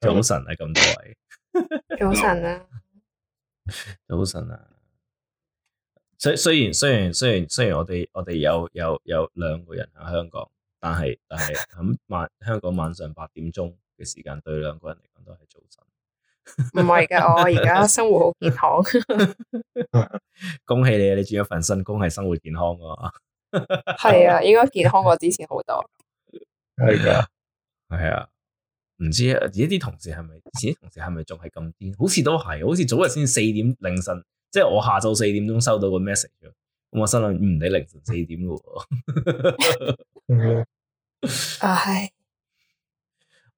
早晨啊，咁多位。早晨啊，早晨啊。雖雖然雖然雖然雖然我哋我哋有有有兩個人喺香港，但係但係咁晚 香港晚上八點鐘嘅時間，對兩個人嚟講都係早晨。唔係噶，我而家生活好健康。 恭喜你，你轉咗份新工，係生活健康噶、啊。係 啊，應該健康過之前好多。係噶 的，係啊。唔知啊！而家啲同事係咪？以前啲同事係咪仲係咁癲？好似都係，好似早日先四點凌晨，即係我下晝四點鐘收到個 message，咁，我心諗唔理凌晨四點咯。啊係，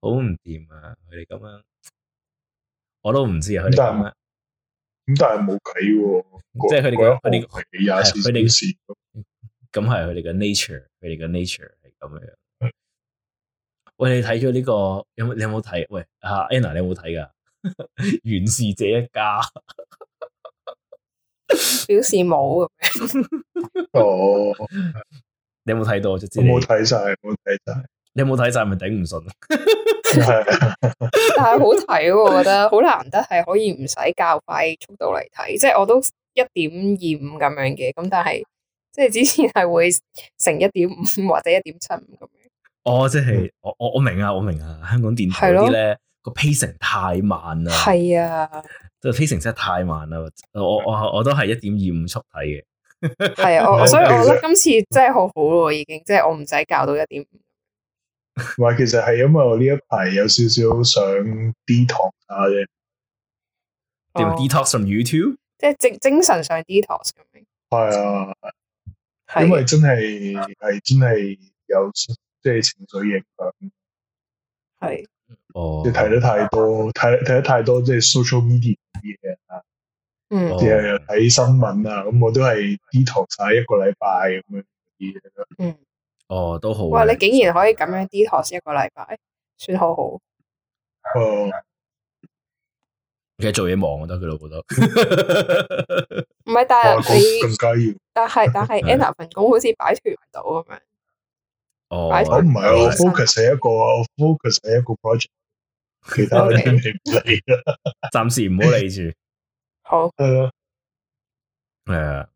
好唔掂啊！佢哋咁樣，我都唔知佢哋咁樣啊！佢哋咁樣，咁但係冇計喎，即係佢哋個佢哋佢哋咁係佢哋嘅 nature，佢哋嘅 nature 係咁樣。 喂，你睇咗呢個有冇？你有冇睇？喂，阿 Anna，你有冇睇噶？原是這一家，表示冇咁。哦，你有冇睇到？我冇睇晒，冇睇晒。你有冇睇晒？咪頂唔順。但係好睇喎，我覺得好難得係可以唔使較快速度嚟睇，即係我都一點二五咁樣嘅。咁但係即係之前係會成一點五或者一點七五咁樣。哦，即係、嗯、我我我明啊，我明啊，香港電台嗰啲呢個批成太慢啦，係啊，即係批成真係太慢啦。我我我都係一點二五速睇嘅，係啊，所以我覺得今次真係好好咯，已經即係我唔使教到一點五。話其實係因為我呢一排有少少想 detox 下。detox 嘅，detox from YouTube，即係精精神上 detox 咁噶，係啊，因為真係係真係有。即係情緒影響，係是哦，你睇得太多，睇睇得太多，即係 social media 嘢啊，嗯，又睇新聞啊，咁我都係 detox 晒一個禮拜咁樣啲嘢咯。嗯，哦，都好哇，你竟然可以咁樣 detox 一個禮拜，算好好哦。而家做嘢忙我覺得佢老好多，唔 係，但係你更加要，但係但係 Anna 份工好似擺脫唔到咁樣。Oh, right. 我唔係我 focus 係一個，focus 係一個 project，其他我哋唔理啦， 暫時唔、 oh. yeah. 好理住。好係啊，係啊，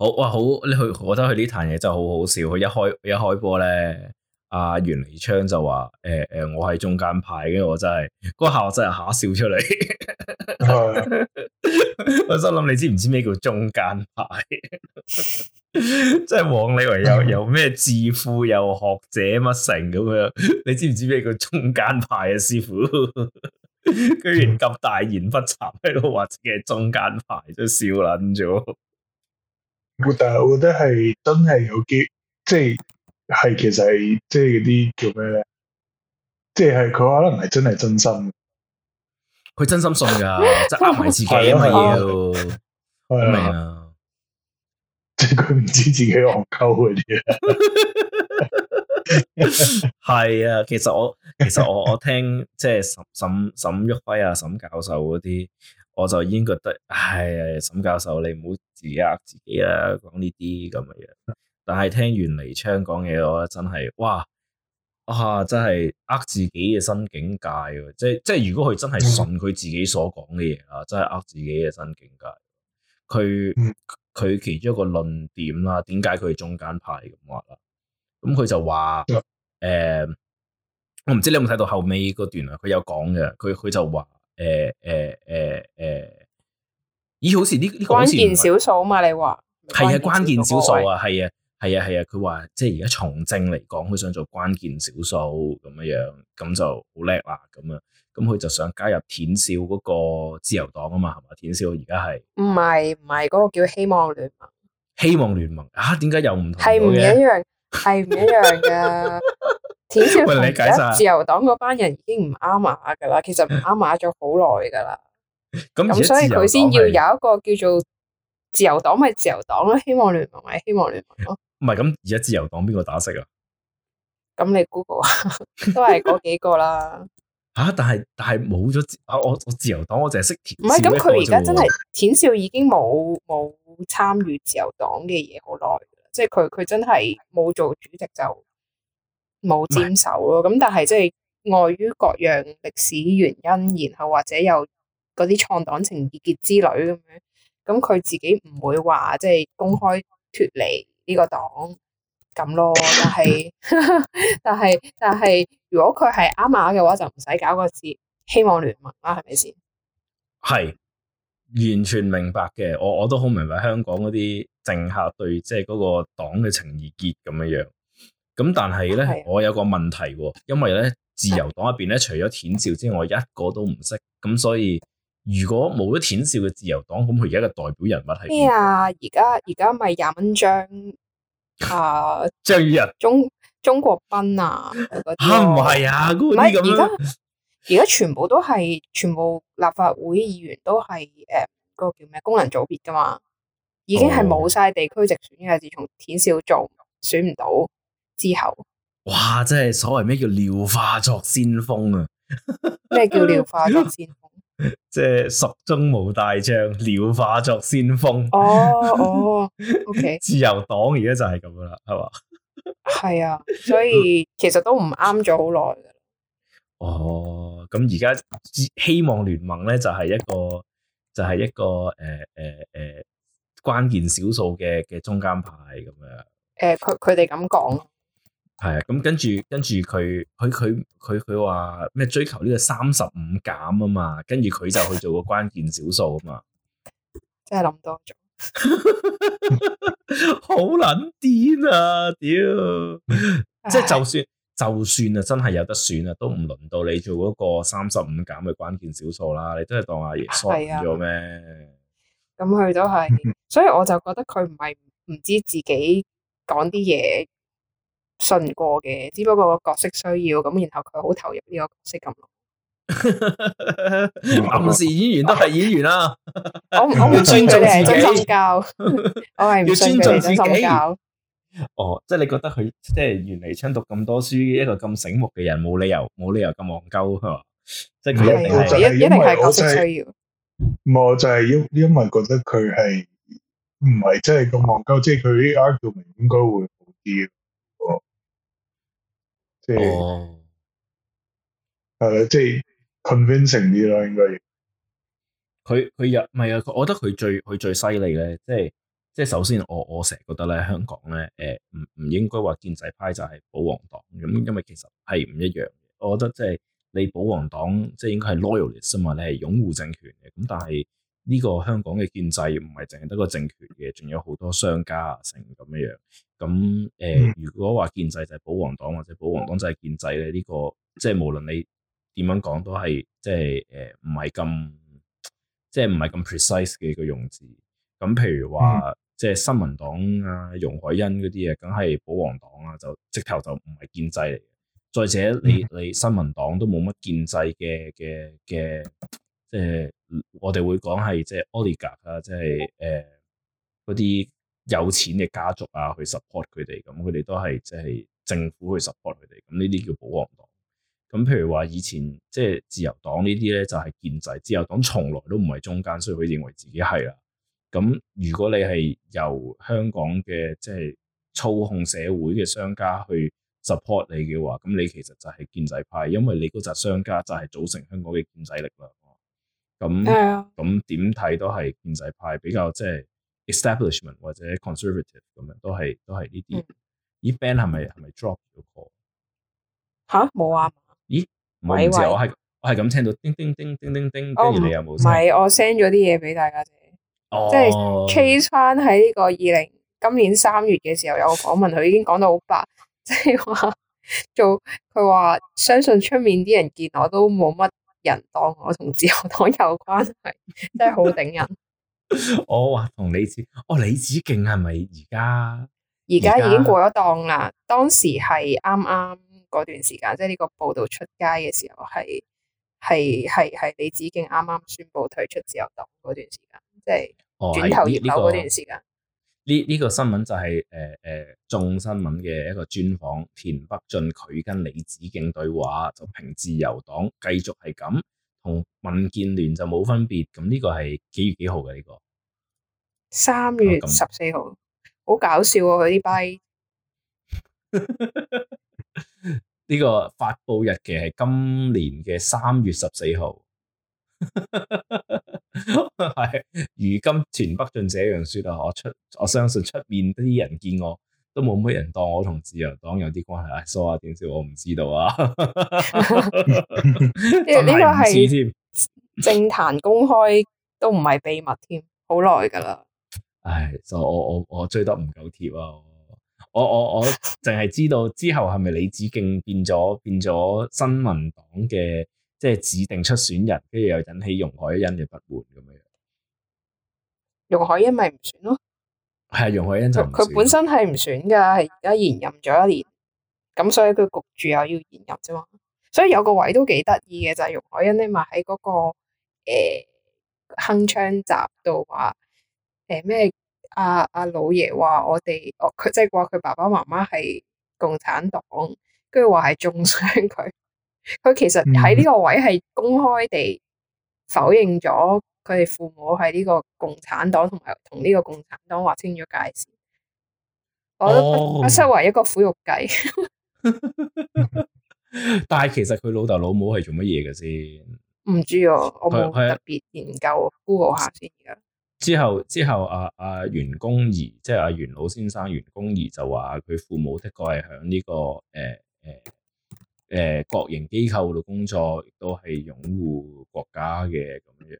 好哇好，你去我覺得佢呢壇嘢真係好好笑，佢一開一開波咧，阿袁黎昌就話誒誒我係中間派嘅，我真係嗰下我真係吓笑出嚟。 Yeah. 我心諗，你知唔知咩叫中間派？ 即係枉你以為有智庫有咩自負又學者乜成咁樣？你知唔知咩叫中間派啊？師傅， 居然咁大言不慚喺度話自己係中間派，都笑撚咗。 但係我覺得係真係有啲、就是就是，即係係其實係即係嗰啲叫咩咧？即係佢可能係真係真心，佢真心信噶，即係呃埋自己咪要明啊。啊佢唔知自己戇鳩嗰啲，係 啊，其實我其實我我聽即係沈沈沈旭輝啊沈教授嗰啲，我就已經覺得，唉、哎，沈教授你唔好自己呃自己啊，講呢啲咁嘅嘢。」但係聽完黎昌講嘢，我覺得真係，哇，啊，真係呃自己嘅新、啊、嗯、新境界。即即係如果佢真係信佢自己所講嘅嘢啊，真係呃自己嘅新境界。佢。佢其中一個論點啦，點解佢係中間派咁話啦？咁、嗯、佢就話，誒、呃，我唔知你有冇睇到後尾嗰段啊？佢有講嘅，佢佢就話，誒誒誒誒，咦、呃，呃這個、好似呢呢關鍵少數啊嘛？你話係啊，關鍵少數啊，係啊。係啊係啊，佢話即係而家從政嚟講，佢想做關鍵少數咁樣樣，咁就好叻啦咁啊，咁佢就想加入田少嗰個自由黨啊嘛，係嘛？田少而家係唔係唔係嗰個叫希望聯盟？希望聯盟啊？點解又唔同？係唔一樣？係唔一樣噶？ 田少同自由黨嗰班人已經唔啱碼噶啦，其實唔啱碼咗好耐噶啦。咁 所以佢先要有一個叫做自由黨咪，就是、自由黨咯，希望聯盟咪希望聯盟咯。唔係咁，而家自由黨邊 個打骰 啊？咁你 Google 啊，都係嗰幾個啦。嚇！但係但係冇咗啊！我我自由黨我淨係識田。唔係咁，佢而家真係田 少已經冇冇參與自由黨嘅嘢好耐，即係佢佢真係冇做主席就冇沾手咯。咁是但係即係礙於各樣歷史原因，然後或者有嗰啲創黨情意結之類咁樣，咁佢自己唔會話即係公開脱離。呢個黨咁咯，但係 但係但係，如果佢係啱碼嘅話，就唔使搞個節希望聯盟喇，係咪先？係完全明白嘅，我我都好明白香港嗰啲政客對即係嗰個黨嘅情意結咁樣樣。咁但係咧，的我有個問題喎，因為咧自由黨入邊咧，除咗田少之外，一個都唔識，咁所以。如果冇咗田少嘅自由黨，咁佢而家嘅代表人物係咩啊？而家而家咪廿蚊張啊，張、呃、 宇人人中中國斌啊，吓唔係啊？而家而家全部都係全部立法會議員都係誒嗰個叫咩功能組別噶嘛？已經係冇晒地區直選啦，自從田少做選唔到之後，哇、哦！即係所謂咩叫廖化作先鋒啊？咩 叫廖化作先鋒？ 即係蜀中無大將，廖化作先鋒。哦哦，O K，自由黨而家就係咁啦，係嘛？係啊，所以其實都唔啱咗好耐。哦，咁而家希望聯盟咧，就係一個就係一個誒誒誒關鍵少數嘅嘅中間派咁樣。誒，佢佢哋咁講。 係啊，咁跟住跟住佢佢佢佢佢話咩追求呢個三十五減啊嘛，跟住佢就去做個關鍵少數啊嘛，即係諗多咗，好撚癲啊屌！即係就算 就算啊，真係有得選啊，都唔輪到你做嗰個三十五減嘅關鍵少數啦，你真係當阿爺衰咗咩？咁佢都係，所以我就覺得佢唔係唔知自己講啲嘢。信過嘅，只不過個角色需要咁，然後佢好投入呢個角色咁。臨時演員都係演員啦。我我唔尊重自己。我係唔要尊重自己。哦，即係你覺得佢即係原嚟，聽讀咁多書，一個咁醒目嘅人，冇理由冇理由咁戇鳩呵？即係佢一定係一定係角色需要。唔係，我就係因因為覺得佢係唔係，即係咁戇鳩，即係佢啱叫名應該會好啲。哦，誒、oh. 嗯，即係 convincing 啲咯，應該。佢佢入，唔係啊，我覺得佢最佢最犀利咧，即係即係。首先我，我我成日覺得咧，香港咧，誒、呃，唔唔應該話建制派就係保皇黨咁，因為其實係唔一樣嘅。我覺得即係你保皇黨，即係應該係 loyalist 啊嘛，你係擁護政權嘅，咁但係。呢個香港嘅建制唔係淨係得個政權嘅，仲有好多商家成咁樣。咁誒，呃嗯、如果話建制就係保皇黨或者保皇黨就係建制咧，呢、呢個即係無論你點樣講都係即係誒，唔係咁，即係唔係咁 precise 嘅個用字。咁譬如話，嗯、即係新民黨啊、容海恩嗰啲嘢，梗係保皇黨啊，就直頭就唔係建制嚟嘅。再者，嗯、你你新民黨都冇乜建制嘅嘅嘅，即係。我哋會講係即係 oligarch 啊，即係誒嗰啲有錢嘅家族啊，去 support 佢哋，咁佢哋都係即係政府去 support 佢哋，咁呢啲叫保皇黨。咁譬如話以前即係自由黨呢啲咧，就係建制。自由黨從來都唔係中間，所以佢認為自己係啦。咁如果你係由香港嘅即係操控社會嘅商家去 support 你嘅話，咁你其實就係建制派，因為你嗰紮商家就係組成香港嘅建制力量。咁咁點睇，都係建制派比較即係、就是、establishment 或者 conservative 咁樣，都係都係呢啲。咦 band 係咪係咪 drop 咗個？吓冇啊？咦？唔係來我係我係咁聽到叮叮叮，叮叮叮叮叮叮，跟住你有冇？唔係、哦、我 send 咗啲嘢俾大家姐，哦、即係 case 翻喺呢個二零今年三月嘅時候有個訪問，佢已經講到好白， 即係話做佢話相信出面啲人見我都冇乜人當我同自由黨有關係， 真係好頂人。 我話同、哦、李子是是，哦李子敬係咪而家？而家已經過咗檔啦。在當時係啱啱嗰段時間，即係呢個報道出街嘅時候，係係係係李子敬啱啱宣布退出自由黨嗰段時間，即係轉頭葉劉嗰段時間。呢呢、這個新聞就係誒誒，眾、呃呃、新聞嘅一個專訪，田北俊佢跟李子敬對話，就評自由黨繼續係咁，同民建聯就冇分別。咁、這、呢個係幾月幾號嘅呢、這個？三月十四號，好、哦、搞笑啊！佢呢批呢個發布日期係今年嘅三月十四號。係， 如今田北俊這樣說啊，我出我相信出面啲人見我都冇乜人當我同自由黨有啲關係，sorry，點知我唔知道啊？呢個係政壇公開都唔係秘密添，好耐噶啦。 唉，就我我我追得唔夠貼啊，我我我淨係知道之後係咪李梓敬變咗變咗新民黨嘅？即係指定出選人，跟住又引起容海恩嘅不滿咁樣。容海恩咪唔選咯，係啊，容海恩就佢本身係唔選噶，係而家延任咗一年，咁所以佢焗住又要延任啫嘛。所以有個位都幾得意嘅就係、是、容海恩咧、那個，咪喺嗰個誒鏗鏘集度話誒咩阿阿老爺話我哋，佢、啊、即係話佢爸爸媽媽係共產黨，跟住話係中傷佢。佢其實喺呢個位係公開地否認咗佢哋父母係呢個共產黨同埋同呢個共產黨劃清咗界線。我都不失為一個苦肉計。但係其實佢老豆老母係做乜嘢嘅先？唔知，我冇特別研究，Google 下先。之後之後阿、啊、阿、啊、袁公儀，即係阿、啊、袁老先生袁公儀就話佢父母的確係響呢個誒誒。呃呃誒，國營機構度工作亦都係擁護國家嘅，咁樣，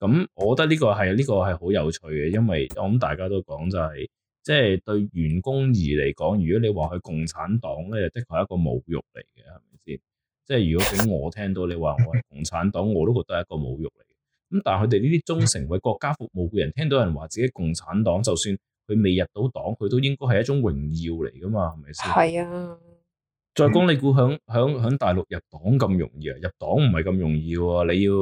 咁、嗯、我覺得呢個係呢、呢個係好有趣嘅，因為我諗大家都講就係、是，即係對員工而嚟講，如果你話佢共產黨咧，的確係一個侮辱嚟嘅，係咪先？即係如果俾我聽到你話我係共產黨，我都覺得係一個侮辱嚟嘅。咁、嗯、但係佢哋呢啲忠誠為國家服務嘅人，聽到人話自己共產黨，就算佢未入到黨，佢都應該係一種榮耀嚟噶嘛，係咪先？係啊。再講你估響響響大陸入黨咁容易啊？入黨唔係咁容易喎，你要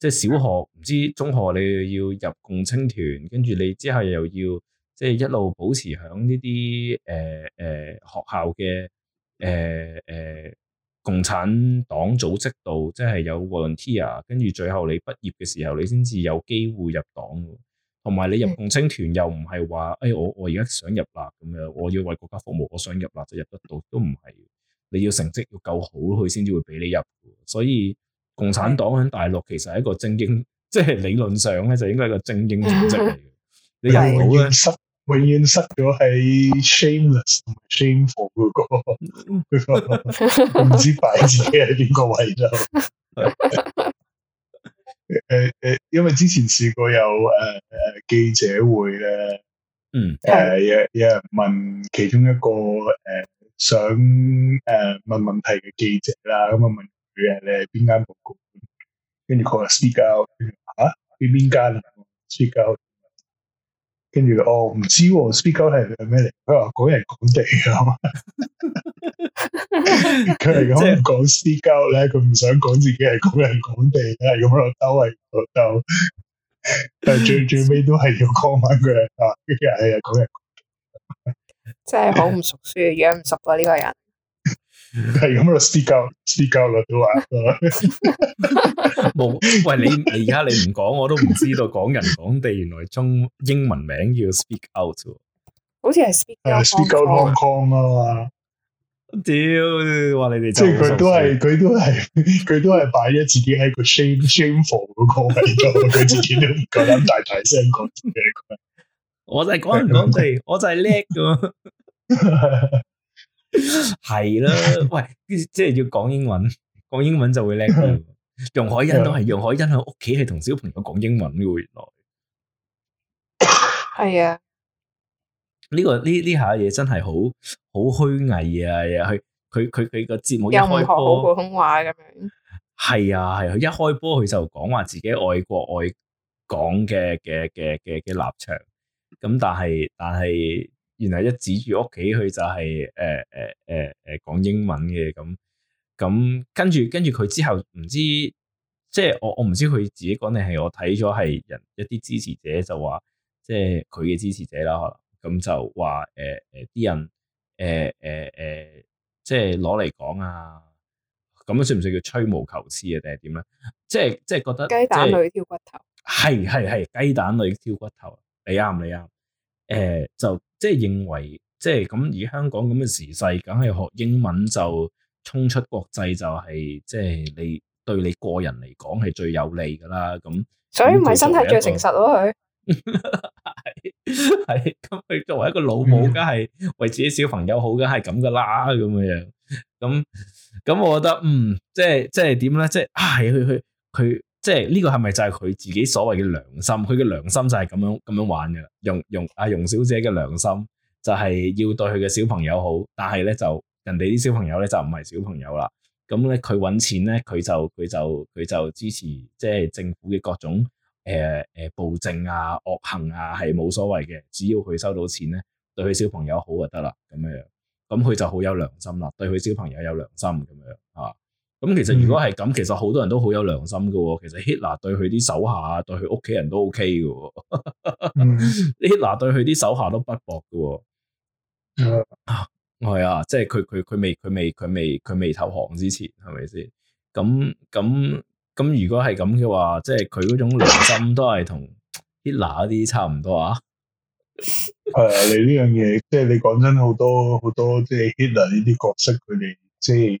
即係、就是、小學唔知中學你要入共青團，跟住你之後又要即係、就是、一路保持響呢啲誒誒學校嘅誒誒共產黨組織度，即係有 volunteer，跟住最後你畢業嘅時候，你先至有機會入黨。同埋你入共青團又唔係話，哎我我而家想入啦咁樣，我要為國家服務，我想入啦就入得到，都唔係。你要成績要夠好，佢先至會俾你入。所以共產黨喺大陸其實係一個精英，即係理論上咧就應該係個精英組織嚟嘅。 你永遠失，永遠失咗喺 shameless 同 shameful 嗰個，唔知擺自己喺邊個位咯。誒誒，因為之前試過有誒誒記者會咧，嗯，誒有有人問其中一個誒。想誒問問題嘅記者啦，咁啊問佢啊，你係邊間報嘅？跟住佢話 Speak out 吓，邊邊間？Speak out，跟住哦唔知喎，Speak out 係係咩嚟？佢話講人講地嘅，佢係講唔講 Speak out 咧？佢唔想講自己係講人講地，係咁落兜嚟落兜，但係最最尾都係要講翻佢啊，係啊講人講地。真係好唔熟書，養唔熟個呢個人，係咁咯。Speak out，speak out 啦，都話冇。喂，你而家你唔講我都唔知道港，講人講地，原來中英文名叫 speak out speak out，好似係 speak out Hong Kong 嘛，啊。屌話 你哋。 即係佢都係，佢都係，佢都係擺咗自己喺個 shame, shame shameful 嗰個位度，佢自己都唔夠膽大大聲講嘢。我就係講人講地，我就係叻噶，係啦。喂，即係要講英文，講英文就會叻噶。容海欣都係，容海欣喺屋企係同小朋友講英文嘅，原來係啊。呢個呢呢下嘢真係好好虛偽啊！佢佢佢佢個節目又唔學普通話咁樣，係啊係。佢一開波佢就講話自己愛國愛港嘅嘅嘅嘅嘅立場。咁、嗯，但係但係，原來一指住屋企佢就係誒誒誒誒講英文嘅咁咁，跟住跟住佢之後唔知即係我我唔知佢自己講定係我睇咗係人一啲支持者就話，即係佢嘅支持者啦。可能咁就話誒誒啲人誒誒誒，即係攞嚟講啊，咁樣算唔算叫吹毛求疵啊？定係點咧？即係即係覺得雞蛋裏挑骨頭，係係係雞蛋裏挑骨頭。你啱唔你啱？誒、呃，就即係認為，即係咁以香港咁嘅時勢，梗係學英文就衝出國際，就是，就係即係你對你個人嚟講係最有利噶啦。咁所以唔係身體最誠實咯，佢係咁，佢作為一個老母，梗係、嗯、為自己小朋友好，梗係咁噶啦咁樣樣。咁咁我覺得嗯，即係即係點咧？即係係去去去。即係呢個係咪就係佢自己所謂嘅良心？佢嘅良心就係咁樣咁樣玩嘅。容容阿容小姐嘅良心就係要對佢嘅小朋友好，但係咧就人哋啲小朋友咧就唔係小朋友啦。咁咧佢搵錢咧，佢就佢就佢就支持即係政府嘅各種誒誒暴政啊惡行啊係冇所謂嘅，只要佢收到錢咧，對佢小朋友好就得啦。咁樣，咁佢就好有良心啦，對佢小朋友有良心咁樣啊。咁其實如果係咁、嗯哦，其實好多人都好有良心噶。其實 Hitler 對佢啲手下、對佢屋企人都 O K 噶。 嗯、 Hitler 對佢啲手下都不薄噶、哦。啊、嗯，係啊、 哎，即係佢佢佢未佢未佢未佢未，未，未，未投降之前，係咪先？咁咁咁，如果係咁嘅話，即係佢嗰種良心都係同 Hitler 啲差唔多啊。係 啊，你呢樣嘢，即係你講真，好多好多即係 Hitler 呢啲角色，佢哋即係。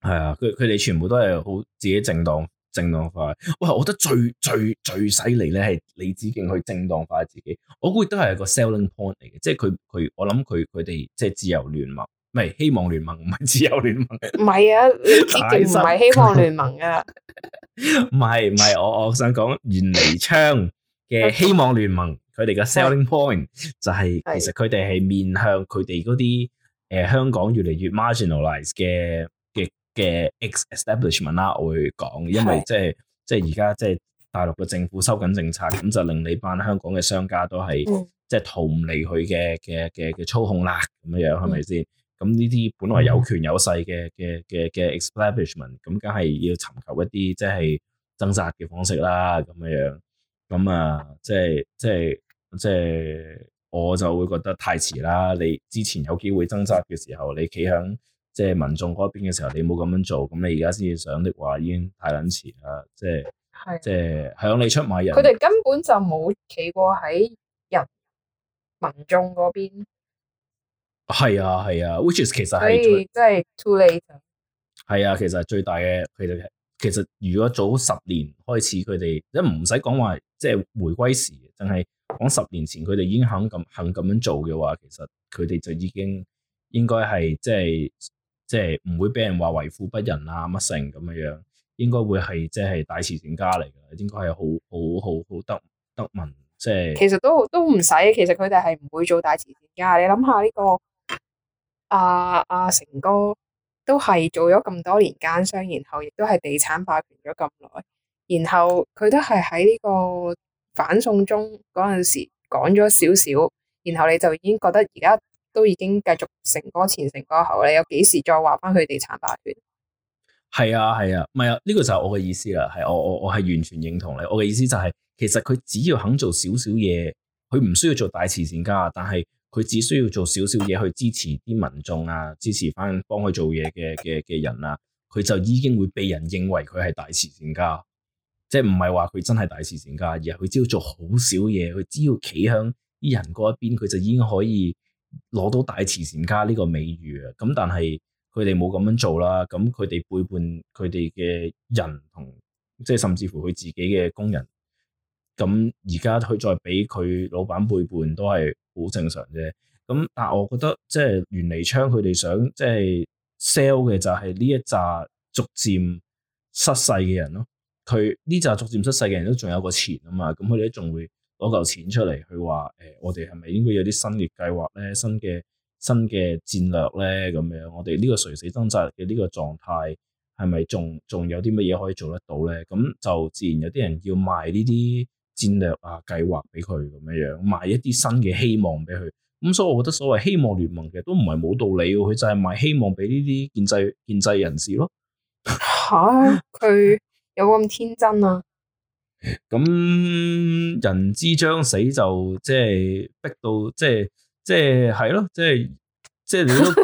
係啊，佢佢哋全部都係好自己正當、正當化。喂，我覺得最最最犀利咧，係李子敬去正當化自己。我估都係一個 selling point 嚟嘅，即係佢佢，我諗佢佢哋即係自由聯盟，唔係希望聯盟，唔係自由聯盟。唔係啊，李子敬唔係希望聯盟啊。唔係唔係，我我想講袁彌昌嘅希望聯盟，佢哋嘅 selling point 是就係其實佢哋係面向佢哋嗰啲誒香港越嚟越 marginalize 嘅。嘅 ex-establishment 啦，ex ment, 我會講，因為即係即係而家即係大陸嘅政府收緊政策，咁就令你班香港嘅商家都係即係逃唔離佢嘅嘅嘅嘅操控啦，咁樣樣係咪先？咁呢啲本來有權有勢嘅嘅嘅嘅 establishment，咁梗係要尋求一啲即係掙扎嘅方式啦，咁樣樣，咁啊，即係即係即係，我就會覺得太遲啦。你之前有機會掙扎嘅時候，你企喺。即係民眾嗰邊嘅時候，你冇咁樣做，咁你而家先至想的話，已經太撚遲啦！即係，的即係響你出賣人，佢哋根本就冇企過喺人民眾嗰邊。係啊係啊，which is 其實所即係 too late。係啊，其實最大嘅其實其實如果早十年開始，佢哋即唔使講話，即係回歸時，但係講十年前，佢哋已經肯咁肯咁樣做嘅話，其實佢哋就已經應該係即係。即係唔會俾人話為富不仁啊乜成咁樣樣，應該會係即係大慈善家嚟嘅，應該係好好好好得得聞。即係其實都都唔使，其實佢哋係唔會做大慈善家。你諗下呢個阿阿、啊啊、成哥都係做咗咁多年奸商，然後亦都係地產霸權咗咁耐，然後佢都係喺呢個反送中嗰陣時講咗少少，然後你就已經覺得而家。都已經繼續成哥前成哥後咧，有幾時再話翻佢哋？產大血？係啊係啊，唔係啊呢、啊呢個就係我嘅意思啦。係我我我係完全認同你。我嘅意思就係、是，其實佢只要肯做少少嘢，佢唔需要做大慈善家，但係佢只需要做少少嘢去支持啲民眾啊，支持翻幫佢做嘢嘅嘅嘅人啊，佢就已經會被人認為佢係大慈善家。即係唔係話佢真係大慈善家，而係佢只要做好少嘢，佢只要企響啲人嗰一邊，佢就已經可以。攞到大慈善家呢個美譽啊，咁但係佢哋冇咁樣做啦，咁佢哋背叛佢哋嘅人同，即係甚至乎佢自己嘅工人，咁而家佢再俾佢老闆背叛都係好正常啫。咁但係我覺得即係袁尼昌佢哋想即係 sell 嘅就係呢一紮逐漸失勢嘅人咯，佢呢扎逐漸失勢嘅人都仲有個錢啊嘛，咁佢哋仲會。攞嚿錢出嚟，佢話：誒、呃，我哋係咪應該有啲新嘅計劃咧？新嘅新嘅戰略咧？咁樣，我哋呢個垂死掙扎嘅呢個狀態係咪仲仲有啲乜嘢可以做得到咧？咁就自然有啲人要賣呢啲戰略啊計劃俾佢咁樣樣，賣一啲新嘅希望俾佢。咁所以，我覺得所謂希望聯盟嘅都唔係冇道理，佢就係賣希望俾呢啲建制建制人士咯。吓、 啊？佢有咁天真啊？咁人之將死就，就即係逼到，即係即係係咯，即係即係你都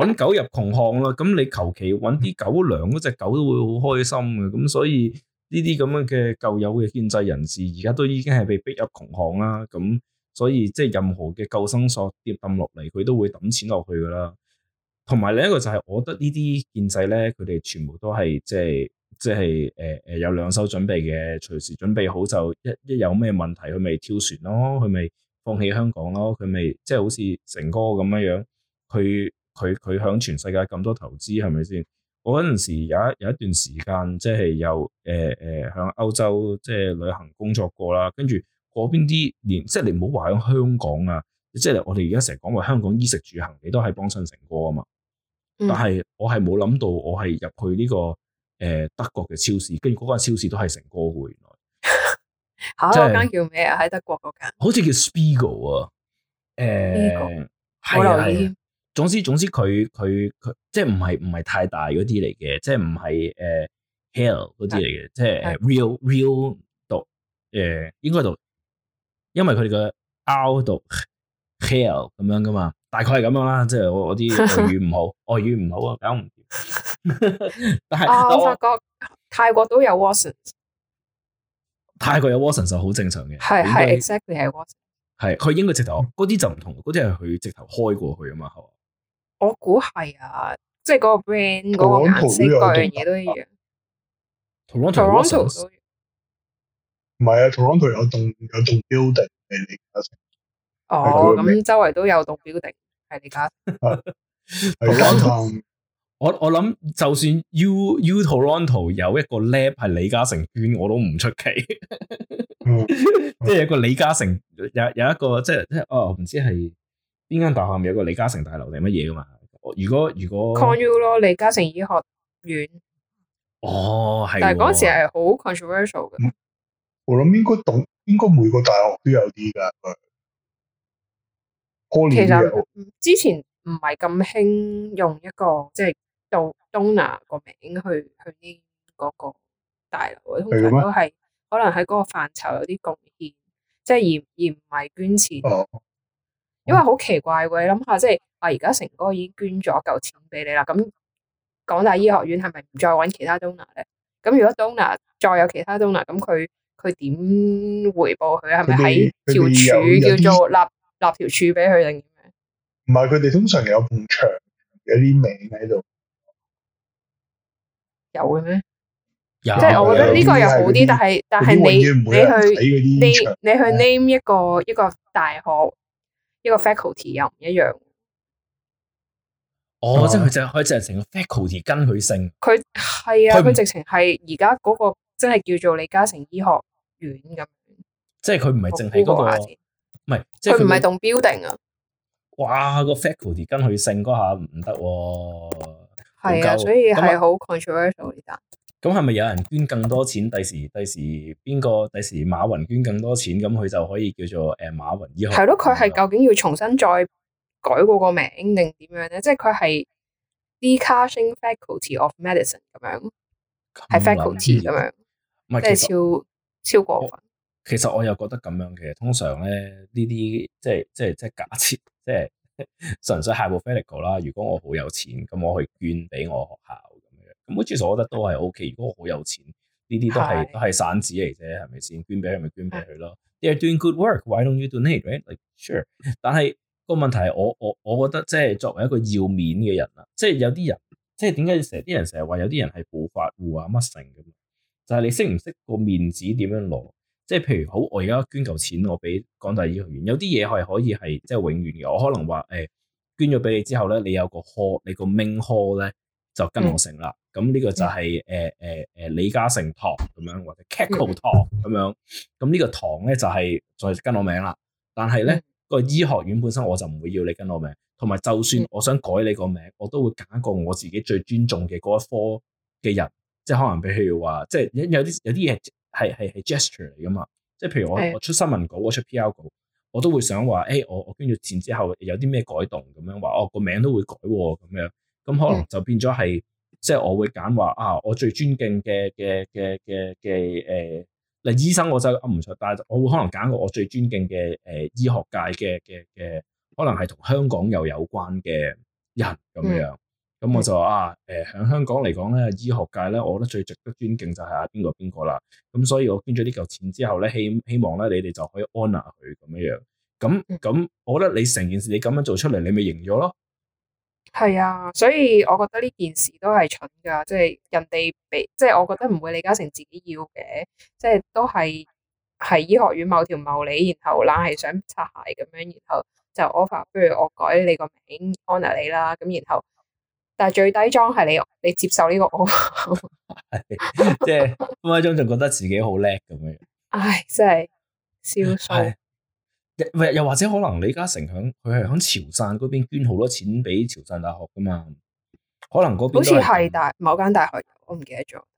趕 狗入窮巷啦。咁你求其揾啲狗糧，嗰隻狗都會好開心嘅。咁所以呢啲咁樣嘅舊有嘅建制人士，而家都已經係被逼入窮巷啦。咁所以即係任何嘅救生索跌冧落嚟，佢都會抌錢落去噶啦。同埋另一個就係，我覺得呢啲建制咧，佢哋全部都係即係。即係誒誒，有兩手準備嘅，隨時準備好就一一有咩問題，佢咪跳船咯，佢咪放棄香港咯，佢咪即係好似成哥咁樣樣，佢佢佢響全世界咁多投資，係咪先？我嗰陣時有一有一段時間，即係又誒誒向歐洲即係旅行工作過啦，跟住嗰邊啲連即係你唔好話響香港啊，即係我哋而家成日講話香港衣食住行，你都係幫襯成哥啊嘛。但係我係冇諗到，我係入去呢個。誒，德國嘅超市，跟住嗰間超市都係成哥嘅，原來。吓，嗰間叫咩啊？喺德國嗰間，好似叫 Spiegel 啊。誒，係係。總之總之，佢佢佢，即係唔係唔係太大嗰啲嚟嘅，呃、的即係唔係誒，hell 嗰啲嚟嘅，即係的 real real 讀誒、呃，應該讀，因為佢哋嘅 out 讀，讀 hell 咁樣㗎嘛，大概係咁樣啦。即係我我啲外語唔好，外語唔好啊，搞唔掂。但係啊！我發覺泰國都有 Watsons，泰國有 Watsons 就好正常嘅。係係 Exactly 係 Watsons，係佢應該直頭嗰啲就唔同，嗰啲係佢直頭開過去啊嘛，我估係啊，即係嗰個 brand、嗰個顏色、各樣嘢都一樣，同 Toronto 唔係啊，Toronto 有棟有棟 building 係李嘉誠，哦，咁周圍都有棟 building 係李嘉，係我我諗，就算 U U Toronto 有一個 lab 係李嘉誠捐，我都唔出奇、 嗯。嗯、 即係有個李嘉誠，有有一個即係，即係哦，唔知係邊間大學咪有個李嘉誠大樓定乜嘢噶嘛？如果如果 Con U 咯，李嘉誠醫學院。哦，係。但係嗰時係好 controversial 嘅。我諗應該懂，應該每個大學都有啲噶。年其實之前唔係咁興用一個即係。到 donor 個名去去呢嗰個大樓，通常都係可能喺嗰個範疇有啲貢獻，嗎即係而而唔係捐錢。哦、因為好奇怪，你諗下，即係我而家成哥已經捐咗嚿錢俾你啦，咁港大醫學院係咪唔再揾其他 donor 咧？咁如果 donor 再有其他 donor 咁佢佢點回報佢？係咪喺條柱叫做立立條柱俾佢定？唔係，佢哋通常有埲牆，有啲名喺度。有嘅咩？有。即係我覺得呢個又好啲，但係但係你你去你你去 name 一個一個大學一個 faculty 又唔一樣。哦，即係佢淨係可以佢就成個 faculty 跟佢姓。佢係啊，佢直情係而家嗰個，即係叫做李嘉誠醫學院咁。即係佢唔係淨係嗰個，唔係佢唔係棟 building 啊。哇！個 faculty 跟佢姓嗰下唔得。係啊，所以係好 controversial 而家。咁係咪有人捐更多錢？第時第時邊個？第時馬雲捐更多錢，咁佢就可以叫做誒、呃、馬雲醫學？係咯，佢係究竟要重新再改過個名定點樣咧？即係佢係 Ka Shing Faculty of Medicine 咁樣，係 Faculty 咁樣，即係超實超過分。其實我又覺得咁樣嘅，其實通常咧呢啲即係即係即係假設，即係。純 粹 hypothetical 啦，如果我好有錢，咁我去捐俾我學校咁樣，咁好似我覺得都係 O K。如果我好有錢，呢啲都係對都係散紙嚟啫，係咪先？捐俾佢咪捐俾佢咯。對 They're doing good work, why don't you donate? Right, like sure。 但係個問題我，我我我覺得即係作為一個要面嘅人啦，即係有啲人，即係點解成日啲人成日話有啲人係暴發戶啊乜成咁？就係、是、你識唔識個面子點樣攞？即係譬如好，我而家捐夠錢，我俾港大醫學院。有啲嘢係可以係即係永遠嘅。我可能話誒，捐咗俾你之後咧，你有個科，你個名科 a 咧就跟我成啦。咁呢、嗯、個就係誒誒誒李嘉誠堂咁樣，或者 c a t o w 堂咁樣。咁、這、呢個堂咧就係、是、再跟我名啦。但係咧個醫學院本身我就唔會要你跟我名。同埋就算我想改你個名，我都會揀一個我自己最尊重嘅嗰一科嘅人。即係可能，譬如話即係有有啲有啲嘢。係係係 gesture 嚟㗎嘛？即係譬如我我出新聞稿，我出 PR 稿，我都會想話，誒、哎，我我跟住前之後有啲咩改動咁樣，話哦，個名都會改喎、哦、咁樣。咁可能就變咗係，即係我會揀話啊，我最尊敬嘅嘅嘅嘅嘅誒，嗱醫生我就噏唔出，但係我會可能揀個我最尊敬嘅誒、啊、醫學界嘅嘅嘅，可能係同香港又有，有關嘅人咁樣。嗯咁我就話啊，誒、呃，喺香港嚟講咧，醫學界咧，我覺得最值得尊敬就係阿邊個邊個啦。咁所以我捐咗呢嚿錢之後咧，希希望咧，你哋就可以 honour 佢咁樣樣。咁咁，嗯、我覺得你成件事你咁樣做出嚟，你咪贏咗咯。係啊，所以我覺得呢件事都係蠢噶，即、就、係、是、人哋俾，即、就、係、是、我覺得唔會李嘉誠自己要嘅，即、就、係、是、都係係醫學院某條茂利，然後懶係想擦鞋咁樣，然後就 offer，不如我改你個名 honour 你啦，咁然後。但係最低裝係你，你接受呢個我，即係分分鐘就覺得自己好叻咁樣。唉，真係笑死。又或者可能李嘉誠響佢係響潮汕嗰邊捐好多錢俾潮汕大學噶嘛？可能嗰邊好似係大某間大學，我唔記得咗、 就是。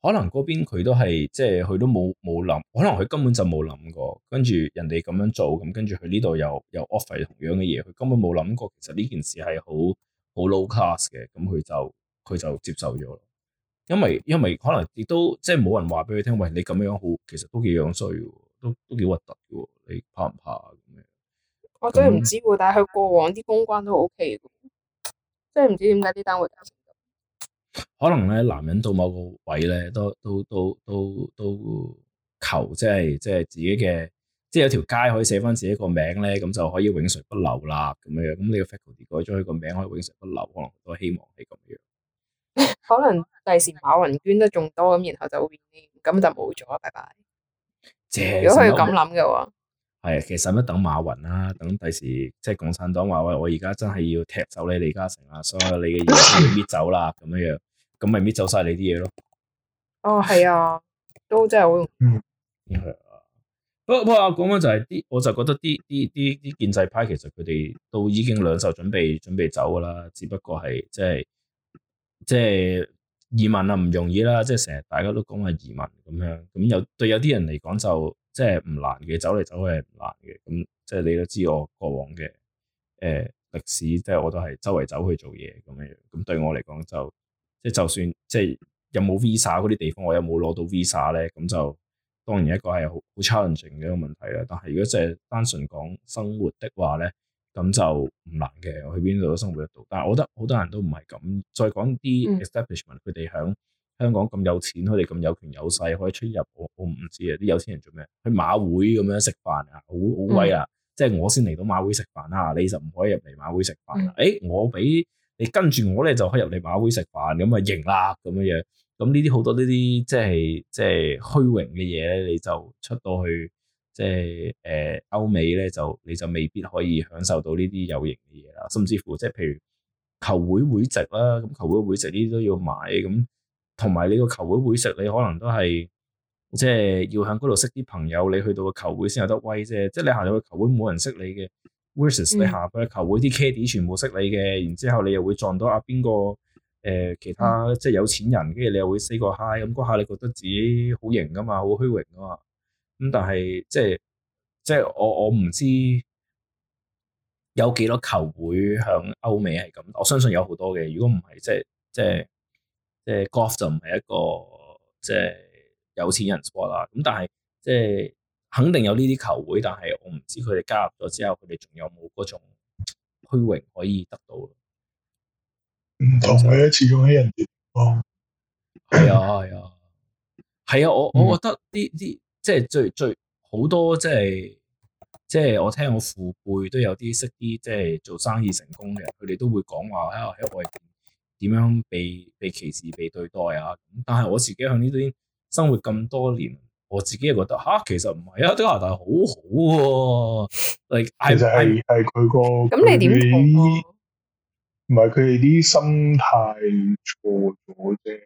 可能嗰邊佢都係即係佢都冇冇諗，可能佢根本就冇諗過。跟住人哋咁樣做，咁跟住佢呢度又有，有 offer 同樣嘅嘢，佢根本冇諗過。其實呢件事係好。好 low class 嘅，咁佢就佢就接受咗，因為因為可能亦都即係冇人話俾佢聽，喂，你咁樣好，其實都幾樣衰，都都幾核突嘅，你怕唔怕咁樣？我真係唔知喎，那但係佢過往啲公關都 O K 嘅，即係唔知點解啲單位可能咧，男人到某個位咧，都都都都都求即係即係自己嘅。即係有條街可以寫翻自己個名咧，咁就可以永垂不朽啦，咁樣。咁你個 faculty 改咗佢個名，可以永垂不朽，可能都希望係咁樣。可能第時馬雲捐得仲多，咁然後就咁就冇咗，拜拜。如果佢咁諗嘅話，係啊、嗯嗯，其實乜等馬雲啦、啊，等第時即係、就是、共產黨話喂，我而家真係要踢走你李嘉誠啊，所有你嘅嘢搣走啦，咁 樣，咁咪搣走晒你啲嘢咯。哦，係啊，都真係好容不過啊，講翻就係啲，我就覺得啲啲啲啲建制派其實佢哋都已經兩手準備準備走噶啦，只不過係即係即係移民啊，唔容易啦。即係成日大家都講係移民咁樣，咁有對有啲人嚟講就即係唔難嘅，走嚟走去係唔難嘅。咁即係你都知我過往嘅誒、呃、歷史，即係我都係周圍走去做嘢咁樣。咁對我嚟講就即係就算即係有冇 visa 嗰啲地方，我有冇攞到 visa 咧，咁就。當然一個係好好 challenging 嘅一個問題啦，但係如果淨係單純講生活的話咧，咁就唔難嘅。我去邊度都生活得到，但係我覺得好多人都唔係咁。再講啲 establishment，佢哋喺香港咁有錢，佢哋咁有權有勢，可以出入。我我唔知啊，啲有錢人做咩？去馬會咁樣食飯啊，好好威啊！嗯、即係我先嚟到馬會食飯啦，你就唔可以入嚟馬會食飯啦。誒、嗯欸，我俾你跟住我咧，就可以入嚟馬會食飯，咁咪贏啦咁嘅嘢。咁呢啲好多呢啲即係即係虛榮嘅嘢咧，你就出到去即係誒、呃、歐美咧，就你就未必可以享受到呢啲有型嘅嘢啦，甚至乎即係譬如球會會籍啦，咁球會會籍呢啲都要買，咁同埋你個球會會籍，你可能都係即係要喺嗰度識啲朋友，你去到個球會先有得威啫。即係你行到個球會冇人識你嘅，versus、嗯、你行入球會啲 caddie 全部識你嘅，然之後你又會撞到啊邊個？誒、呃，其他即係有錢人，跟住你又會 say 個 hi 咁，嗰下你覺得自己好型噶嘛，好虛榮噶嘛。咁、嗯、但係即係即係我我唔知有幾多球會響歐美係咁，我相信有好多嘅。如果唔係即係即係即係 golf 就唔係一個即係有錢人 sport 啦。咁、嗯、但係即係肯定有呢啲球會，但係我唔知佢哋加入咗之後，佢哋仲有冇嗰種虛榮可以得到。唔同嘅，始終喺人哋。哦，係啊，係啊，係啊，我我覺得啲啲、就是、即係最最好多即係即係我聽我父輩都有啲識啲即係做生意成功嘅人，佢哋都會講話喺喺外點樣被被歧視被對待啊。但係我自己喺呢度生活咁多年，我自己又覺得吓、啊，其實唔係啊，加拿大好好、啊、喎。啊、其實係係佢個咁你點講那你？唔係佢哋啲心態錯咗啫，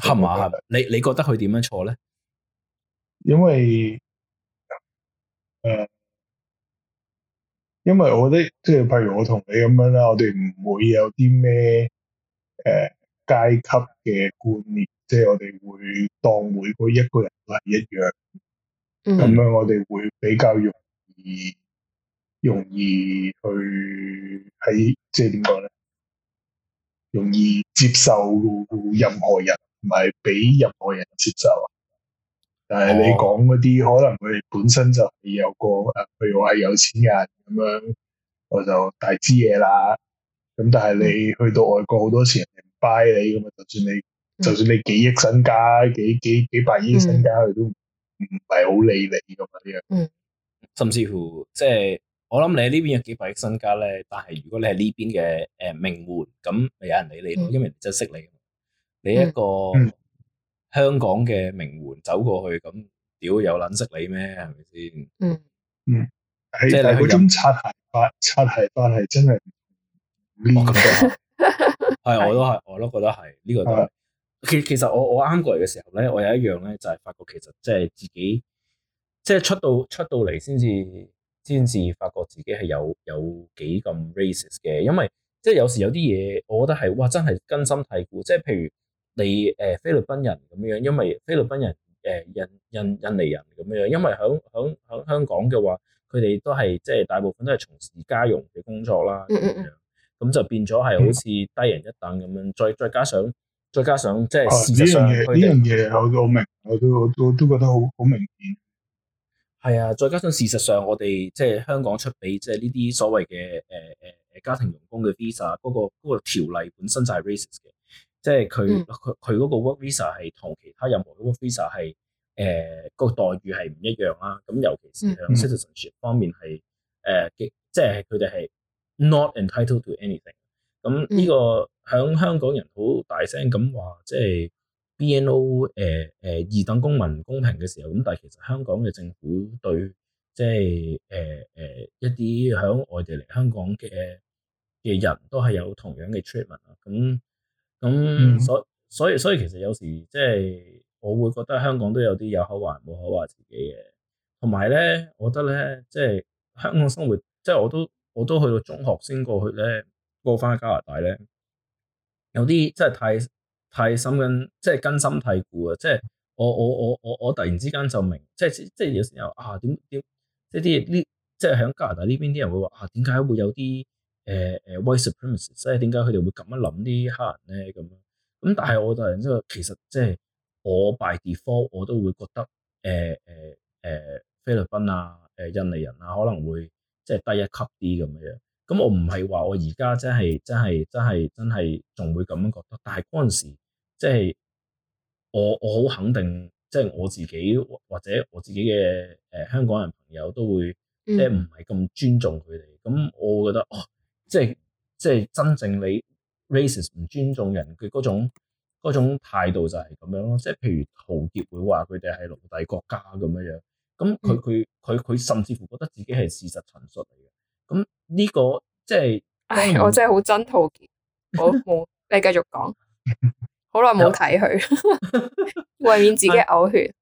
係嘛嗎？係咪、嗯？你你覺得佢點樣錯咧？因為誒、呃，因為我覺得，即係譬如我同你咁樣啦，我哋唔會有啲咩誒階級嘅觀念，即係我哋會當每個一個人都係一樣。嗯。咁樣我哋會比較容易。容易去喺即係點講咧？容易接受任何人，唔係俾任何人接受。但係你講嗰啲，哦、可能佢哋本身就係有個譬如話係有錢人咁樣，我就大支嘢啦。咁但係你去到外國，好多時人唔 buy 你咁啊？就算你，嗯、就算你幾億身家，幾幾幾百億身家，佢、嗯、都唔係好理你咁樣。樣、嗯，甚至乎即係。我諗你喺呢邊有幾百億身家咧，但係如果你係呢邊嘅，誒名媛咁咪有人理你，嗯、因為真係識你。你一個香港嘅名媛走過去，咁屌有捻識你咩？係咪先？嗯嗯，即係嗰種擦鞋、擦鞋，但係真係唔呢個。係我都係，我都覺得係呢、呢個都係。其的其實我我啱過嚟嘅時候咧，我有一樣咧，就係發覺，其實即係自己，即、就、係、係、出到出到嚟先至。 先至發覺自己係有有幾咁 racist 嘅，因為即係有時有啲嘢，我覺得係哇，真係根深蒂固。即係譬如你誒、呃、菲律賓人咁樣，因為菲律賓人誒、呃、印印印尼人咁樣，因為響響響香港嘅話，佢哋都係即係大部分都係從事家佣嘅工作啦。嗯咁、嗯、就變咗係好似低人一等咁樣，再再加上再加上即係事實上呢樣嘢，我都好明，我都我都，都，都，都，都覺得好好明顯。係啊，再加上事實上，我哋即係香港出俾即係呢啲所謂嘅誒誒誒家庭傭工嘅 visa，不過、那、嗰、個那個條例本身就係 racist 嘅，即係佢佢佢嗰個 work visa 係同其他任何 work visa 係誒個待遇係唔一樣啦。咁尤其是喺 citizenship 方面係誒、嗯呃、即係佢哋係 not entitled to anything、嗯。咁呢、這個響、嗯、香港人好大聲咁話即係。BNO 誒、呃、誒、呃、二等公民公平嘅時候，咁但係其實香港嘅政府對即係誒誒一啲響外地嚟香港嘅嘅人都係有同樣嘅 treatment 啊，咁咁所所以所以，所以其實有時即係我會覺得香港都有啲有口話冇口話自己嘅，同埋咧，我覺得咧即係香港生活即係我都我都去到中學先過去咧過返加拿大咧，有啲即係太。太深根，即係根深蒂固啊！即係我我我我我突然之間就明，即係即係有時候啊點點，即係啲呢即係喺加拿大呢邊啲人會話啊點解會有啲誒誒 white supremacist 咧？即係點解佢哋會咁樣諗啲黑人咧咁？咁但係我個人即係其實即係我 by default 我都會覺得誒誒誒菲律賓啊誒印尼人啊可能會即係低一級啲咁樣。咁我唔係話我而家即係即係真係真係仲會咁樣覺得，但係嗰陣時。即係我我好肯定，即係我自己或者我自己嘅誒、呃、香港人朋友都會即係唔係咁尊重佢哋。咁、嗯、我會覺得哦，即係即係真正你 racist 唔尊重人嘅嗰種嗰種態度就係咁樣咯。即係譬如陶傑會話佢哋係奴隸國家咁樣樣，咁佢佢佢佢甚至乎覺得自己係事實陳述嚟嘅。咁呢、呢個即係、哎呦嗯、我真係好憎陶杰，我冇你繼續講。 好耐冇睇佢， 為免自己嘔血。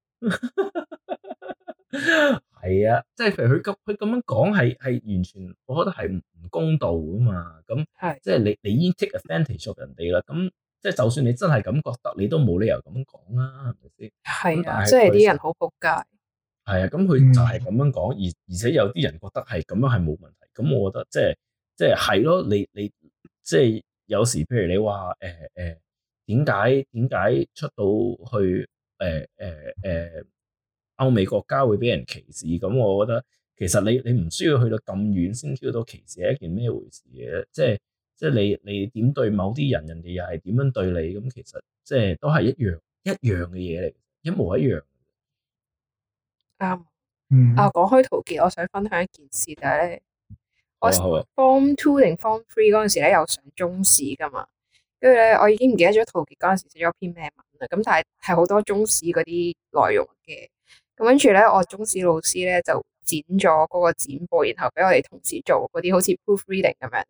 係啊，即係譬如佢咁，佢咁樣講係係完全，我覺得係唔公道㗎嘛。咁係即係你你已經 take advantage of 人哋啦。咁即係就算你真係咁覺得，你都冇理由咁講啊，係咪先？係啊，即係啲人好仆街。係啊、嗯，咁佢就係咁樣講，而而且有啲人覺得係咁樣係冇問題。咁我覺得即係即係係咯，你你即係有時譬如你話誒誒。呃呃呃點解點解出到去誒誒誒歐美國家會俾人歧視？咁、嗯、我覺得其實你你唔需要去到咁遠先知道歧視係一件咩回事嘅？即係即係你你點對某啲人，人哋又係點樣對你？咁其實即係都係一樣一樣嘅嘢嚟，一模一樣。啱、um, 嗯。啊，講開陶傑，我想分享一件事就係、是、我 form two 定 form three 嗰陣時咧，有上中史噶嘛？所以咧，我已經唔記得咗陶傑嗰陣時寫咗篇咩文啦。咁但係係好多中史嗰啲內容嘅。咁跟住咧，我中史老師咧就剪咗嗰個剪報，然後俾我哋同時做嗰啲好似 proofreading 咁樣。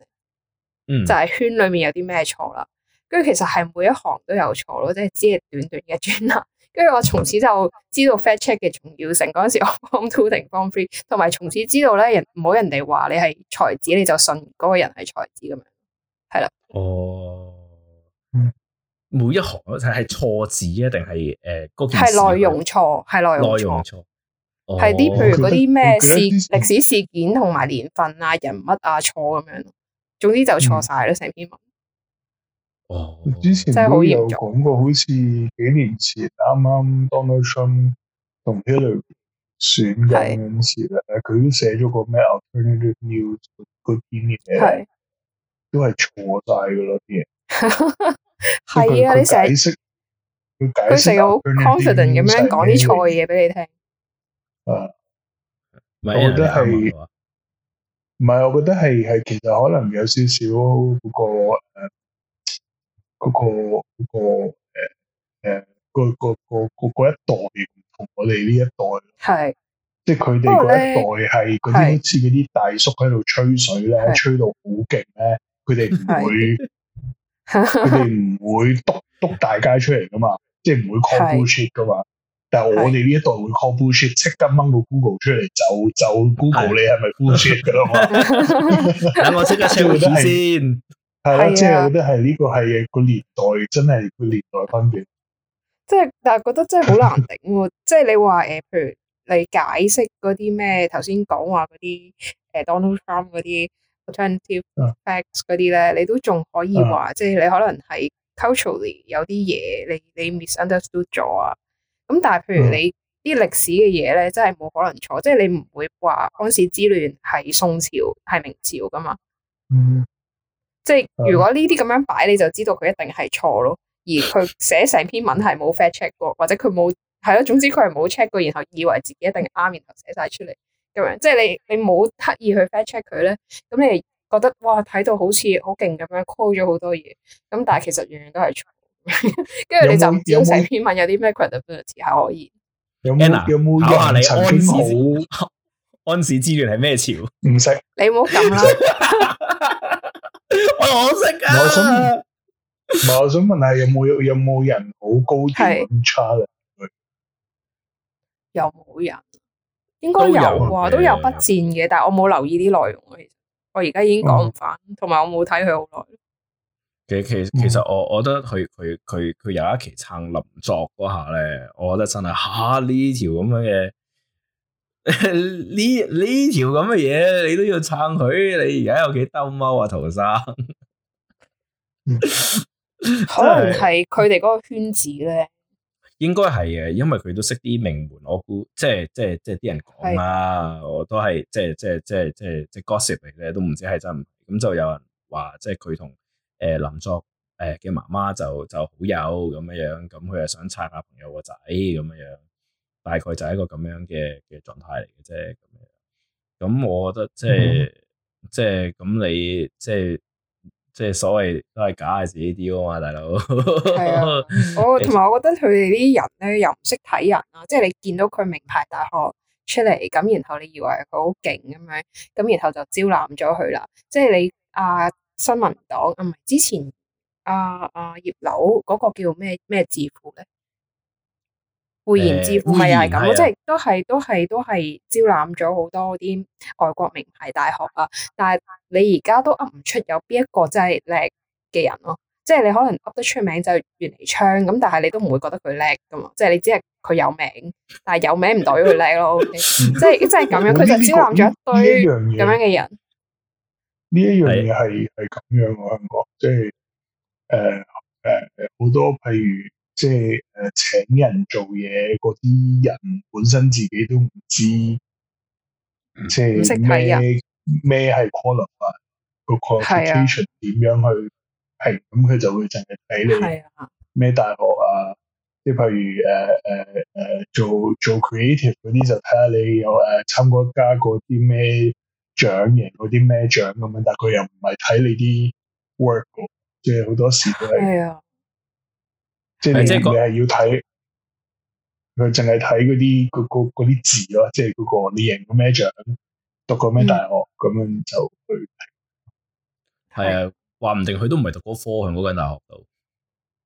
嗯。就係圈裡面有啲咩錯啦。跟住其實係每一行都有錯咯，即係只係短短嘅專欄。跟住我從此就知道 fact check 嘅重要性。嗰陣時我 form two 定 form three，同埋從此知道咧，人唔好人哋話你係才子，你就信嗰個人係才子咁樣。係啦。哦。每一行係錯字，一定係誒，嗰件事內容錯，係內容錯，係啲譬如嗰啲咩事歷史事件同埋年份啊、人物啊錯咁樣，總之就錯晒，咯，成篇文哦，之前真係好嚴重。講過好似幾年前啱啱 Donald Trump 同 Hillary 選嘅陣時，誒佢都寫咗個咩啊，Donald Trump 佢編嘅嘢都係錯晒嘅咯啲嘢。係啊，你成日解釋佢成日好 confident 咁樣講啲錯嘢俾你聽。啊，唔係，我覺得係，唔係，我覺得係係，其實可能有少少嗰個誒，嗰、啊嗰個嗰、嗰個誒誒，啊嗰個、嗰個、嗰個、嗰個嗰一代同我哋呢一代，係即係佢哋嗰一代係嗰啲好似嗰啲大叔喺度吹水咧，是是吹到好勁咧，佢哋唔會。 佢哋唔會督督大街出嚟噶嘛，即係唔會 call bullshit 噶嘛。是但係我哋呢一代會 call bullshit 即刻掹個 Google 出嚟就就 Google 你係咪 bullshit 噶咯？等我即刻 check 先。係咯，即係我覺得係呢、 即係、個係、這個年代，真係個年代分別。即係，但係覺得真係好難頂。即係 你話誒，譬如你解釋嗰啲咩，頭先講話嗰啲誒 Donald Trump 嗰啲。alternative facts 嗰啲咧，uh, 你都仲可以話，uh, 即係你可能係 culturally 有啲嘢你你 misunderstood 咗啊。咁但係譬如你啲歷史嘅嘢咧，真係冇可能錯，uh, 即係你唔會話安史之亂係宋朝係明朝噶嘛。Uh, uh, 即係如果呢啲咁樣擺，你就知道佢一定係錯咯。而佢寫成篇文係冇 fact check 過，或者佢冇係咯，總之佢係冇 check 過，然後以為自己一定啱，然後寫晒出嚟。咁樣，即係你你冇刻意去 fact check 佢咧，咁你覺得哇睇到好似好勁咁樣 call 咗好多嘢，咁但係其實樣樣都係錯，跟 住你就唔好寫篇文有啲咩 credibility 可以。有 n n a 考下你安史安史之亂係咩朝？唔識、啊。你唔好咁啦， 我識啊。 我想問下有冇有冇人好高天差有冇人？應該有啩，都有筆戰嘅，但係我冇留意啲內容啊，其實其實我而家已經講唔翻，同埋我冇睇佢好耐。其其其實我我覺得佢佢佢佢有一期撐林作嗰下咧，我覺得真係吓呢條咁樣嘅呢呢條咁嘅嘢，你都要撐佢？你而家有幾兜踎啊，陶生、 嗯？可能係佢哋嗰個圈子咧。 應該係嘅，因為佢都識啲名門，我估即係即係即係啲人講啦，對我都係即係即係即係即係即係 gossip 嚟嘅，都唔知係真唔係。咁就有人話即係佢同誒林作誒嘅媽媽就就好友咁樣樣，咁佢又想撐下朋友個仔咁樣樣，大概就係一個咁樣嘅嘅狀態嚟嘅啫。咁我覺得即係、嗯、即係咁你即係。即即係所謂都係假嘅事呢啲啊嘛，大佬。係 啊，我同埋我覺得佢哋啲人咧又唔識睇人啊！即係你見到佢名牌大學出嚟咁，然後你以為佢好勁咁樣，咁然後就招攬咗佢啦。即係你啊新聞黨啊，唔係之前啊阿葉柳葉劉嗰個叫咩咩智庫嘅？匯賢智庫係啊，係咁咯。呃、即係都係都係都係招攬咗好多啲外國名牌大學啊，但係你而家都噏唔出有邊一個真係叻嘅人咯，即係你可能噏得出名就袁彌昌，咁，但係你都唔會覺得佢叻噶嘛，即係你只係佢有名，但係有名唔代表佢叻咯，即係即係咁樣，佢就招攬咗一堆咁樣嘅人。呢一樣嘢係係咁樣啊，香港即係誒誒誒好多，譬如。即係誒，請人做嘢嗰啲人本身自己都唔知，即係咩咩係 qualify 個 qualification 點、啊、樣去係咁佢就會淨係睇你咩、啊、大學啊？即係譬如誒誒誒做做 creative 嗰啲就睇下你有誒參加過啲咩獎項嗰啲咩獎咁樣，但佢又唔係睇你啲 work，即係好多時都係。即係你，你係要睇佢淨係睇嗰啲啲字咯，即係嗰、嗰個你贏過咩獎，讀過咩大學，咁、嗯、樣就去。係、嗯、啊，話唔定佢都唔係讀嗰科，喺嗰間大學度。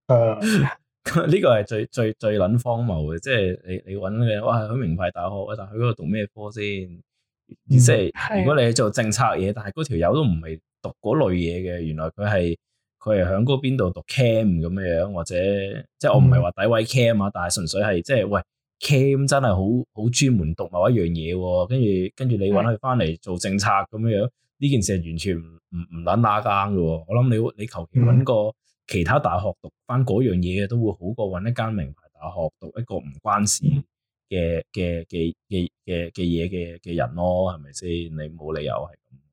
誒、啊，呢個係最最最撚荒謬嘅，即係你你揾嘅，哇，喺名牌大學，但係佢嗰度讀咩科先？即係、嗯嗯、如果你做政策嘢，但係嗰條友都唔係讀嗰類嘢嘅，原來佢係。佢係喺嗰邊度讀 Cam 咁樣樣，或者即係我唔係話詆毀 Cam 啊，但係純粹係即係喂 Cam 真係好好專門讀某一樣嘢，跟住跟住你揾佢翻嚟做政策咁樣樣，呢件事係完全唔唔唔撚打更嘅。我諗你你求其揾個其他大學讀翻嗰樣嘢，都會好過揾一間名牌大學讀一個唔關事嘅嘅嘅嘅嘅嘅嘢嘅嘅人咯，係咪先？你冇理由係咁。Okay.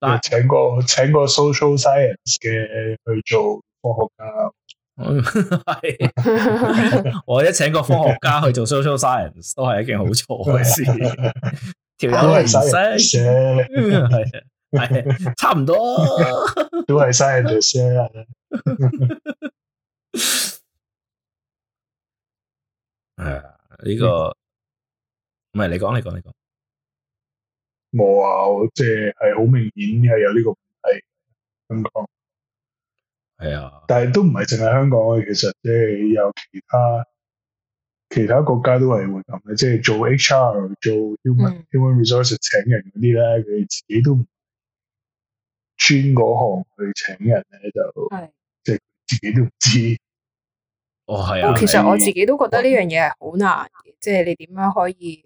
但係請個請個 social science 嘅去做科學家， 我一請個科學家去做 social science 都係一件好錯嘅事，條友唔識，係係差唔多都係 scientist 啊！呢、這、一個唔係你講，你講，你講。你冇啊！即係好明顯係有呢個問題。香港係啊，哎、呀但係都唔係淨係香港啊。其實即係有其他其他國家都係會咁嘅，即、就、係、是、做 HR、做 human、嗯、human resources 請人嗰啲咧，佢自己都唔專嗰行去請人咧，就即係是自己都唔知。哦，係啊。哦、你其實我自己都覺得呢樣嘢係好難嘅，即係、嗯、你點樣可以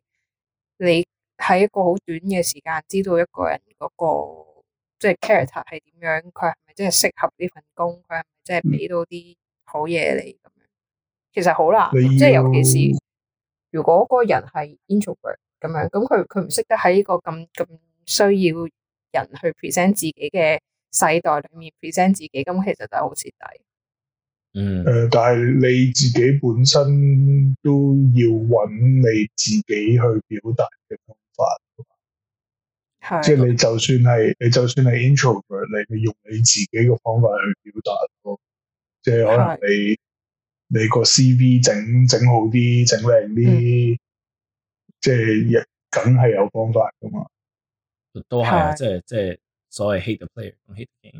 你？喺一個好短嘅時間知道一個人嗰個即係 character 係點樣，佢係咪真係適合呢份工？佢係咪真係俾到啲好嘢你？咁樣其實好難，要即係尤其是如果嗰個人係 introvert 咁樣，咁佢佢唔識得喺呢個咁咁需要人去 present 自己嘅世代裏面 present 自己，咁其實都係好蝕底。嗯誒、呃，但係你自己本身都要揾你自己去表達嘅。即係你就算係你就算係 introvert，你你用你自己嘅方法去表達。即係可能你你個 CV 整整好啲，整靚啲，即係亦梗係有方法噶嘛。都係，即係即係所謂 hit the player，hit the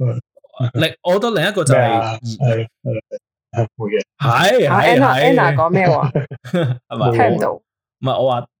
game。我覺得另一個就係係係會嘅，係係係。講咩？係咪聽到？唔係我話。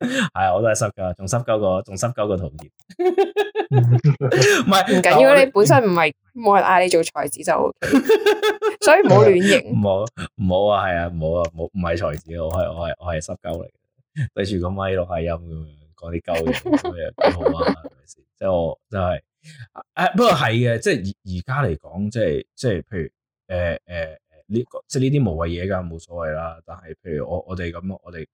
係啊、 哎，我都係濕噶，仲濕鳩個，仲濕鳩個桃葉。唔係唔緊要，我你本身唔係冇人嗌你做才子就， 所以唔、 嗯、好亂認。唔好唔、啊、好， 好啊，係啊，唔好啊，冇唔係才子我係我係我係濕鳩嚟。對住個麥度開音咁樣講啲鳩嘢，好啊。係咪先？即係我，就係、是、誒、啊，不過係嘅，即係而而家嚟講，即係即係，譬如誒誒誒呢個，即係呢啲無謂嘢噶，冇所謂啦。但係譬如我我哋咁，我哋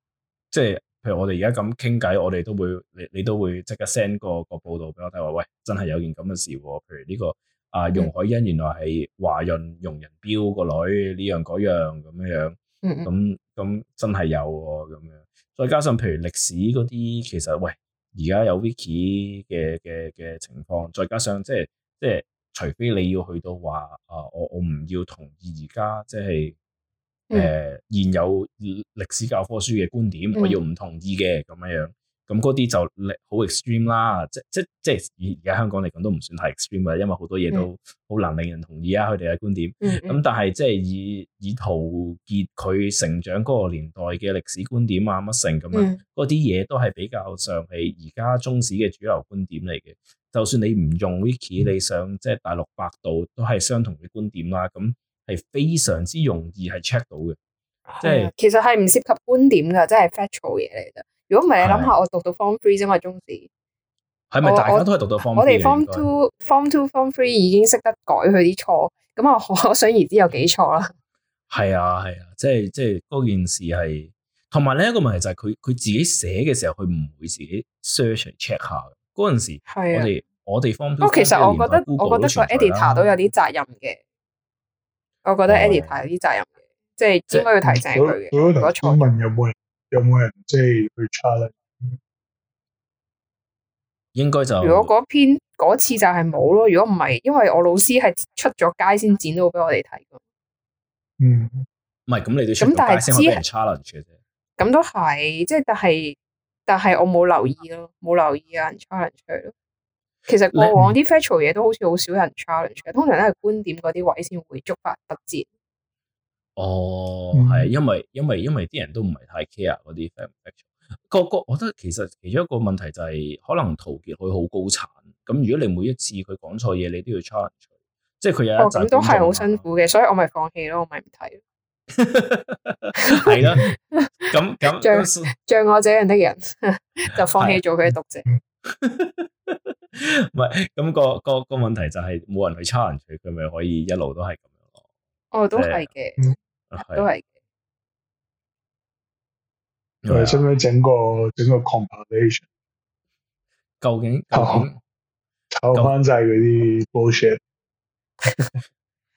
即係。譬如我哋而家咁傾偈，我哋都會你你都會即刻 send 個個報道俾我睇，話喂真係有件咁嘅事喎。譬如呢個啊容海恩原來係華潤容人標個女，呢樣嗰樣咁樣，咁咁 真係有喎咁樣。再加上譬如歷史嗰啲，其實喂而家有 wiki 嘅嘅嘅情況，再加上即係即係，除非你要去到話啊，我我唔要同意而家即係。誒，嗯、現有歷史教科書嘅觀點，我要唔同意嘅，咁樣樣，咁嗰啲就好 extreme 啦。即即即而而家香港嚟講都唔算太 extreme 啦，因為好多嘢都好難令人同意啊。佢哋嘅觀點，咁、嗯嗯、但係即係以以陶傑佢成長嗰個年代嘅歷史觀點啊乜成咁樣，嗰啲嘢都係比較上係而家中史嘅主流觀點嚟嘅。就算你唔用 wiki，嗯、你上即係大陸百度都係相同嘅觀點啦。咁。係非常之容易係 check 到嘅，即係其實係唔涉及觀點噶即係 factual 嘢嚟嘅。如果唔係，你諗下，我讀到 form three 啊嘛，中四係咪大家都係讀到 form？我哋 form two、form two、form three 已經識得改佢啲錯，咁啊，可想而知有幾錯啦。係啊，係啊，即係即係嗰件事係，同埋另一個問題就係佢佢自己寫嘅時候，佢唔會自己 search check 下嗰陣時。係我哋我哋 form。不過其實我覺得，我覺得個 editor 都有啲責任嘅。我覺得 editor 有啲責任，嘅、嗯，即係應該要提醒佢嘅。我想問有冇人有冇人即係去 challenge？應該就如果嗰篇嗰次就係冇咯。如果唔係，因為我老師係出咗街先剪到俾我哋睇。嗯，唔係咁你都出咗街先可以 challenge 嘅啫。咁都係，即係但係但係我冇留意咯，冇留意有人 challenge。去其實過往啲 factual 嘢都好似好少人 challenge，嘅，通常都係觀點嗰啲位先會觸發突變。哦，係、嗯，因為因為因為啲人都唔係太 care 嗰啲 factual。個個我覺得其實其中一個問題就係、是，可能陶傑佢好高產，咁如果你每一次佢講錯嘢，你都要 challenge 佢，即係佢有。哦，咁都係好辛苦嘅，嗯、所以我咪放棄咯，我咪唔睇。係啦， 咁咁像像我這樣的人 就放棄咗佢嘅讀者。唔係，咁、 那個個個問題就係冇人去 challenge 佢，佢咪可以一路都係咁樣咯。哦，都係嘅，嗯、都係。係咪唔係整個整個 c o m p a t i o n？究竟唞唞翻晒嗰啲 bullshit？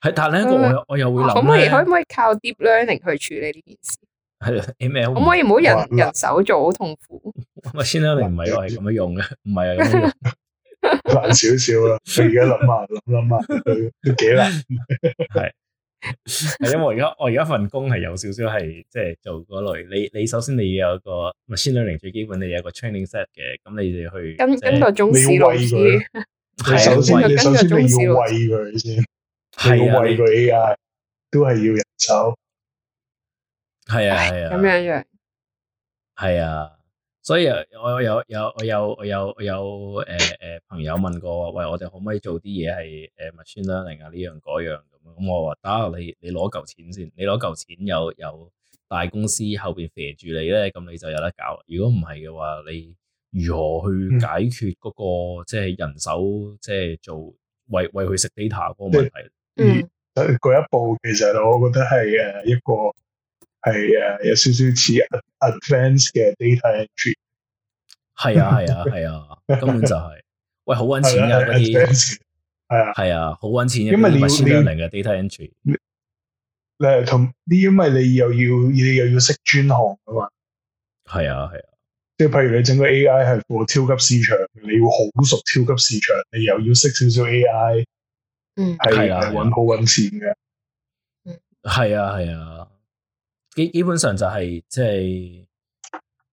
係， 竟 但係咧，我、嗯、我又會諗，可唔可以呢可唔可以靠 deep learning 去處理呢件事？係啦，ML 我可唔可以唔好人人手做，好痛苦。咁啊，machine learning 唔係我係咁樣用嘅，唔係啊，難少少啦。而家諗下，諗諗下，幾難。係係，因為而家我而家份工係有少少係即係做嗰類。你你首先你要有一個，唔係 machine learning 最基本你有個 training set 嘅，咁你哋去跟跟個宗師老師，你首先你跟個宗師老師先，要餵佢先，係啊，餵佢啊都係要人手。係 對 original 啊，係啊，咁樣樣，係啊，所以啊，我有有我有我有我有誒誒朋友問過，喂，我哋可唔可以做啲嘢係誒物算啦，定係呢樣嗰樣咁？咁、嗯嗯、我話得，你你攞嚿錢先，你攞嚿錢有有大公司後邊蛇住你咧，咁你就有得搞。如果唔係嘅話，你如何去解決嗰、那個即係、嗯、人手即係做為為佢食 data 嗰個問題？嗯，嗰一步其實我覺得係誒一個。係啊，有少少似 advance 嘅 data entry，係啊，係啊，係啊，根本就係。喂，好搵錢噶，係啊，係啊，好搵錢，因為你要你嘅 data entry，誒，同，因為你又要你又要識專項啊嘛。係啊，係啊，即係譬如你整個 AI 係做超級市場，你要好熟超級市場，你又要識少少 AI，嗯，係啊，搵好搵錢嘅，嗯，係啊，係啊。基本上就係即係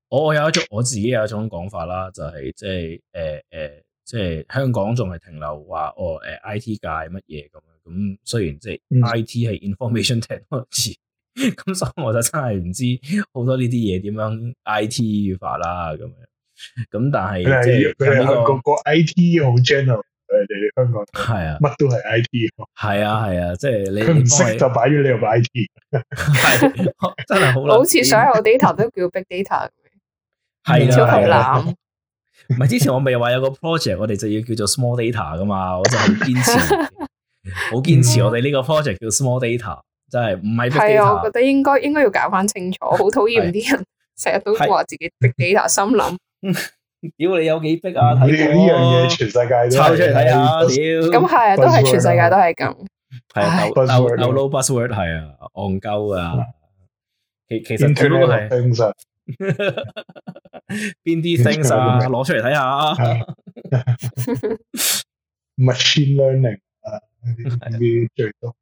我有一種我自己有一種講法啦，就係即係誒誒，即、就、係、是呃呃就是、香港仲係停留話哦誒、呃、I T 界乜嘢咁咁，雖然即係 I T 係 information technology，咁 所以我就真係唔知好多呢啲嘢點樣 I T 化啦咁樣，咁但係即係佢係個個 I T 好 general。我哋香港係啊，乜都係 I T，係啊係啊，即係你唔識就擺咗呢個 I T，真係好老。好似所有嘅 data 都叫 Big Data 係啊，係啊，唔係之前我咪話有個 project，我哋就要叫做 Small Data 噶嘛，我就堅持，好堅持我哋呢個 project 叫 Small Data，真係唔係。係啊，我覺得應該應該要搞翻清楚，好討厭啲人成日都話自己 Big Data 心諗。屌，你有幾逼啊！呢呢樣嘢全世界都抄出嚟睇下，屌咁係啊，都係全世界都係咁。係啊，no no no buzzword 係啊，戇鳩啊。其其實全部都係。邊啲 things 啊？攞出嚟睇下。Machine learning 啊，呢啲最多。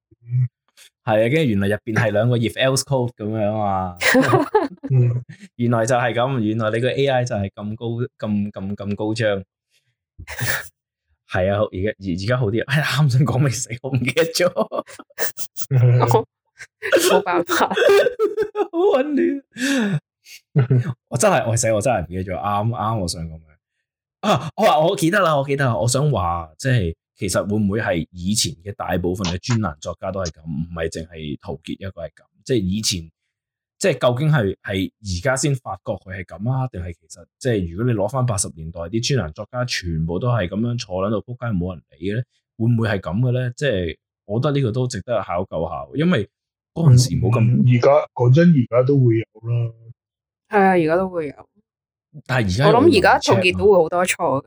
係啊，跟住原來入邊係兩個 if else code 咁樣啊，原來就係咁，原來你個 AI 就係咁高，咁咁咁高張，係 啊，而家而而家好啲、哎、亂 啊，啱想講未死，我唔記得咗，冇辦法，好混亂，我真係我死，我真係唔記得咗，啱啱我想講咩啊，我話我記得啦，我記得，我記得，我想話即係。其實會唔會係以前嘅大部分嘅專欄作家都係咁，唔係淨係陶傑一個係咁。即係以前，即係究竟係係而家先發覺佢係咁啊？定係其實即係如果你攞翻八十年代啲專欄作家，全部都係咁樣坐喺度撲街，冇人理嘅咧，會唔會係咁嘅咧？即係我覺得呢個都值得考究下，因為嗰陣時冇咁。而家講真，而家都會有啦。係啊，而家都會有。但係而家我諗，而家陶傑都會好多錯嘅。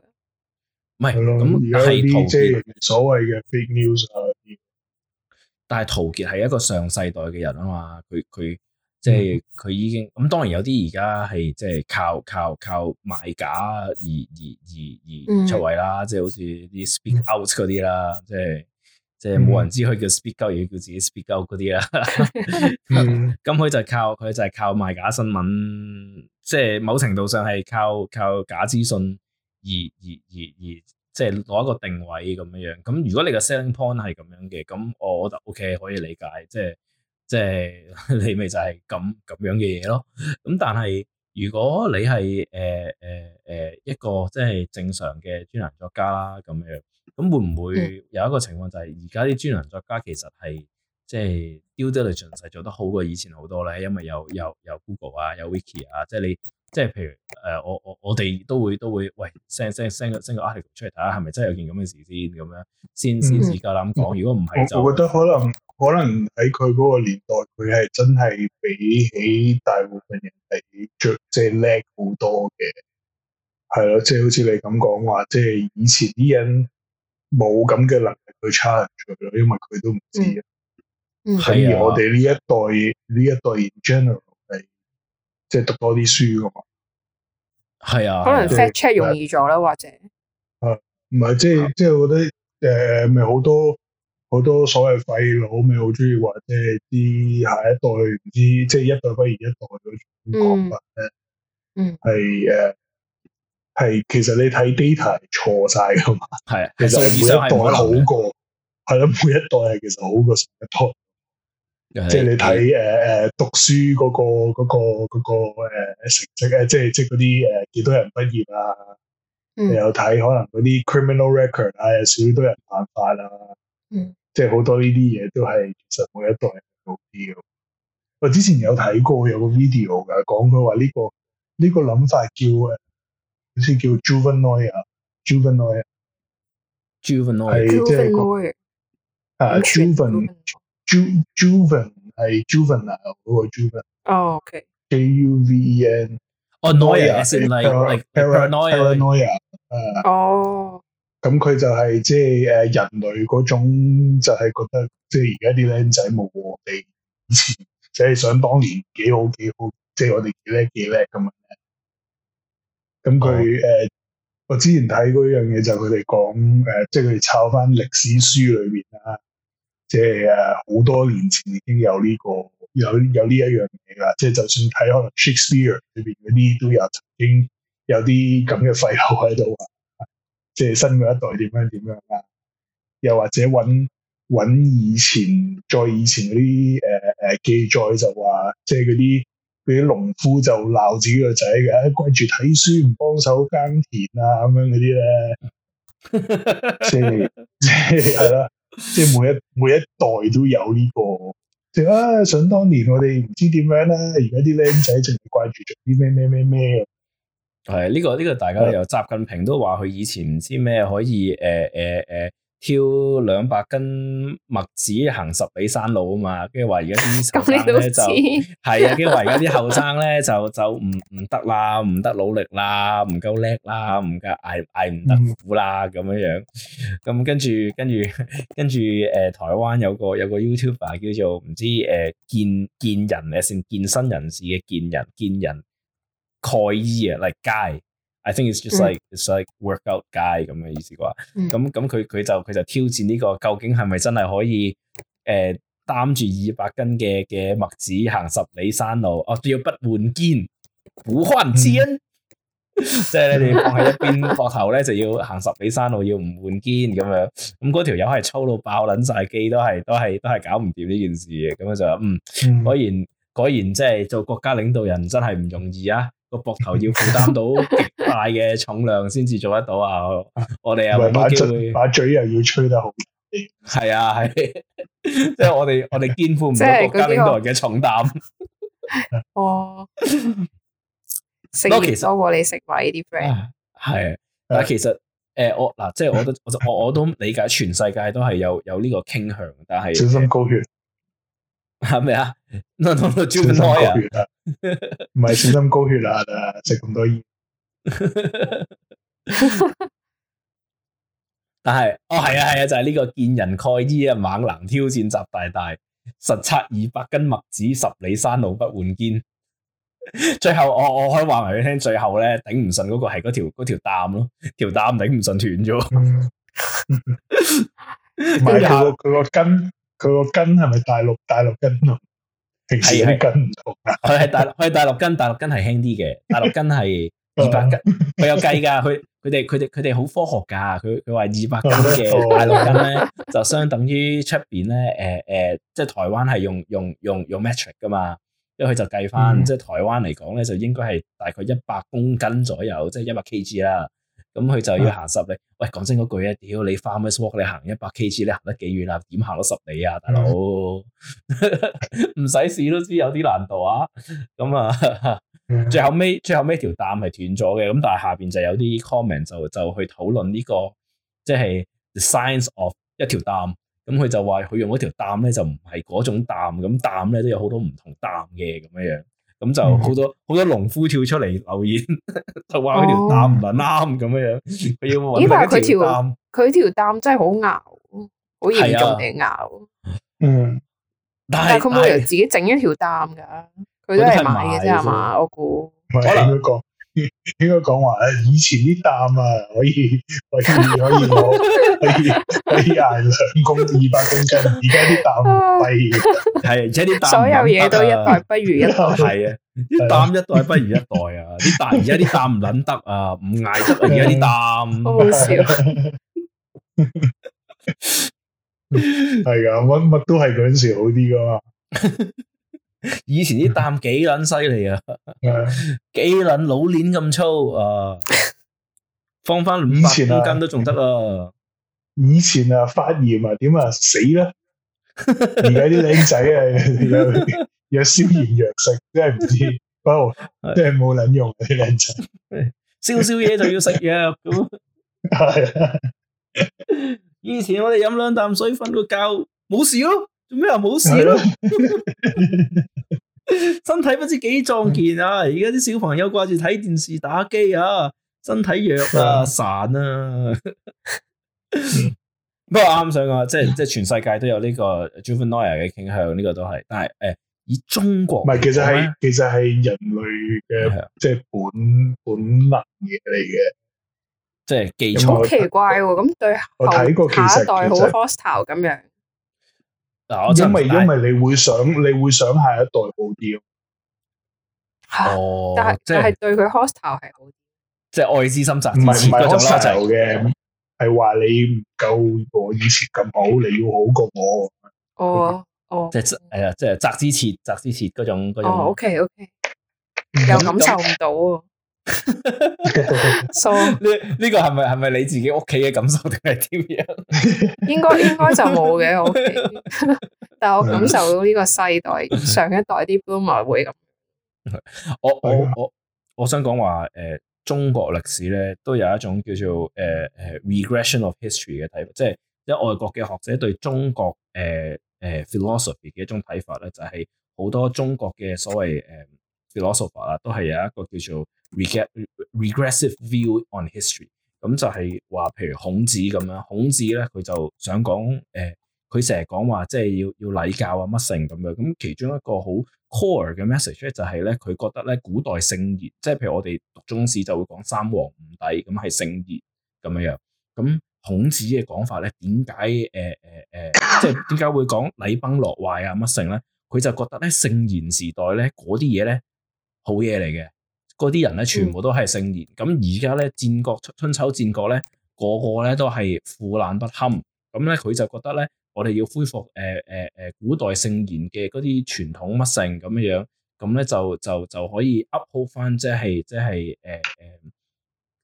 唔係，咁而家啲所謂嘅 fake news 啊，但係陶傑係一個上世代嘅人啊嘛，佢佢即係佢已經咁，當然有啲而家係即係靠靠靠，靠賣假而而而而出位啦，嗯、即係好似啲 speak out 嗰啲啦，嗯、即係即係冇人知佢叫 speak out，而叫自己 speak out 嗰啲啦，咁佢就靠佢就係靠賣假新聞，即係某程度上係靠靠假資訊。而而而而即係攞一個定位咁樣樣，咁如果你個 selling point 係咁樣嘅，咁我覺得 OK 可以理解，即係即係你咪就係咁咁樣嘅嘢咯。咁但係如果你係誒誒誒一個即係正常嘅專欄作家啦咁樣，咁會唔會有一個情況就係而家啲專欄作家其實係即係 due diligence 做得好過以前好多咧，因為有有有 Google 啊，有 Wiki 啊，即係你。即係譬如誒、呃，我我我哋都會都會喂 send send send 個 article 出嚟睇下，係咪真係有件咁嘅事先咁樣，先先至夠膽講。嗯、如果唔係，我覺得可能、嗯、可能喺佢嗰個年代，佢係真係比起大部分人比着，即係叻好多嘅。係咯，即係好似你咁講話，即係以前啲人冇咁嘅能力去 challenge 咯，因為佢都唔知。啊。反而我哋呢一代呢一代 in general。即係讀多啲書噶嘛，係啊，可能 fact check 容易咗啦，啊、或者，啊，唔係即係，即係、啊、我覺得，誒、呃，咪好多好多所謂廢佬，咪好中意話即係啲下一代唔知，即、就、係、是、一代不如一代嗰種講法咧、嗯，嗯，係誒，係、呃、其實你睇 data 係錯晒噶嘛，係、啊，其實每一代好過，係咯、啊，每一代係其實好過上一代。即係你睇誒誒讀書嗰、嗰個、嗰個、嗰個誒、呃、成績誒、呃、即係即係嗰啲誒幾多人畢業啊？又睇、嗯、可能嗰啲 criminal record 啊，有少多人犯法啊。嗯、即係好多呢啲嘢都係其實每一代做掉。我之前有睇過有個 video 嘅，講佢話呢個呢、呢個諗法叫好似叫 juvenoia juvenoia juvenoia juvenoia juvenoia ju v n juvenile 或 juvenile okay j U V E N，a noia，paranoia，哦，咁佢就係即係誒人類嗰種就係覺得即係而家啲僆仔冇我哋以前即係想當年幾好幾好，即係、就是、我哋幾叻幾叻咁啊！咁佢誒我之前睇嗰樣嘢就佢哋講誒，即係佢哋抄翻歷史書裏面啊～即係誒，好多年前已經有呢、這個有有呢一樣嘢啦。即係就算睇可能 Shakespeare 裏邊嗰啲，都有曾經有啲咁嘅廢噏喺度啊。即係新嗰一代點樣點樣啊？又或者揾揾以前再以前嗰啲誒誒記載就，就話即係嗰啲嗰啲農夫就鬧自己個仔嘅，誒、哎，掛住睇書唔幫手耕田啊咁樣嗰啲咧。即係係啦。 即係每一每一代都有呢、這個，即係、啊、想當年我哋唔知點樣啦，而家啲靚仔淨係掛住做啲咩咩咩咩，係呢個呢個，這個、大家由習 近平都話佢以前唔知咩可以誒誒誒。呃呃呃挑兩百斤麥子行十里山路啊嘛，跟住話而家啲後生咧就係啊，跟住話而家啲後生咧就就唔唔得啦，唔得努力啦，唔夠叻啦，唔夠捱捱唔得苦啦咁樣樣。咁跟住跟住跟住，誒、呃、台灣有個有個 YouTuber 叫做唔知誒健健人咧，算健身人士嘅健人健人蓋伊啊，嚟街。I think it's just like,、嗯、it's like workout guy 咁嘅意思啩，咁咁佢佢就佢就挑戰呢、這個究竟係咪真係可以誒擔住二百斤嘅嘅麥子行十里山路？哦，要不換肩，苦寒恩？ 即係你哋放喺一邊膊頭咧就要行十里山路，要唔換肩咁樣，咁嗰條友係粗到爆捻晒，肌都係都係都係搞唔掂呢件事嘅，咁樣就嗯，嗯果，果然果然即係做國家領導人真係唔容易啊！個膊頭要負擔到極大嘅重量先至做得到啊！ 我哋又唔把嘴，把嘴又要吹得好，係 啊，係、啊啊、即係我哋我哋肩負唔到國家領導人嘅重擔、那個。哦，食多我哋食埋呢啲 friend，係但其實誒、啊啊啊呃，我嗱，即係我都，啊、我我我都理解，全世界都係有有呢個傾向，但係小心高血。係咪啊？難道招耐啊？唔係小心高血壓啊！食咁多煙。但係哦，係啊，係啊，就係、是、呢個見人蓋衣啊，猛男挑戰習大大，實測二百斤麥子，十里山路不換肩。最後我我可以話埋畀你聽，最後咧頂唔順嗰個係嗰條嗰條擔咯，條擔頂唔順斷咗。唔係佢個佢個根，佢、那個根係咪大陸大陸根啊？係係小斤 跟唔到，佢係大佢係大陸斤，大陸斤係輕啲嘅，大陸斤係二百斤，佢 有計噶，佢佢哋佢哋佢哋好科學噶，佢佢話二百斤嘅大陸斤咧， 就相等於出邊咧，誒、呃、誒，即係台灣係用用用用 metric 噶嘛，因為佢就計翻，嗯、即係台灣嚟講咧，就應該係大概一百公斤左右，即係一百 kg 啦。咁佢就要行十里。啊、喂，講真嗰句 walk, kg，啊，屌你 farmer's walk，你行一百 kg，你行得幾遠啊？點行到十里啊，大佬？唔使試都知有啲難度啊。咁 啊，最後尾最後尾條擔係斷咗嘅。咁但係下邊就有啲 comment 就就去討論呢個，即係 science of 一條擔。咁佢就話佢用嗰條擔咧就唔係嗰種擔，咁擔咧都有好多唔同擔嘅咁樣樣。咁就好多好、嗯、多農夫跳出嚟留言，就話佢條擔唔啱咁樣樣，要揾一條擔。佢條擔真係好咬，好嚴重嘅咬、啊。嗯，但係佢冇理由自己整一條擔噶，佢都係買嘅啫嘛，的的我估。係啊。應該講話以前啲擔啊，可以維持咗二五，可以可以挨兩公二百公斤。而家啲擔係係，而且啲擔所有嘢都一代不如一代。係啊， 啲擔一代不如一代啊，啲擔而家啲擔唔捻得啊，唔挨得啊，而家啲擔。好笑。係啊，乜乜都係嗰陣時好啲噶嘛。以前啲啖幾捻犀利啊，幾捻老鏈咁粗啊，放翻五百公斤都仲得啊以。以前啊發炎啊點啊死啦，而家啲靚仔啊，有藥消炎藥食真係唔知，真係冇撚用啲靚仔，燒燒嘢就要食藥咁。係啊，以前我哋飲兩啖水 9,、啊，瞓個覺，冇事咯。做咩又冇事咯？對了 身體不知幾壯健啊！而家啲小朋友掛住睇電視、打機啊，身體弱啊、嗯、散啊。 不過啱想啊，即係即係全世界都有呢個 juvenior 嘅傾向，呢個都係。但係誒，以中國唔係，其實係其實係人類嘅即係本本能嘢嚟嘅，即係基礎。好奇怪喎、啊！咁對後下一代好 hostile 咁樣。嗱，因為因為你會想你會想下一代好啲，哦，但係是、就是、但係對佢 hostile 係好，啲，即係愛之深責唔切責之切嗰是種 hostile 嘅，係話你唔夠我以前咁好，你要好過我，哦哦、oh, oh. 就是，即係誒即係責之切責之切嗰種嗰種 OK OK，又感受唔到 呢呢 So, 個係咪係咪你自己屋企嘅感受，定係點樣？ 應該應該就冇嘅，我、OK， 但係我感受到呢個世代 上一代啲 boomer 會咁。 我我我我想講話，誒、呃，中國歷史咧都有一種叫做誒誒、呃、regression of history 嘅睇法，即係一外國嘅學者對中國誒誒、呃呃、philosophy 嘅一種睇法咧，就係好多中國嘅所謂誒。呃 philosopher 啦，都係有一個叫做 regressive view on history。咁就係話，譬如孔子咁樣，孔子咧佢就想講，誒佢成日講話，即係要要禮教啊乜性咁樣。咁其中一個好 core 嘅 message 咧就係咧，佢覺得咧古代聖賢，即係譬如我哋讀中史就會講三皇五帝，咁係聖賢咁樣樣。咁孔子嘅講法咧，點解誒誒誒，即係點解會講禮崩樂壞啊乜性咧？佢就覺得咧聖賢時代咧嗰啲嘢咧。好嘢嚟嘅，嗰啲人咧全部都係聖賢。咁而家咧戰國，春秋戰國咧個個咧都係腐爛不堪。咁咧佢就覺得咧，我哋要恢復誒誒誒古代聖賢嘅嗰啲傳統乜性咁樣樣。咁咧就就就可以 uphold 翻，即係即係誒誒，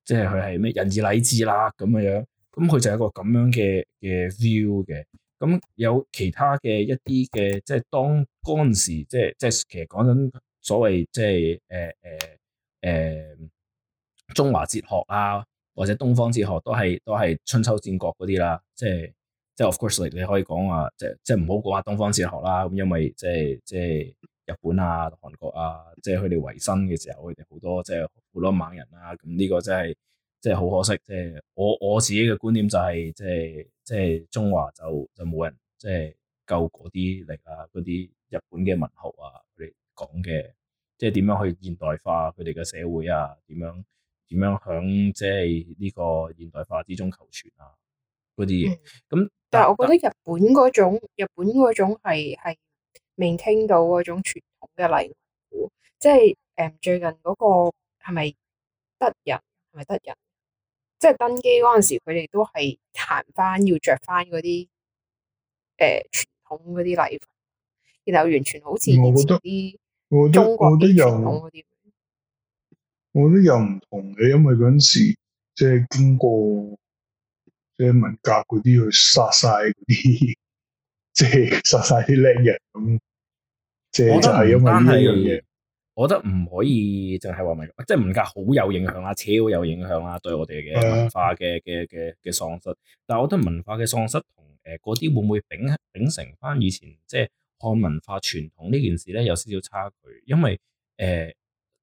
即係佢係咩仁義禮智啦咁樣樣。咁佢就有一個咁樣嘅嘅 view 嘅。咁有其他嘅一啲嘅，即係當嗰陣時，即係即係其實講緊。所謂即係誒誒誒，中華哲學啦，或者東方哲學都係都係春秋戰國嗰啲啦。即係即係，of course，你可以講話即即係唔好講下東方哲學啦。咁因為即係即係日本啊、韓國啊，即係佢哋維新嘅時候，佢哋好多即係好多猛人啊。咁呢個真係即係好可惜。即係我我自己嘅觀點就係、是、即係即係中華就就冇人即係救嗰啲力啊，嗰啲日本嘅文學啊。講嘅即係點樣去現代化佢哋嘅社會啊？點樣點樣響即係呢個現代化之中求存啊？嗰啲嘢咁，嗯、那但係我覺得日本嗰種但日本嗰種係係未聽到嗰種傳統嘅禮服，即係誒、嗯、最近嗰、那個係咪德仁？係咪德仁？即、就、係、是、登基嗰陣時，佢哋都係行翻要着翻嗰啲誒傳統嗰啲禮服，然後完全好似我覺得啲。我都我都有，我都有唔同嘅，因為嗰陣時即係經過即係文革嗰啲去殺晒啲，即係殺晒啲靚人咁。即係就係因為呢一樣嘢，我覺得唔可以淨係話明，即係文革好有影響啦，超有影響啦，對我哋嘅文化嘅嘅嘅嘅喪失。但係我覺得文化嘅喪失同誒嗰啲會唔會秉秉承翻以前即係？漢文化傳統呢件事咧有少少差距，因為誒、呃，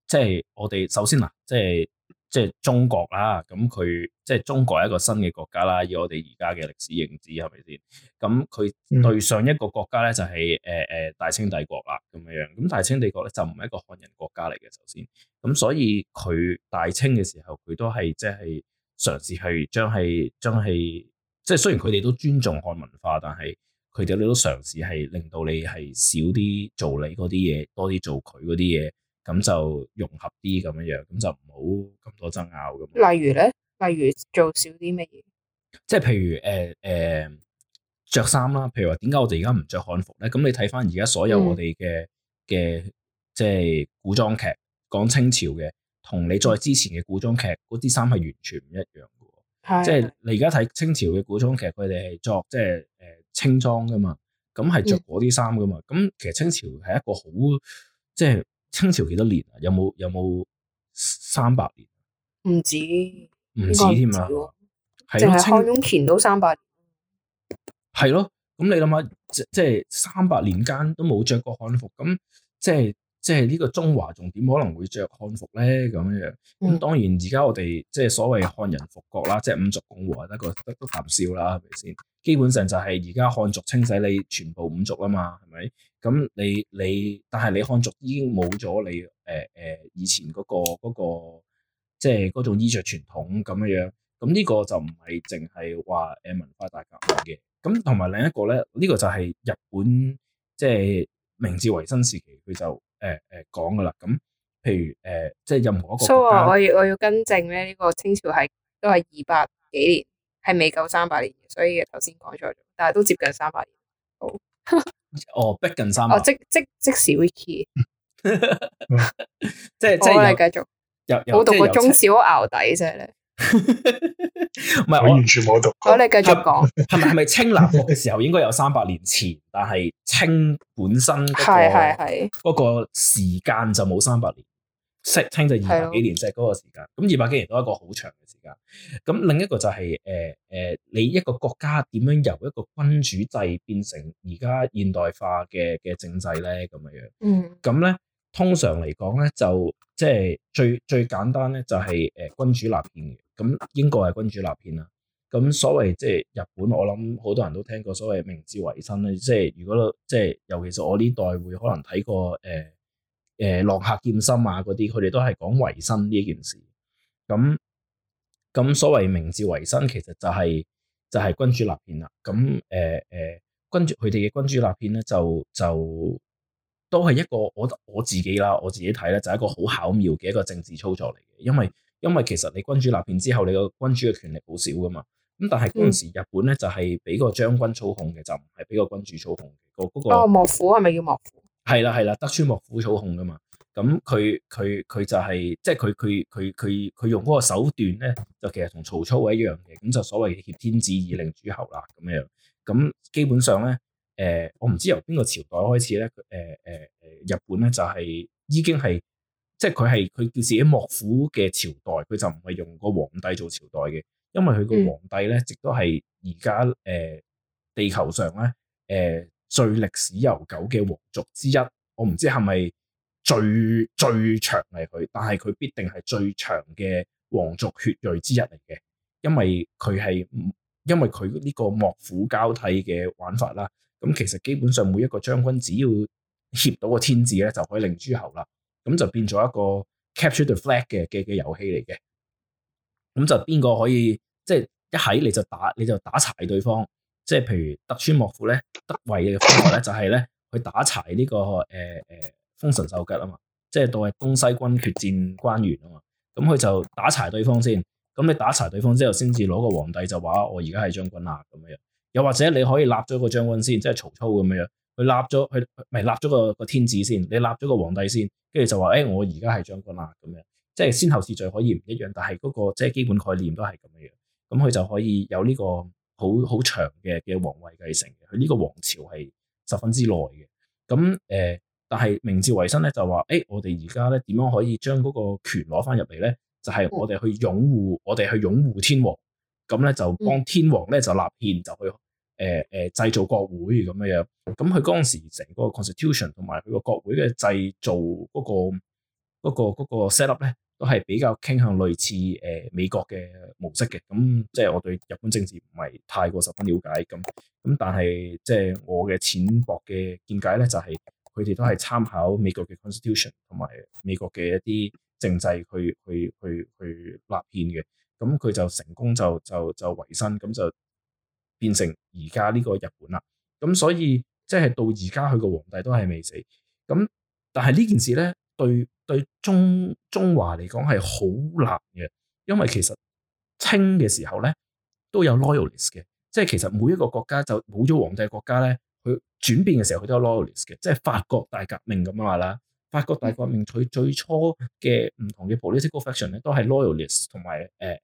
即係我哋首先啊，即係即係中國啦，咁佢即係中國係一個新嘅國家啦，以我哋而家嘅歷史認知係咪先？咁佢對上一個國家咧就係誒誒大清帝國啦，咁樣樣，咁大清帝國咧就唔係一個漢人國家嚟嘅，首先，咁所以佢大清嘅時候，佢都係即係嘗試去將係將係，即係雖然佢哋都尊重漢文化，但係。佢哋咧都嘗試係令到你係少啲做你嗰啲嘢，多啲做佢嗰啲嘢，咁就融合啲咁樣樣，咁就唔好咁多爭拗咁。例如咧，例如做少啲乜嘢？即係譬如誒誒着衫啦，譬如話點解我哋而家唔着漢服咧？咁你睇翻而家所有我哋嘅嘅即係古裝劇講清朝嘅，同你再之前嘅古裝劇嗰啲衫係完全唔一樣嘅的，即係你而家睇清朝嘅古裝劇，佢哋係作即係誒。清裝噶嘛，咁係着嗰啲衫噶嘛，咁、嗯、其實清朝係一個好，即係清朝幾多年啊？有冇有冇三百年？唔止，唔止添啊，淨係康雍乾都三百年，係咯？咁你諗下，即係三百年間都冇着過漢服，咁即係。即係呢個中華仲點可能會着漢服咧咁樣樣，咁、嗯嗯、當然而家我哋即係所謂漢人復國啦，即係五族共和得個得得啖笑啦，係咪先？基本上就係而家漢族清洗你全部五族啊嘛，係咪？咁你你，但係你漢族已經冇咗你誒誒、呃呃、以前嗰、嗰個嗰、嗰個、嗰個、即係嗰種衣着傳統咁樣樣，咁呢個就唔係淨係話誒文化大革命嘅，咁同埋另一個咧，呢、呢個就係日本即係明治維新時期佢就。誒誒講噶啦，咁、呃呃、譬如誒、呃，即係任何一個國家。So, 我要我要更正咧、呢、這個清朝係都係二百幾年，係未夠三百年，所以頭先講咗，但係都接近三百年。好，哦，逼、 哦、近三百、哦。即即即時，Wiki。即即係繼 續。我讀過中小牛底啫。唔 係是，我完全冇讀。我、 啊、你繼續講，係咪係咪清南國嘅時候應該有三百年前，但係清本身係係係嗰個時間就冇三百年，即係 清就二百幾年，即係嗰個時間。咁二百幾年都係一個好長嘅時間。咁另一個就係誒誒，你一個國家點樣由一個君主制變成而家現代化嘅嘅政制咧？咁樣樣，嗯，咁咧通常嚟講咧就即係、就是、最最，最簡單咧就係誒君主立憲。咁英國係君主立憲啦，咁所謂即係日本，我諗好多人都聽過所謂明治維新啦，即係如果即係，尤其是我呢代會可能睇過誒誒、呃呃《浪客劍心》啊嗰啲，佢哋都係講維新呢一件事。咁咁所謂明治維新，其實就係就係君主立憲啦。咁誒誒，君主佢哋嘅君主立憲咧，就就都係一個我我自己啦，我自己睇咧就係一個好巧妙嘅一個政治操作嚟嘅，因為。因為其實你君主立憲之後，你個君主嘅權力好少噶嘛。咁但係嗰陣時日本咧、嗯、就係俾個將軍操控嘅，就唔係俾個君主操控個嗰個。哦幕府係咪叫幕府？係啦係啦，德川幕府操控噶嘛。咁佢佢佢就係、是、即係佢佢佢佢佢用嗰個手段咧，就其實同曹操係一樣嘅。咁就所謂挾天子以令諸侯啦咁樣。咁基本上咧，誒、呃、我唔知由邊個朝代開始咧，誒誒誒日本咧就係已經係。即係佢係佢叫自己幕府嘅朝代，佢就唔係用個皇帝做朝代嘅，因為佢個皇帝咧，亦都係而家誒地球上咧誒、呃、最歷史悠久嘅皇族之一。我唔知係咪最最長係佢，但係佢必定係最長嘅皇族血裔之一嚟嘅，因為佢係因為佢呢個幕府交替嘅玩法啦。咁、嗯、其實基本上每一個將軍只要挾到個天子咧，就可以令諸侯啦。咁就變咗一個 capture the flag 嘅嘅嘅遊戲嚟嘅，咁就邊個可以即係、就是、一喺你就打你就打柴對方，即係譬如德川幕府咧，得位嘅方法咧就係咧，去打柴呢、這個誒誒豐臣秀吉啊嘛，即係當係東西軍決戰關原啊嘛，咁佢就打柴對方先，咁你,你打柴對方之後先至攞個皇帝就話我而家係將軍喇咁樣，又或者你可以立咗個將軍先，即係曹操咁樣。佢立咗，佢咪立咗個個天子先？你立咗個皇帝先，跟住就話，誒、哎，我而家係將軍啦，咁樣。即係先後次序可以唔一樣，但係嗰，那個即係基本概念都係咁樣。咁、嗯、佢就可以有呢個好好長嘅嘅皇位繼承嘅。佢、這、呢個皇朝係十分之耐嘅。咁、嗯、誒，但係明治維新咧就話，誒、哎，我哋而家咧點樣可以將嗰個權攞翻入嚟咧？就係、是、我哋去擁護，嗯、我哋去擁護天皇。」咁咧就幫天皇咧就立憲，嗯、就去。誒、誒製造國會咁嘅樣，咁佢嗰陣時成個 constitution 同埋佢個國會嘅製造嗰個嗰個嗰個 set up 咧，都係比較傾向類似誒美國嘅模式嘅。咁即係我對日本政治唔係太過十分了解，咁咁但係即係我嘅淺薄嘅見解咧，就係佢哋都係參考美國嘅 constitution 同埋美國嘅一啲政制去去去去去立憲嘅。咁佢就成功就就就維新，咁就。就就變成而家呢個日本啦，咁所以即係到而家佢個皇帝都係未死，咁但係呢件事咧對對中中華嚟講係好難嘅，因為其實清嘅時候咧都有 loyalist 嘅，即係其實每一個國家就冇咗皇帝國家咧，佢轉變嘅時候佢都有 loyalist 嘅，即係法國大革命咁話啦，法國大革命佢最初嘅唔同嘅 political faction 咧都係 loyalist 同埋誒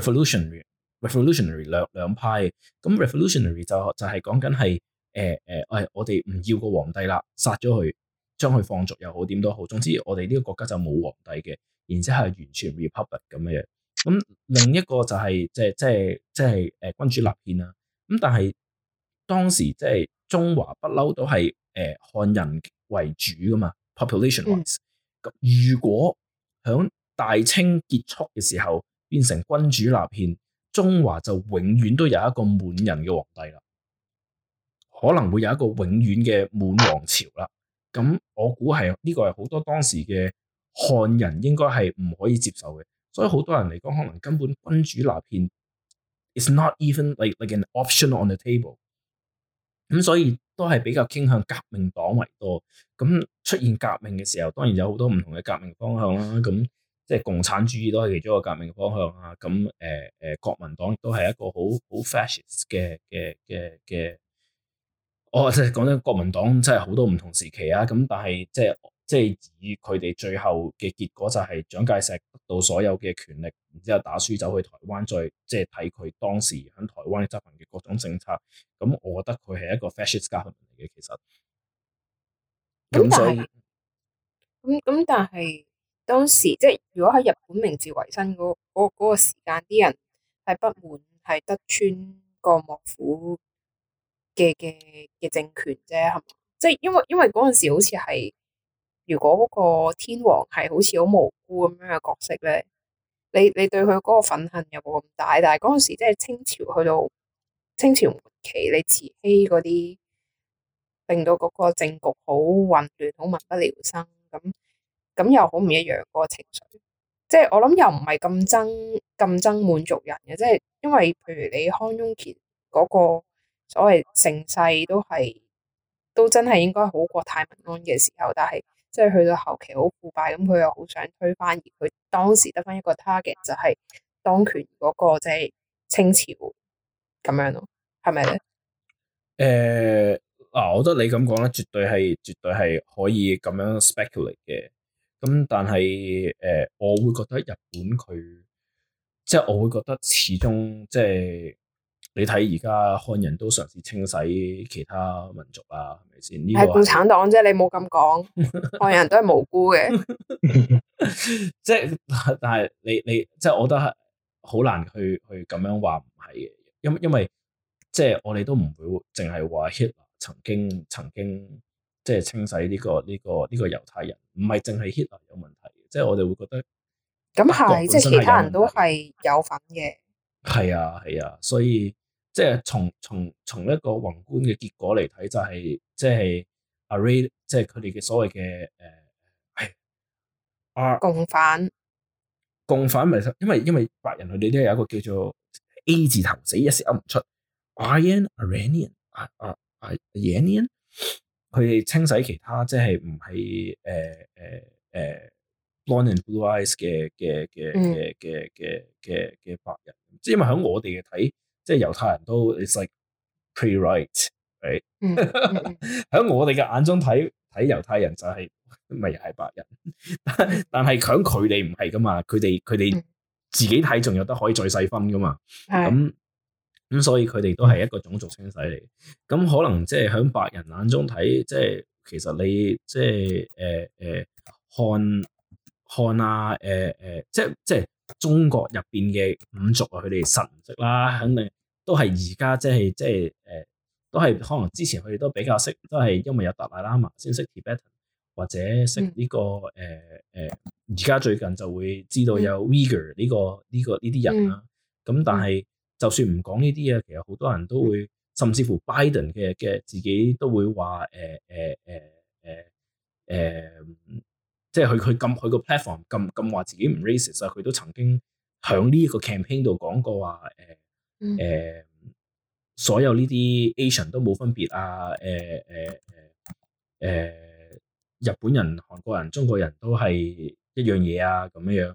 誒 revolutionary。revolutionary 兩兩派，咁 revolutionary 就就係講緊係誒誒誒，我哋唔要個皇帝啦，殺咗佢，將佢放逐又好，點都好，總之我哋呢個國家就冇皇帝嘅，然之後係完全 republic 咁樣。咁另一個就係即係即係即係誒君主立憲啦。咁但係當時即係中華不嬲都係誒漢人為主㗎嘛，population wise，嗯。咁如果響大清結束嘅時候變成君主立憲。中華就永遠都有一個滿人嘅皇帝啦，可能會有一個永遠嘅滿皇朝啦。咁我估係呢個係好多當時嘅漢人應該係唔可以接受嘅，所以好多人嚟講可能根本君主立憲，It's not even like like an option on the table。咁所以都係比較傾向革命黨為多。咁出現革命嘅時候，當然有好多唔同嘅革命方向啦。咁即係共產主義都係其中一個革命方向啊。咁誒誒，國民黨都係一個好好 fascist 嘅嘅嘅嘅。我、哦、即係講真，國民黨真係好多唔同時期啊。咁但係即係即係以佢哋最後嘅結果，就係蔣介石得到所有嘅權力，然之後打輸走去台灣，再即係睇佢當時喺台灣執行嘅各種政策。咁我覺得佢係一個 fascist 家庭嚟嘅，其實。咁所以，咁咁但係。當時即係如果喺日本明治維新嗰嗰嗰個時間，啲人係不滿係德川個幕府嘅嘅嘅政權啫，係咪？即係因為因為嗰陣時好似係如果嗰個天皇係好似好無辜咁樣嘅角色咧，你你對佢嗰個憤恨又冇咁大。但係嗰陣時即係清朝去到清朝末期，你慈禧嗰啲令到嗰個政局好混亂，好民不聊生咁。咁又好唔一樣嗰、那個情緒，即、就、係、是、我諗又唔係咁憎咁憎滿足人嘅，即、就、係、是、因為譬如你康雍乾嗰個所謂盛世都係都真係應該好過泰民安嘅時候，但係即係去到後期好腐敗，咁佢又好想推翻，而佢當時得返一個 target 就係當權嗰、那個即係、就是、清朝咁樣咯，係咪咧？誒嗱、呃啊，我覺得你咁講咧，絕對係絕對係可以咁樣 speculate 嘅。咁、嗯、但係，誒、呃，我會覺得日本佢，即係我會覺得始終，即係你睇而家漢人都嘗試清洗其他民族啊，係咪先？呢個係共產黨，即係你冇咁講， 漢人都係無辜嘅 即係，但係你你即係，我覺得係好難去去咁樣話唔係嘅，因因為即係我哋都唔會淨係話 hit 曾經曾經即係清洗呢、呢個呢、呢個呢、呢個呢個猶太人。唔係淨係 hit 有問題嘅，即係我哋會覺得咁係，即係其他人都係有份嘅。係啊係啊，所以即係從從從一個宏觀嘅結果嚟睇，就係即係 Arab，即係佢哋嘅所謂嘅誒係啊共犯。共犯咪因為因為白人佢哋都有一個叫做 A 字頭，死一時噏唔出。Iranian 啊啊 i 佢哋清洗其他即係唔係誒誒誒 blond and blue eyes 嘅嘅嘅嘅嘅嘅嘅白人，即係因為喺我哋嘅睇，即係猶太人都、嗯、it's like pale white 喺我哋嘅眼中睇睇猶太人就係咪又係白人？ 但係喺佢哋唔係噶嘛，佢哋佢哋自己睇仲有得可以再細分噶嘛，咁、嗯。咁所以佢哋都係一個種族清洗嚟，咁可能即係響白人眼中睇，即係其實你即係誒誒漢漢啊誒誒、呃、即係即係中國入邊嘅五族啊，佢哋神識啦，肯定都係而家即係即係誒都係可能之前佢哋都比較識都係因為有達賴喇嘛先識 Tibetan 或者識呢、這個誒誒而家最近就會知道有 Uyghur 呢個呢、這個呢啲、這個、人啦，咁、嗯嗯、但係。就算唔講呢啲嘢，其實好多人都會，嗯、甚至乎拜登嘅嘅自己都會話誒誒誒誒誒，即係佢佢撳佢個 platform 撳撳話自己唔 racist 啊，佢都曾經響呢一個 campaign 度講過話誒誒，所有呢啲 Asian 都冇分別啊，誒誒誒誒，日本人、韓國人、中國人都係一樣嘢啊咁樣。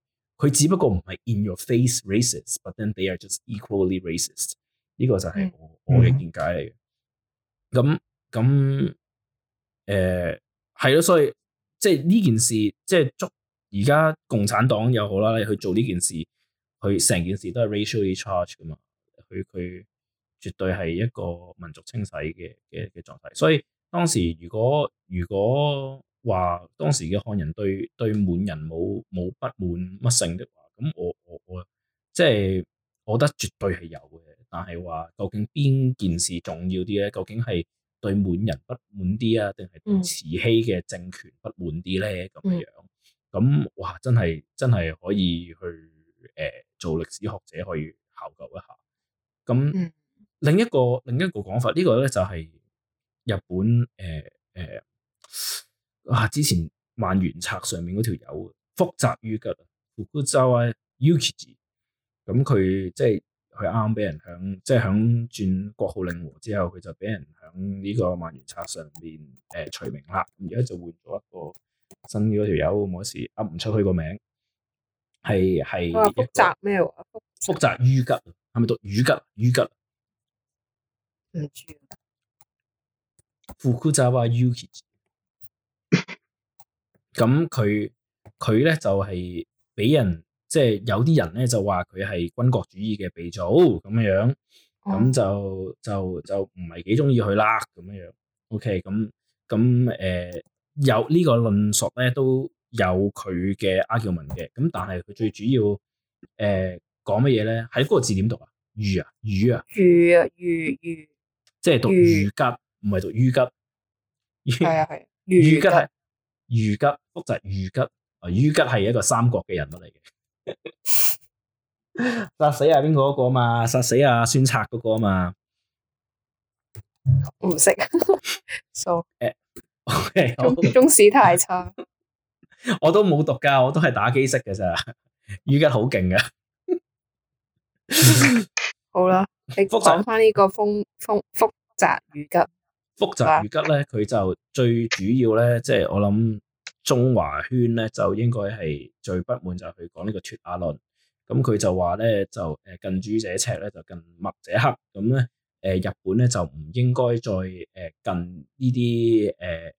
佢只不過唔係 in your face racist，but then they are just equally racist。呢個就係我、mm hmm。我嘅見解嚟嘅。咁咁誒係咯，所以即係呢件事，即係捉而家共產黨又好啦，你去做呢件事，佢成件事都係 racially charged 㗎嘛。佢佢絕對係一個民族清洗嘅嘅嘅狀態。所以當時如果如果話當時嘅漢人對對滿人冇冇不滿乜性嘅話，咁我我我即係、就是、我覺得絕對係有嘅，但係話究竟邊件事重要啲咧？究竟係對滿人不滿啲啊，定係慈禧嘅政權不滿啲咧？咁、嗯、樣咁哇，真係真係可以去誒、呃、做歷史學者去考究一下。咁另一個另一個講法，這個、呢個咧就係、是、日本誒誒。呃呃哇、啊！之前萬元冊上面嗰條友福澤諭吉，福古州啊，Uki，咁佢即係佢啱啱俾人響，即係響轉國號令和之後，佢就俾人響呢個萬元冊上面誒除、呃、名啦。而家就換咗一個新嘅條友，冇事，時唔出去個名，係係、啊、福澤咩？福、福澤諭吉係咪讀諭吉？諭吉，于吉、嗯嗯嗯、福古州啊，Uki。咁佢佢咧就係、是、俾人即係、就是、有啲人咧就話佢係軍國主義嘅鼻祖咁樣樣，咁就就就唔係幾中意佢啦咁樣樣。O K，咁咁誒有個論呢個論述咧都有佢嘅 argument 嘅，咁但係佢最主要誒講乜嘢咧？喺、呃、嗰個字點讀啊？魚啊魚啊魚啊魚魚魚即係讀魚吉，唔係魚讀魚吉，係啊係魚吉係魚吉。 福澤諭吉啊，于吉係一個三國嘅人物嚟嘅，殺 死阿邊個嗰個嘛，殺死阿孫策嗰個啊嘛，唔識不 ，so 誒、uh, okay,，中中史太差， 我都冇讀噶，我都係打機識嘅。咋 于吉 好勁噶，好啦，你復習翻呢個風風福澤諭吉，福澤諭吉咧，佢就最主要咧，即、就、係、是、我諗。中華圈咧就應該係最不滿，就係佢講呢個脫亞論。咁佢就話咧，就誒近朱者赤咧，就近墨者黑。咁咧誒日本咧就唔應該再誒近呢啲誒誒誒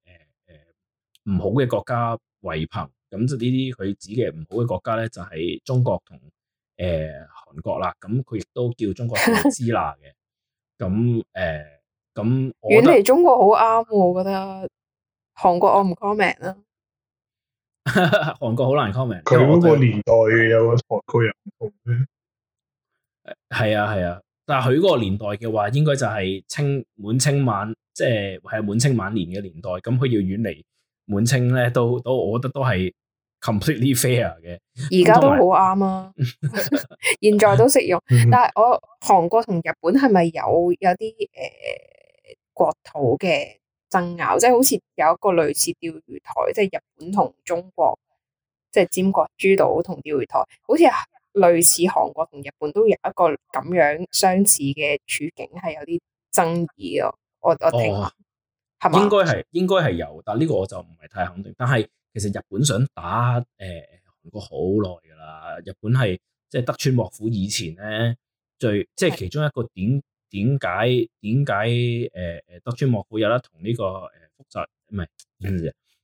唔好嘅國家為朋。咁就呢啲佢指嘅唔好嘅國家咧，就係、是、中國同誒、呃、韓國啦。咁佢亦都叫中國同支那嘅。咁誒咁遠離中國好啱，我覺得韓國我唔 comment 啦。韓 國好難 comment，佢嗰個年代有個台區 係啊，韓國人係啊係啊，但係佢嗰個年代嘅話應該，應該就係清滿清晚，即係係滿清晚年嘅年代，咁佢要遠離滿清咧，都都我覺得都係 completely fair 嘅，而家都好啱啊，現在都適用。 但係我韓國同日本係咪有有啲誒、呃、國土嘅？爭拗即係好似有一個類似釣魚台，即係日本同中國，即係尖閣諸島同釣魚台，好似類似韓國同日本都有一個咁樣相似嘅處境，係有啲爭議咯。我我聽、哦、係咪應該係應該係有，但係呢個我就唔係太肯定。但係其實日本想打誒、呃、韓國好耐㗎啦。日本係即係德川幕府以前咧，最即係其中一個點。點解點解誒誒德川幕府有啦？同呢、這個誒複雜唔係，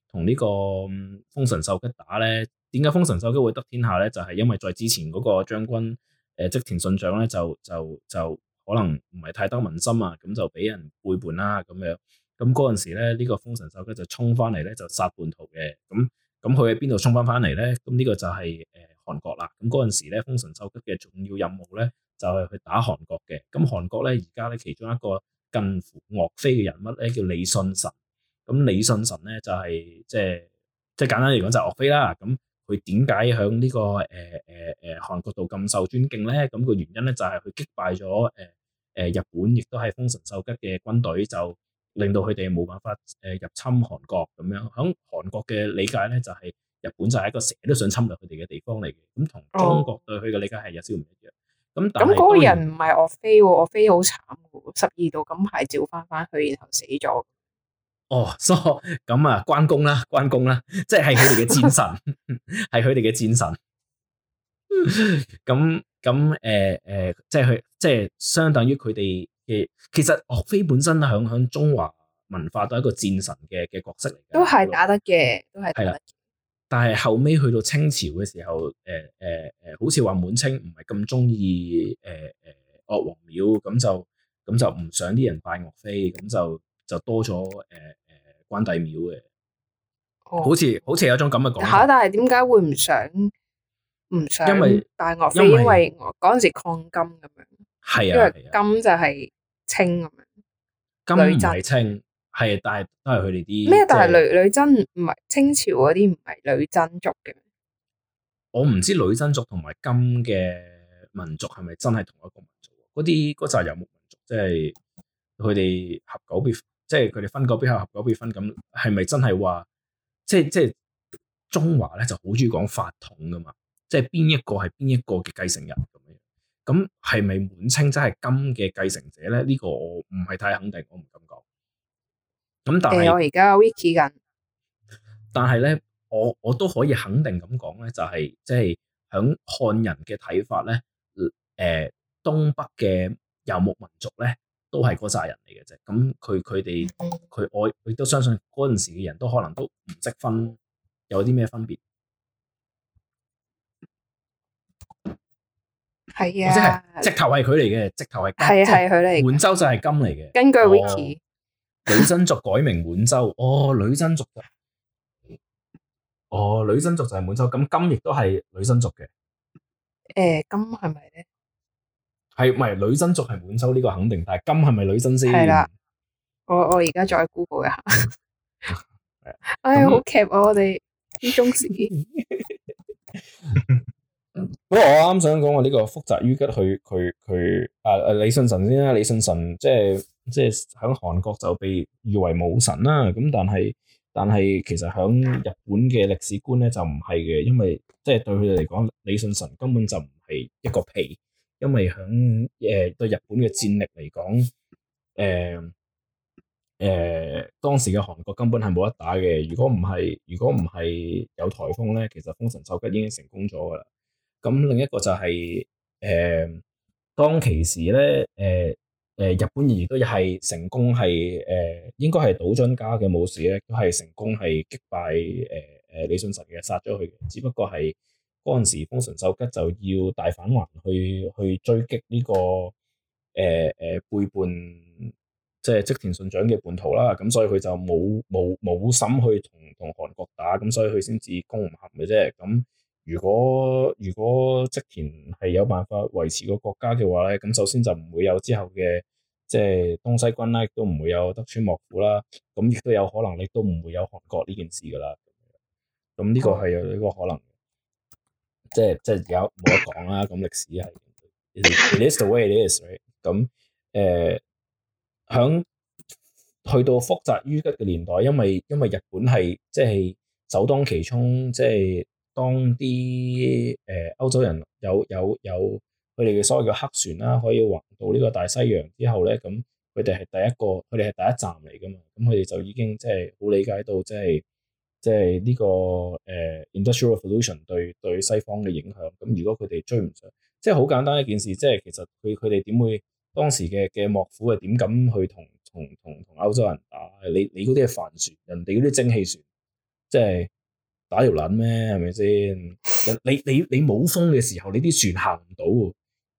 同、呃、呢個豐臣秀吉打咧？點解豐臣秀吉會得天下咧？就係、是、因為在之前嗰個將軍誒，呃、織田信長咧，就就就可能唔係太得民心啊，咁就俾人背叛啦咁樣。咁嗰陣時咧，呢、這個豐臣秀吉就衝翻嚟咧，就殺叛徒嘅。咁咁佢喺邊度衝翻翻嚟咧？咁呢個就係誒韓國啦。咁嗰陣時咧，豐臣秀吉嘅重要任務咧。就係去打韓國嘅。咁韓國咧，而家咧，其中一個近乎岳飛嘅人物咧，叫李信臣咁、嗯、李信臣咧就係、是、即即簡單嚟講就岳飛啦。咁佢點解喺呢個誒誒誒韓國度咁受尊敬咧？咁、嗯、個原因咧就係佢擊敗咗誒誒日本，亦都係豐臣秀吉嘅軍隊，就令到佢哋冇辦法誒入侵韓國咁樣。喺韓國嘅理解咧就係、是、日本就係一個成日都想侵略佢哋嘅地方嚟嘅。咁同中國對佢嘅理解係有少少唔一樣。咁嗰個人唔係岳飛，岳飛好慘，十二道金牌召翻翻去，然後死咗。哦咁啊，關公啦，關公啦，即係佢哋嘅戰神，係佢哋嘅戰神。咁咁誒誒，即係佢，即、呃、係、呃就是就是、相當於佢哋嘅，其實岳飛本身響響中華文化都係一個戰神嘅嘅角色嚟。嘅。都係打得嘅，都係。但係後尾去到清朝嘅時候，誒誒誒，好似話滿清唔係咁中意誒誒岳王廟，咁就咁就唔想啲人拜岳飛，咁就就多咗誒誒關帝廟嘅、哦，好似好似有一種咁嘅講法。但係點解會唔想唔想拜岳飛？因為嗰陣時抗金咁樣，係啊，金就係清咁樣，金唔係清。係，但係都係佢哋啲咩？但係女女真唔係清朝嗰啲唔係女真族嘅。我唔知女真族同埋金嘅民族係咪真係同一個民族？嗰啲嗰就係游牧民族，即係佢哋合久必即係佢哋分久必合，合久必分。咁係咪真係話？即係即係中華咧就好中意講法統噶嘛？即係邊一個係邊一個嘅繼承人咁樣？咁係咪滿清真係金嘅繼承者咧？呢個我唔係太肯定，我唔敢講。咁但係我而家 wiki 緊，但係咧、欸，我我,我都可以肯定咁講咧，就係即係喺漢人嘅睇法咧，誒、呃，東北嘅游牧民族咧，都係嗰扎人嚟嘅啫。咁佢佢哋佢我亦都相信嗰陣時嘅人都可能都唔識分有啲咩分別。係啊，即係直頭係佢嚟嘅，直頭係係係佢嚟，滿洲就係金嚟嘅。根據 wiki。女真族改名滿洲，哦，女真族就滿洲，就哦、呃，女真族就係滿洲，咁金亦都係女真族嘅。誒，金係咪咧？係，唔係女真族係滿洲呢個肯定，但係金係咪女真先？係啦，我我而家再估 o 一下。 哎呀， 人 好啊，我哋啲宗師。不過我啱想講，我呢個複雜淤吉。佢佢佢，誒誒、啊，李信臣先啦，李信臣即係。即係喺韓國就被譽為武神啦，咁但係但係，其實喺日本嘅歷史觀咧就唔係嘅，因為即係對佢哋嚟講，李舜臣根本就唔係一個屁，因為喺誒對日本嘅戰力嚟講，誒誒當時嘅韓國根本係冇得打嘅。如果唔係，如果唔係有颱風咧，其實豐臣秀吉已經成功咗噶啦。咁另一個就係誒當其時咧誒。誒日本亦都係成功係誒、呃、應該係島津家嘅武士咧，都係成功係擊敗誒誒、呃呃、李舜臣嘅殺咗佢嘅。只不過係嗰陣時豐臣秀吉就要大返還去去追擊呢、這個誒誒、呃呃、背叛即係織田信長嘅叛徒啦。咁所以佢就冇冇冇心去同同韓國打，咁所以佢先至攻唔下嘅啫。咁。如果如果織田係有辦法維持個國家嘅話咧，咁首先就唔會有之後嘅即係東西軍啦，亦都唔會有德川幕府啦。咁亦都有可能你都唔會有韓國呢件事噶啦。咁呢個係有一個可能，即係即係有冇得講啦。咁歷史係 it is the way it is、right？咁、呃、誒，響去到複雜於吉嘅年代，因為因為日本係即係首當其衝，即係。當啲誒歐洲人有有有佢哋嘅所謂嘅黑船啦，可以橫渡呢個大西洋之後咧，咁佢哋係第一個，佢哋係第一站嚟㗎嘛。咁佢哋就已經即係好理解到，即係即係呢個誒 industrial revolution 對對西方嘅影響。咁如果佢哋追唔上，即係好簡單一件事，即係其實佢佢哋點會當時嘅嘅幕府係，點敢去同同同同歐洲人打？你你嗰啲係帆船，人哋嗰啲蒸汽船，即係。打條撚咩？係咪先？你你你冇風嘅時候，你啲船行唔到。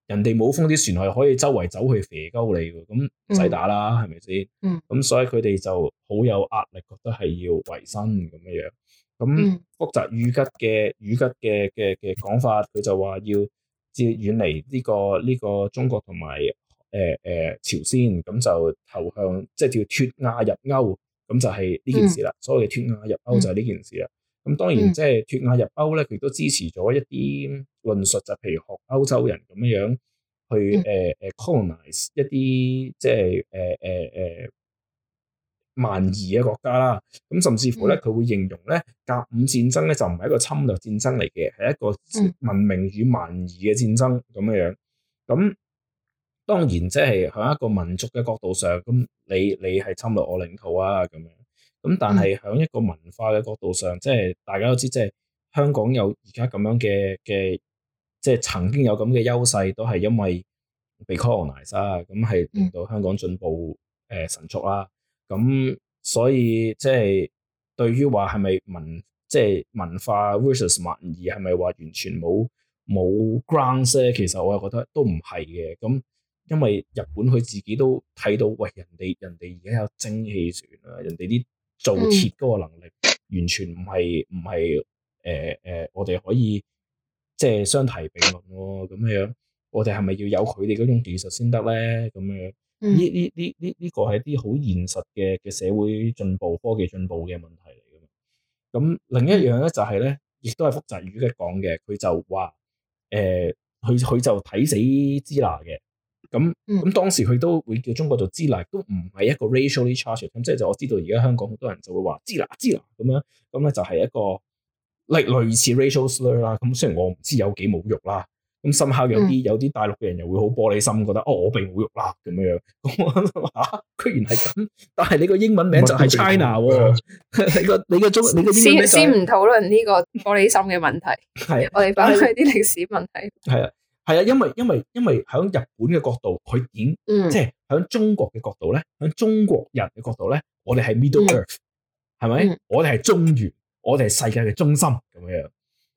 人哋冇風，啲船係可以周圍走去肥溝你嘅。咁唔使打啦，係咪先？咁、嗯、所以佢哋就好有壓力，覺得係要維新咁樣樣。咁複雜，諭吉嘅，諭吉嘅嘅嘅講法，佢就話要即係遠離呢個呢、呢個中國同埋誒誒朝鮮。咁就投向即係、就是、叫脫亞入歐。咁就係呢件事啦。嗯、所謂嘅脫亞入歐就係呢件事啦。嗯咁當然即係脫亞入歐咧，佢都支持咗一啲論述，就譬如學歐洲人咁樣樣去誒誒、uh, uh, colonize 一啲即係誒誒誒蠻夷嘅國家啦。咁甚至乎咧，佢會形容咧，甲午戰爭咧就唔係一個侵略戰爭嚟嘅，係一個文明與蠻夷嘅戰爭咁樣樣。咁當然即係喺一個民族嘅角度上，咁你你係侵略我領土啊咁樣。咁但係喺一個文化嘅角度上，即係大家都知，即係香港有而家咁樣嘅嘅，即係曾經有咁嘅優勢，都係因為被 colonize 啊、嗯，咁係令到香港進步誒、呃、神速啦。咁所以即係對於話係咪文即係文化 versus 民意係咪話完全冇冇 grounds 咧？其實我係覺得都唔係嘅。咁因為日本佢自己都睇到，喂，人哋人哋而家有蒸汽船啊，人哋啲。做鐵嗰個能力完全唔係唔係誒誒，我哋可以即係相提並論喎。咁樣我哋係咪要有佢哋嗰種技術先得咧？咁樣呢呢呢呢呢個係啲好現實嘅嘅社會進步、科技進步嘅問題嚟㗎嘛。咁另一樣咧就係、是、咧，亦都係複雜語嘅講嘅，佢就話誒，佢、呃、佢就睇死支拿嘅。咁咁、嗯、當時佢都會叫中國做支那，都唔係一個 racially charged 咁，即係就我知道而家香港好多人就會話支那支那咁樣，咁咧就係一個類類似 racial slur 啦。咁雖然我唔知有幾侮辱啦，咁深刻有啲有啲大陸嘅人又會好玻璃心，覺得啊、哦、我被侮辱啦咁樣樣，嚇、啊、居然係咁！但係你個英文名就係 China 喎， 你個你個中你個英文名、就是、先先唔討論呢個玻璃心嘅問題，係、啊啊、我哋擺翻啲歷史問題，係啊。係啊，因為因為因為喺日本嘅角度，佢點、嗯、即係喺中國嘅角度咧？喺中國人嘅角度咧，我哋係 Middle Earth，係咪？我哋係中原，我哋係世界嘅中心咁樣。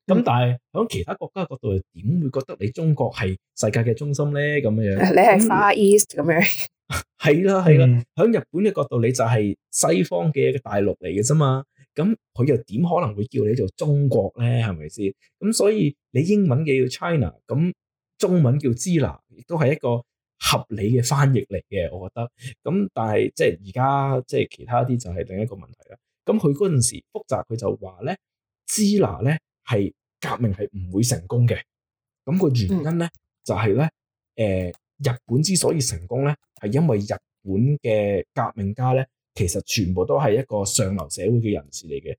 咁但係喺其他國家嘅角度，又點會覺得你中國係世界嘅中心咧？咁樣，你係 Far East 咁樣。係啦係啦，喺日本嘅角度，你就係西方嘅一個大陸嚟嘅啫嘛。咁佢又點可能會叫你做中國咧？係咪先？咁所以你英文嘅叫 China 咁。中文叫支那，亦都係一個合理嘅翻譯嚟嘅，我覺得。咁但係即係而家即係其他啲就係另一個問題啦。咁佢嗰陣時複雜，佢就話咧，支那咧係革命係唔會成功嘅。咁、那個原因咧就係、是、咧，誒、呃、日本之所以成功咧，係因為日本嘅革命家咧，其實全部都係一個上流社會嘅人士嚟嘅。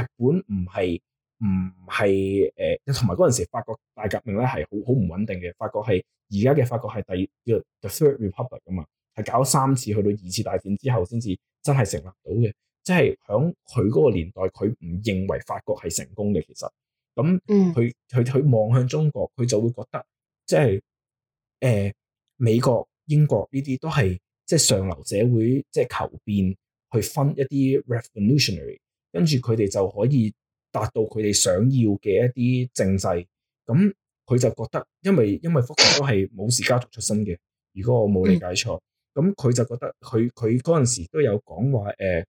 日本唔係。唔係誒，同埋嗰陣時法國大革命咧，係好好唔穩定嘅。法國係而家嘅法國係第個 The Third Republic 噶嘛，係搞咗三次，去到二次大戰之後先至真係成立到嘅。即係響佢嗰個年代，佢唔認為法國係成功嘅。其實咁，佢佢佢望向中國，佢就會覺得即係誒、呃，美國、英國呢啲都係即係上流社會，即係求變去分一啲 revolutionary，跟住佢哋就可以。達到佢哋想要嘅一啲政勢，咁佢就覺得，因為因為福克都係武士家族出身嘅，如果我冇理解錯，咁佢、嗯、就覺得佢佢嗰陣時都有講話誒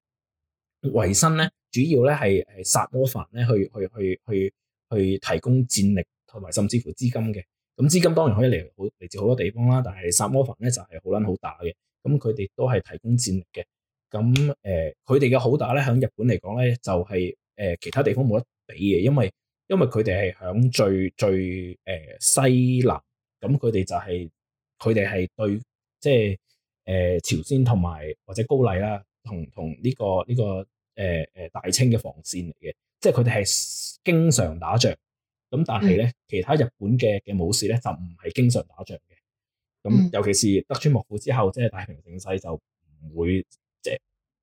維新咧，主要咧係誒薩摩藩咧，去去去去去，去提供戰力同埋甚至乎資金嘅。咁資金當然可以嚟好嚟自好多地方啦，但係薩摩藩咧就係好撚好打嘅。咁佢哋都係提供戰力嘅。咁誒，佢哋嘅好打咧，喺日本嚟講咧就係、是。誒，其他地方冇得比嘅，因為因為佢哋係響最最誒、呃、西南，咁佢哋就係佢哋係對即係誒、呃、朝鮮同埋或者高麗啦，同同呢個呢、這個誒誒、呃、大清嘅防線嚟嘅，即係佢哋係經常打仗，咁但係咧其他日本嘅嘅武士咧就唔係經常打仗嘅，咁、嗯、尤其是德川幕府之後即係太平盛世就唔會即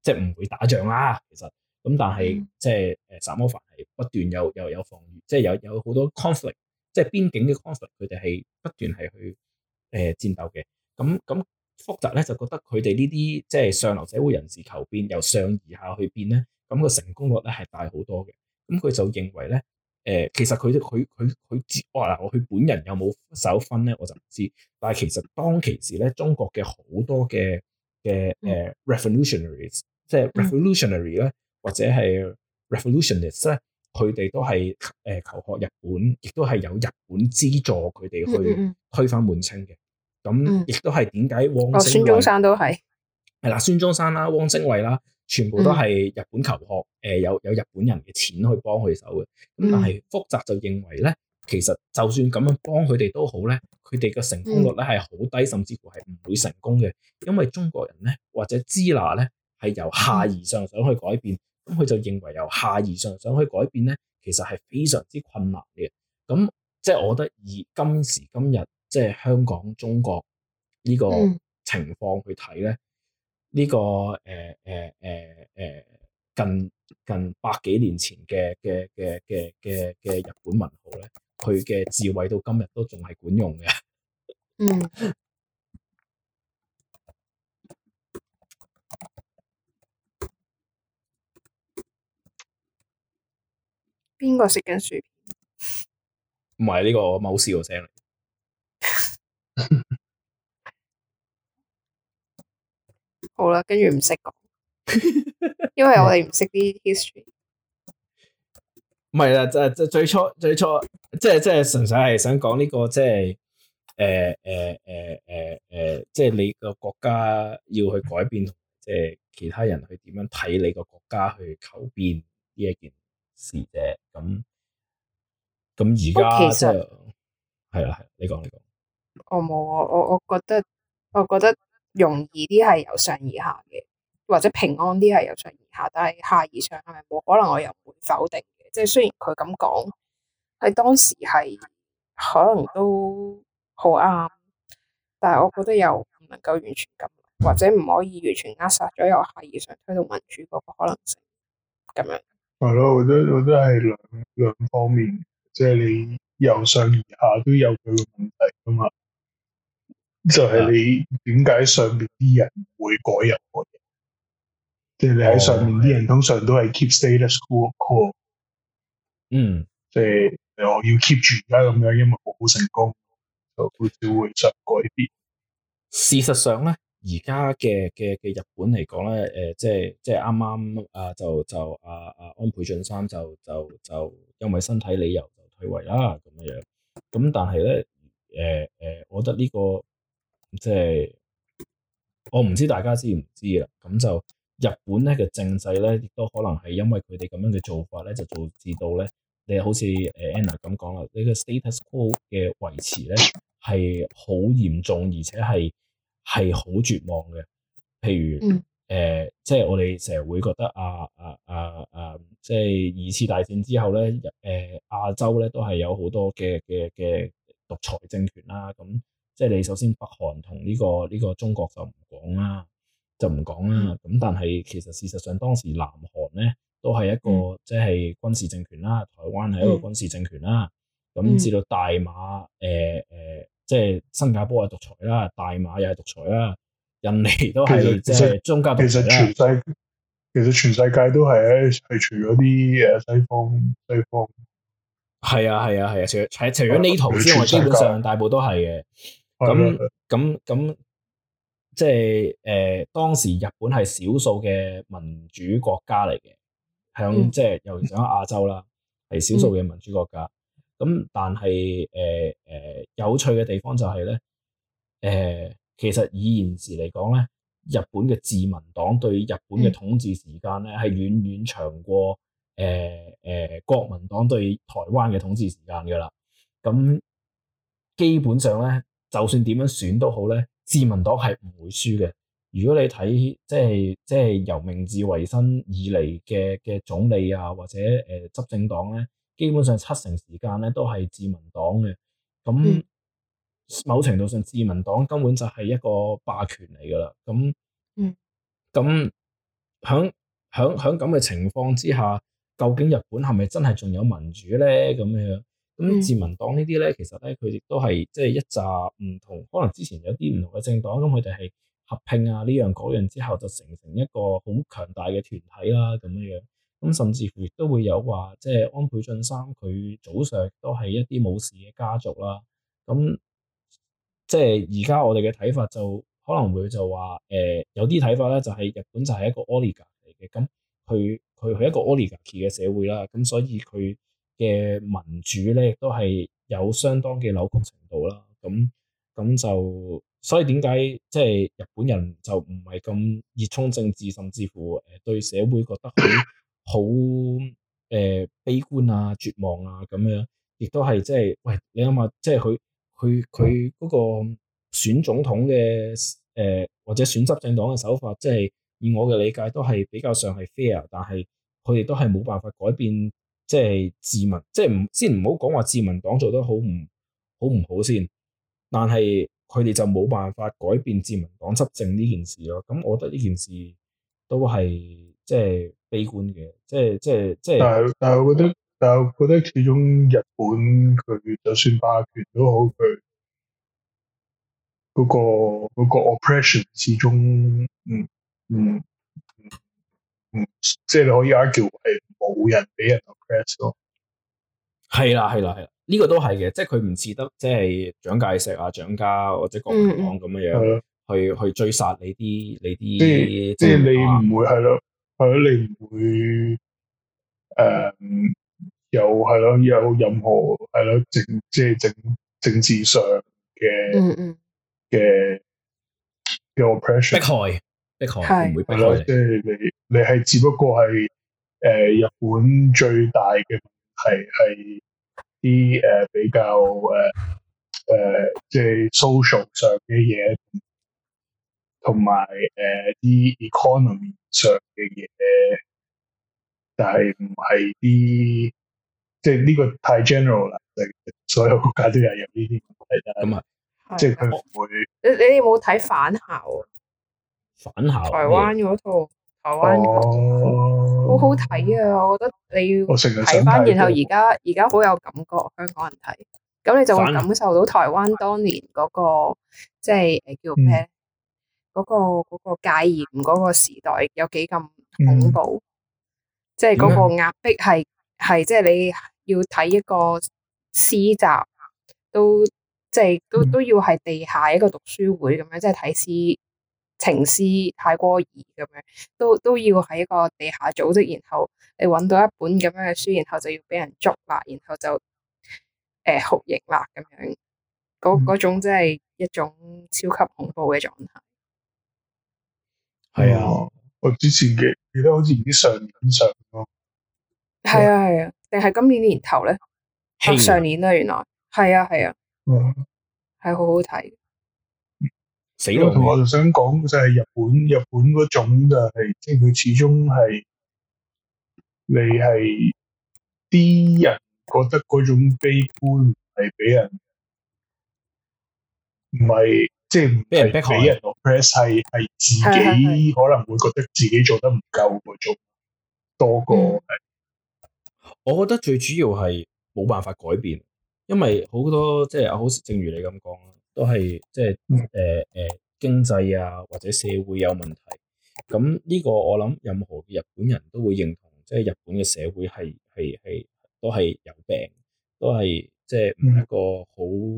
即唔會打仗啦，其實。咁但係即係誒，薩、就是、摩藩係不斷有又有,有防御，即係有有好多 conflict，即係邊境嘅 conflict，佢哋係不斷係去誒、呃、戰鬥嘅。咁咁複雜咧，就覺得佢哋呢啲即係上流社會人士求變，由上而下去變咧，咁、那個成功率咧係大好多嘅。咁佢就認為咧，誒、呃，其實佢哋，佢佢佢自我佢本人有冇手分咧，我就唔知。但係其實當其時咧，中國嘅好多嘅嘅誒、呃、revolutionaries，、嗯、即係 revolutionary 咧。Revolution 或者係 revolutionists 咧，佢哋都係誒求學日本，亦都係有日本資助佢哋去推翻滿清嘅。咁亦都係點解汪精衛，哦，孫中山都係係啦，孫中山啦，汪精衛啦，全部都係日本求學，誒、mm hmm. 呃、有有日本人嘅錢去幫佢手嘅。咁但係福澤就認為咧，其實就算咁樣幫佢哋都好咧，佢哋嘅成功率咧係好低，甚至乎係唔會成功嘅，因為中國人咧或者支拿咧係由下而上想去改變。Mm hmm. 咁佢就認為由下而上想去改變咧，其實係非常之困難嘅。咁即係我覺得以今時今日即係香港中國呢個情況去睇咧，呢、嗯呢個誒誒誒誒近近百幾年前嘅嘅嘅嘅嘅嘅日本文豪咧，佢嘅智慧到今日都仲係管用嘅。嗯。邊個食緊薯片？唔係呢個冇笑聲嚟。好啦，跟住唔識講，因為我哋唔識啲 history。唔係啦，即就最初最初，即係即係純粹係想講呢個，即係誒誒誒誒誒，即係你個國家要去改變，即係其他人去點樣睇你個國家去求變呢一件。嗯嗯、實是嘅、啊，咁咁而家其實係啦，係、啊、你講你講，我冇我我我覺得，我覺得容易啲係由上而下嘅，或者平安啲係由上而下，但係下而上係咪冇可能，我又唔會否定嘅。即係雖然佢咁講，喺當時係可能都好啱，但係我覺得又唔能夠完全咁，或者唔可以完全扼殺咗由下而上推動民主嗰個可能性咁樣。係咯，我都我都係兩兩方面，即係你由上而下都有佢嘅問題噶嘛，就係、是、你點解上面啲人會改入我嘅？即係你喺上面啲人通常都係 keep status quo call, s t a t u s q u o call，嗯，即係我要 keep 住而家咁樣，因為我好成功，就好少會想改變。事實上咧。而家嘅嘅嘅日本嚟講咧，誒、呃，即係即係啱啱啊，就就啊啊安倍晉三就就就、就因為身體理由，就退位啦，咁、啊、樣樣。咁、嗯、但係咧，誒、呃、誒、呃，我覺得呢、這個即係我唔知大家知唔知啦。咁、嗯、就日本咧嘅政制咧，亦都可能係因為佢哋咁樣嘅做法咧，就導致到咧，你好似誒 Anna 咁講啦，你嘅 status quo 嘅維持咧係好嚴重，而且係。係好絕望嘅，譬如誒、嗯呃，即係我哋成日會覺得啊啊啊啊，即係二次大戰之後咧，誒、呃、亞洲咧都係有好多嘅嘅嘅獨裁政權啦。咁、嗯、即係你首先北韓同呢、呢個呢、呢個中國就唔講啦，就唔講啦。咁、嗯、但係其實事實上當時南韓咧都係一個即係、嗯、軍事政權啦，台灣係一個軍事政權啦。咁至到大馬誒誒。嗯嗯嗯嗯即係新加坡係，獨裁啦；大馬又係獨裁啦；印尼都係即係中間。其實全世界，其實全世界都係係除咗嗰啲誒西方西方。係啊係啊係啊，啊，除除除咗呢圖之外，啊、基本上大部分都係嘅。咁咁咁，即係誒、呃，當時日本係少數嘅民主國家嚟嘅，響即係尤其響亞洲啦，係 少數嘅民主國家。咁但係誒誒有趣嘅地方就係、是、咧，誒、呃、其實以現時嚟講咧，日本嘅自民黨對日本嘅統治時間咧係、嗯、遠遠長過誒誒、呃呃、國民黨對台灣嘅統治時間㗎啦。咁基本上咧，就算點樣選都好咧，自民黨係唔會輸嘅。如果你睇即係即係由明治維新以嚟嘅嘅總理啊或者誒、呃、執政黨咧。基本上七成時間咧都係自民黨嘅，咁、嗯、某程度上自民黨根本就係一個霸權嚟噶啦。咁，咁響響響咁嘅情況之下，究竟日本係咪真係仲有民主咧？咁樣，咁自民黨呢啲咧，其實咧佢亦都係即係一紮唔同，可能之前有啲唔同嘅政黨，咁佢哋係合併啊呢樣嗰樣之後，就形成一個好強大嘅團體啦、啊，咁樣。咁甚至乎亦都會有話，即係安倍晉三佢祖上都係一啲武士嘅家族啦。咁即係而家我哋嘅睇法就可能會就話，誒、呃、有啲睇法咧就係日本就係一個 oligarch 嚟嘅。咁佢佢佢係一個 oligarchy 嘅社會啦。咁所以佢嘅民主咧亦都係有相當嘅扭曲程度啦。咁咁就所以點解即係日本人就唔係咁熱衷政治，甚至乎誒對社會覺得好 好誒、呃、悲觀啊、絕望啊咁樣，亦都係即係喂，你諗下，即係佢佢佢嗰個選總統嘅誒、呃，或者選執政黨嘅手法，即係以我嘅理解都係比較上係 fair，但係佢哋都係冇辦法改變即係自民，即係唔先唔好講話自民黨做得好唔好唔好先，但係佢哋就冇辦法改變自民黨執政呢件事咯。咁我覺得呢件事都係即係。悲觀嘅，即係即係即係，但係但係，我覺得但係，但我覺得始終日本佢就算霸權都好，佢嗰個嗰個 oppression 始終，嗯嗯嗯，即係你可以 argue 係冇人俾人 oppressed 咯。係啦係啦係啦，呢個都係嘅，即係佢唔似得即係蔣介石啊，蔣家或者國民黨咁嘅樣去去追殺你啲你啲，即係你唔會係咯。係咯，你唔會誒、um, 有係咯有任何係咯政即係政政治上嘅嘅嘅 oppression，迫害迫害唔是會迫害，即係、就是、你你係只不過係誒、呃、日本最大嘅係係啲誒比較誒誒、呃、即係 social 上嘅嘢。同埋誒啲 economy 上嘅嘢，但係唔係啲即係呢個太 general 啦，所有國家都有入呢啲。係啊的，咁啊，即係佢唔會。你你有冇睇反校啊？反校台，台灣嗰套台灣嗰套好好睇啊！我覺得你要睇翻，然後而家而家好有感覺，香港人睇，咁你就會感受到台灣當年嗰、嗰個即係誒叫咩？嗰個嗰個戒嚴嗰個時代有幾咁恐怖？即係嗰個壓迫係係即係你要睇一個詩集，都即係、就是、都、嗯、都要係地下一個讀書會咁樣，即係睇詩情詩泰戈爾咁樣，都都要喺一個地下組織，然後你搵到一本咁樣嘅書，然後就要俾人捉啦，然後就誒、呃、酷刑啦咁樣，嗰嗰、嗯、種即係一種超級恐怖嘅狀態。係 啊，我之前記記得好似唔知上年上咯，係啊係啊，定係今年年頭咧 啊？上年啦，原來係啊係啊，係、啊啊、好好睇。死啦！同 我，我就想講就係日本，日本嗰種就係，即係佢始終係你係啲人覺得嗰種悲觀係俾人唔係。即係唔俾人逼，俾人落 press，係係自己可能會覺得自己做得唔夠，做多過。嗯、是我覺得最主要係冇辦法改變，因為好多即係好，正如你咁講，都係即係誒誒經濟啊或者社會有問題。咁呢個我諗任何日本人都會認同，即、就、係、是、日本嘅社會係係係都係有病，都係即係唔係一個好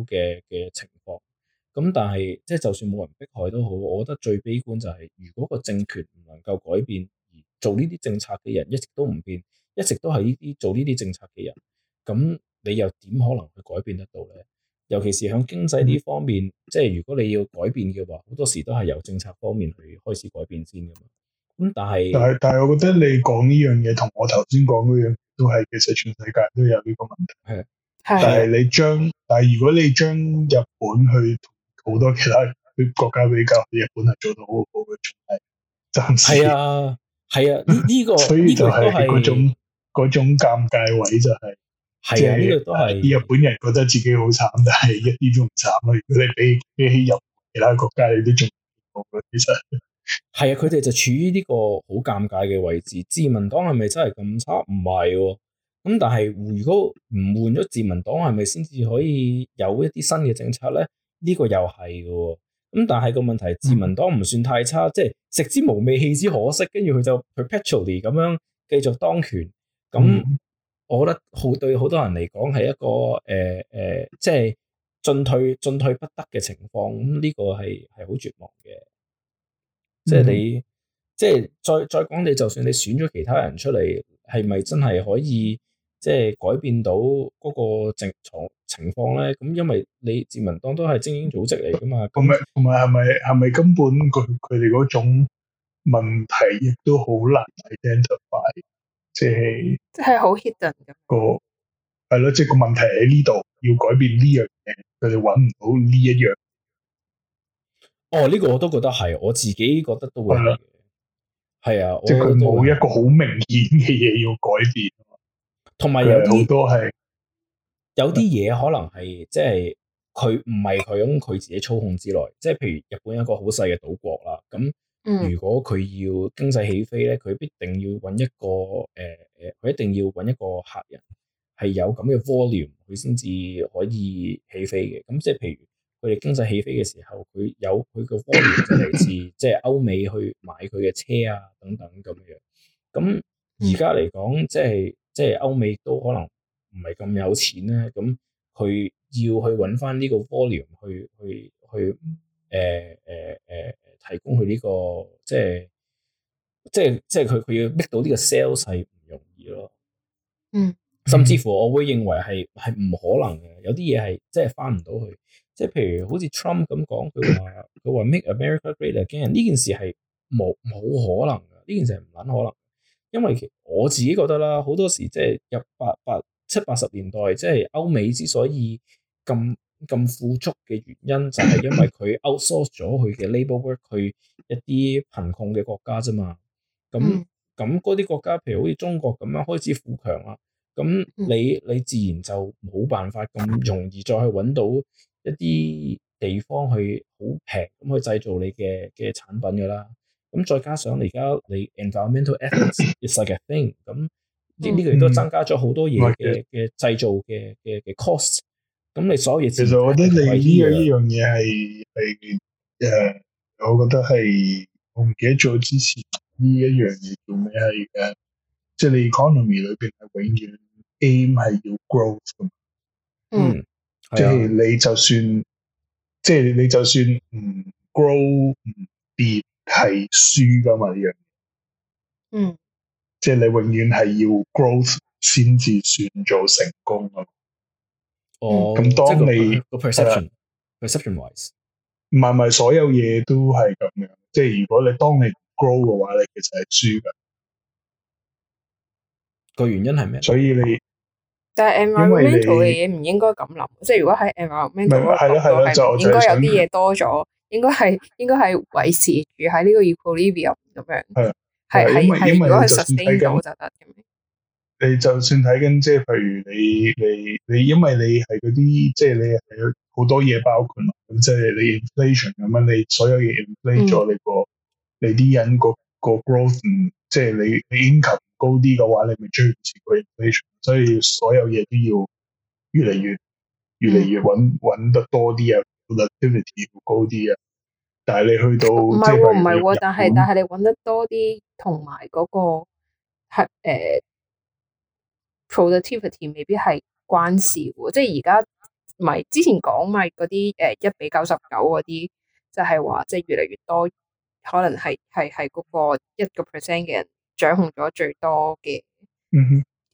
嘅嘅情況。嗯嗯咁但係即係就算冇人迫害都好，我覺得最悲觀就係、是、如果個政權唔能夠改變，而做呢啲政策嘅人一直都唔變，一直都係呢啲做呢啲政策嘅人，咁你又點可能去改變得到咧？尤其是響經濟呢方面，即係、嗯、如果你要改變嘅話，好多時都係由政策方面去開始改變先㗎嘛。咁但係但係、就是、但係，我覺得你講呢樣嘢同我頭先講嘅嘢都係其實全世界都有呢個問題。係。但係你將但係如果你將日本去。好多其他啲國家比較，日本係做到好，好嘅，錯。係暫時啊，係啊，呢、這個 所以就係嗰種嗰種尷尬位、就是，就係係啊，呢、這個都係日本人覺得自己好慘，但係一啲都唔慘咯。如果你俾俾起入其他國家，你都仲好過啲嘅。其實係啊，佢哋就處於呢個好尷尬嘅位置。自民黨係咪真係咁差？唔係喎。咁但係如果唔換咗自民黨，係咪先至可以有一啲新嘅政策咧？呢個又係嘅，咁但係個問題，自民黨唔算太差，嗯、即係食之無味，棄之可惜，跟住佢就 perpetually 咁樣繼續當權，咁、嗯、我覺得好對好多人嚟講係一個誒誒、呃呃，即係進退進退不得嘅情況，咁、這、呢個係係好絕望嘅，即係你即係再再講你，嗯、講你就算你選咗其他人出嚟，係咪真係可以？即係改變到嗰個情情情況咧，咁、嗯、因為你自民黨都係精英組織嚟噶嘛，咁咪同埋係咪係咪根本佢佢哋嗰種問題亦都好難 identify，即係即係好 hidden 咁個係咯，即係個問題喺呢度，要改變呢樣嘢，佢哋揾唔到呢一樣。哦、呢、這個我都覺得係，我自己覺得都會係了啊，即係佢冇一個好明顯嘅嘢，要改變。同埋有好多係，有啲嘢可能係即係佢唔係佢咁佢自己操控之內，即係譬如日本一個好細嘅島國啦，咁如果佢要經濟起飛咧，佢必定要揾一個誒誒，佢、呃、一定要揾一個客人係有咁嘅 volume，佢先至可以起飛嘅。咁即係譬如佢哋經濟起飛嘅時候，佢有佢個 volume 就嚟自 即係歐美去買佢嘅車啊等等咁樣。咁而家嚟講即係。即係歐美都可能唔係咁有錢咧，咁佢要去揾翻呢個 volume 去去去誒誒誒提供佢呢、呢個即係即係即係佢佢要 make 到呢個 sales 係唔容易咯。嗯，甚至乎我會認為係係唔可能嘅，有啲嘢係即係翻唔到去。即係譬如好似 Trump 咁講，佢話佢話 Make America Great Again 呢件事係冇冇可能嘅，呢件事係唔撚可能。因為其我自己覺得啦，好多時即係入八八七八十年代，即係歐美之所以咁咁富足嘅原因，就係因為佢 outsource 咗佢嘅 labour work 佢一啲貧窮嘅國家啫嘛。咁咁嗰啲國家，譬如好似中國咁樣開始富強啦，咁你你自然就冇辦法咁容易再去搵到一啲地方去好平咁去製造你嘅嘅產品噶啦。咁再加上你而家你 environmental efforts is like a thing，咁呢呢個亦都增加咗好多嘢嘅嘅製造嘅嘅嘅 cost。咁你所有嘢其實我覺得你呢樣呢樣嘢係係誒，我覺得係我唔記得咗之前呢一樣嘢做咩係誒，即係你 economy 裏邊係永遠 aim 係要 growth 嘅嘛。嗯，即係你就算即係你就算唔 grow 唔、嗯、跌。係輸噶嘛呢樣？嗯，即係你永遠係要 growth 先至算做成功啊！哦，咁、嗯、當你個是 the perception，perception wise，唔係唔係所有嘢都係咁樣？即係如果你當你 grow 嘅話，你其實係輸嘅個原因係咩？所以你但係 environmental 嘅嘢唔應該咁諗。即係如果喺 environmental 係咯係咯，就，是、就應該有啲嘢多咗。應該係應該係維持住喺呢個 equilibrium 咁樣，係係係如果係 s 咗就得咁，你就算睇緊著，即係譬如你你你，因為你係嗰啲，即係你係好多嘢包括，咁，即係你 inflation 咁樣，你所有嘢 inflation 咗，你個你啲人個 growth，即係你你 income 高啲嘅話，你咪追唔住個 inflation，所以所有嘢都要越嚟越越嚟越搵搵得多啲啊！嗯 productivity 高啲啊，但係你去到唔係喎，唔係喎，但係是但係你揾得多啲，同埋嗰個係誒、uh, positivity 未必係關事，即係而家唔係之前講咪嗰啲誒一比九十九嗰啲，就係話即係越嚟越多可能係係係嗰個一個 percent 嘅人掌控咗最多嘅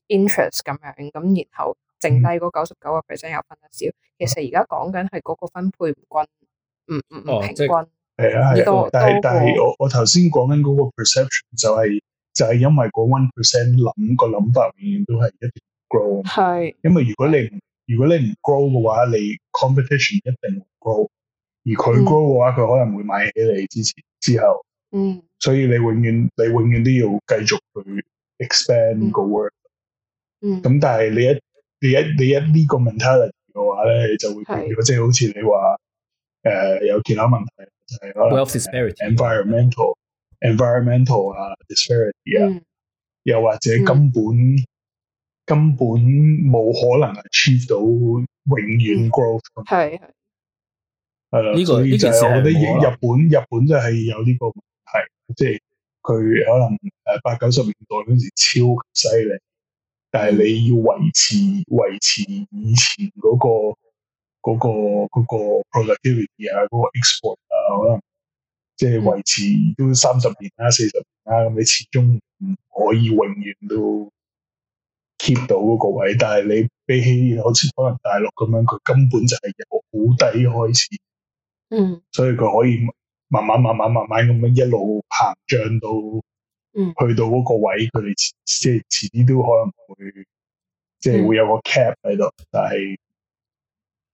interest 咁樣咁、mm hmm. 然後。剩低個九十九個 percent 有分得少，其實而家講緊係嗰個分配唔均，唔唔唔平均。係啊係啊，但係但係我我頭先講緊嗰個 perception 就係就係因為嗰 one percent 諗個諗法永遠都係一定要 grow。係。因為如果你如果你唔 grow 嘅話，你 competition 一定會 grow。而佢 grow 嘅話，佢可能會買起你之前之後。嗯。所以你永遠你永遠都要繼續去 expand 個 work。嗯。咁但係你一你一你一呢個 mentality 嘅話咧，你就會變咗，即係好似你話誒、uh, 有其他問題就係啊 wealth disparity、environmental、environmental 啊，disparity 啊、嗯言，又或者根本、嗯、根本冇可能 achieve 到永遠 growth、嗯。係係係啦，呢個呢件我覺得日本、這個這個、日本真係有呢個問題，即係佢可能誒八九十年代嗰陣時超犀利。但係你要維持維持以前嗰個嗰個嗰個 productivity 啊，嗰個 export 啊，可能即係維持都三十年啦、四十年啦，咁你始終唔可以永遠都 keep 到嗰個位。但係你比起好似可能大陸咁樣，佢根本就係由好低開始，嗯，所以佢可以慢慢慢慢慢慢咁樣一路膨脹到。嗯、去到嗰個位，佢哋即係遲啲都可能會，即係會有個 cap 喺度，嗯，但係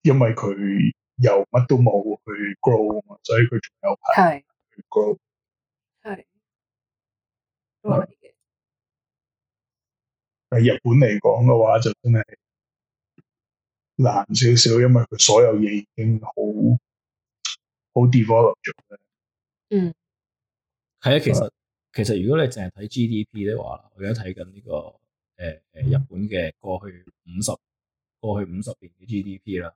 因為佢又乜都冇去 grow，嘛是，所以佢仲有排去 grow。係、嗯。係日本嚟講嘅話，就真係難少少，因為佢所有嘢已經好好 develop 咗。嗯，係啊，其實、嗯。其實如果你淨係睇 GDP 嘅話，我而家睇緊呢個誒誒、呃、日本嘅過去五十、過去五十年嘅 GDP 啦，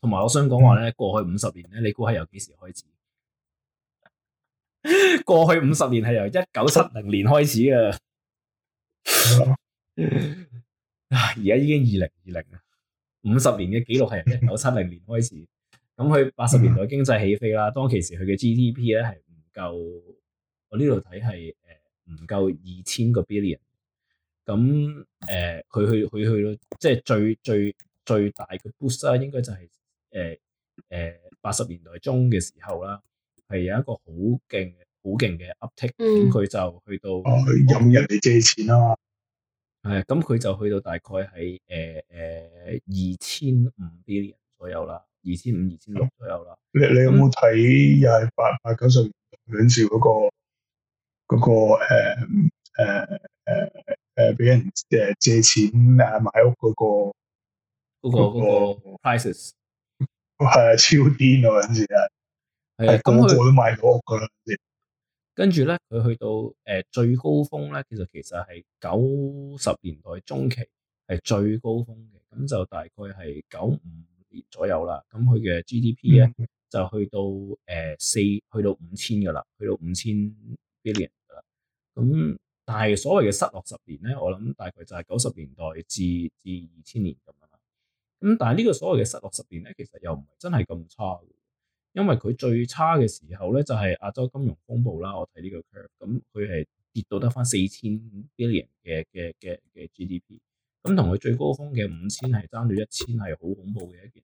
同埋我想講話咧，過去五十年咧，你估係由幾時開始？ 過去五十年係由一九七零年開始嘅啊！而 家已經二零二零啊，五十年嘅記錄係由一九七零年開始。咁佢八十年代經濟起飛啦，當其時佢嘅 GDP 咧係唔夠。我呢度睇係誒唔夠二千個 billion，咁、嗯、誒佢、嗯、去佢去到即係最最最大嘅 boost 啦、啊，應該就係誒誒八十年代中嘅時候啦，係有一個好勁好勁嘅 uptick，咁佢就去到哦，任人嚟借錢啦，係、嗯嗯、啊，咁佢就去到大概係誒誒二千五 billion 左右啦，二千五二千六左右啦。嗯、你你有冇睇廿八百九十年兩兆嗰個？嗰、嗰個誒誒誒誒俾人誒借錢啊買屋嗰、嗰個、嗰個、嗰個 prices 係、嗯、超癲啊嗰陣時係，係個個都買到屋嗰陣、嗯嗯、跟住咧，佢去到誒、呃、最高峰咧，其實其實係九十年代中期係最高峰嘅，咁就大概係九五年左右啦。咁佢嘅 GDP 咧就去到誒四去到五千噶啦，去到五千 billion。咁，但係所謂嘅失落十年咧，我諗大概就係九十年代至至二千年咁樣啦。咁但係呢個所謂嘅失落十年咧，其實又唔係真係咁差嘅，因為佢最差嘅時候咧，就係、是、亞洲金融風暴啦。我睇呢個 curve，咁、嗯、佢係跌到得返四千 billion 嘅嘅嘅嘅 GDP，咁、嗯、同佢最高峰嘅五千係爭咗一千，係好恐怖嘅一件事。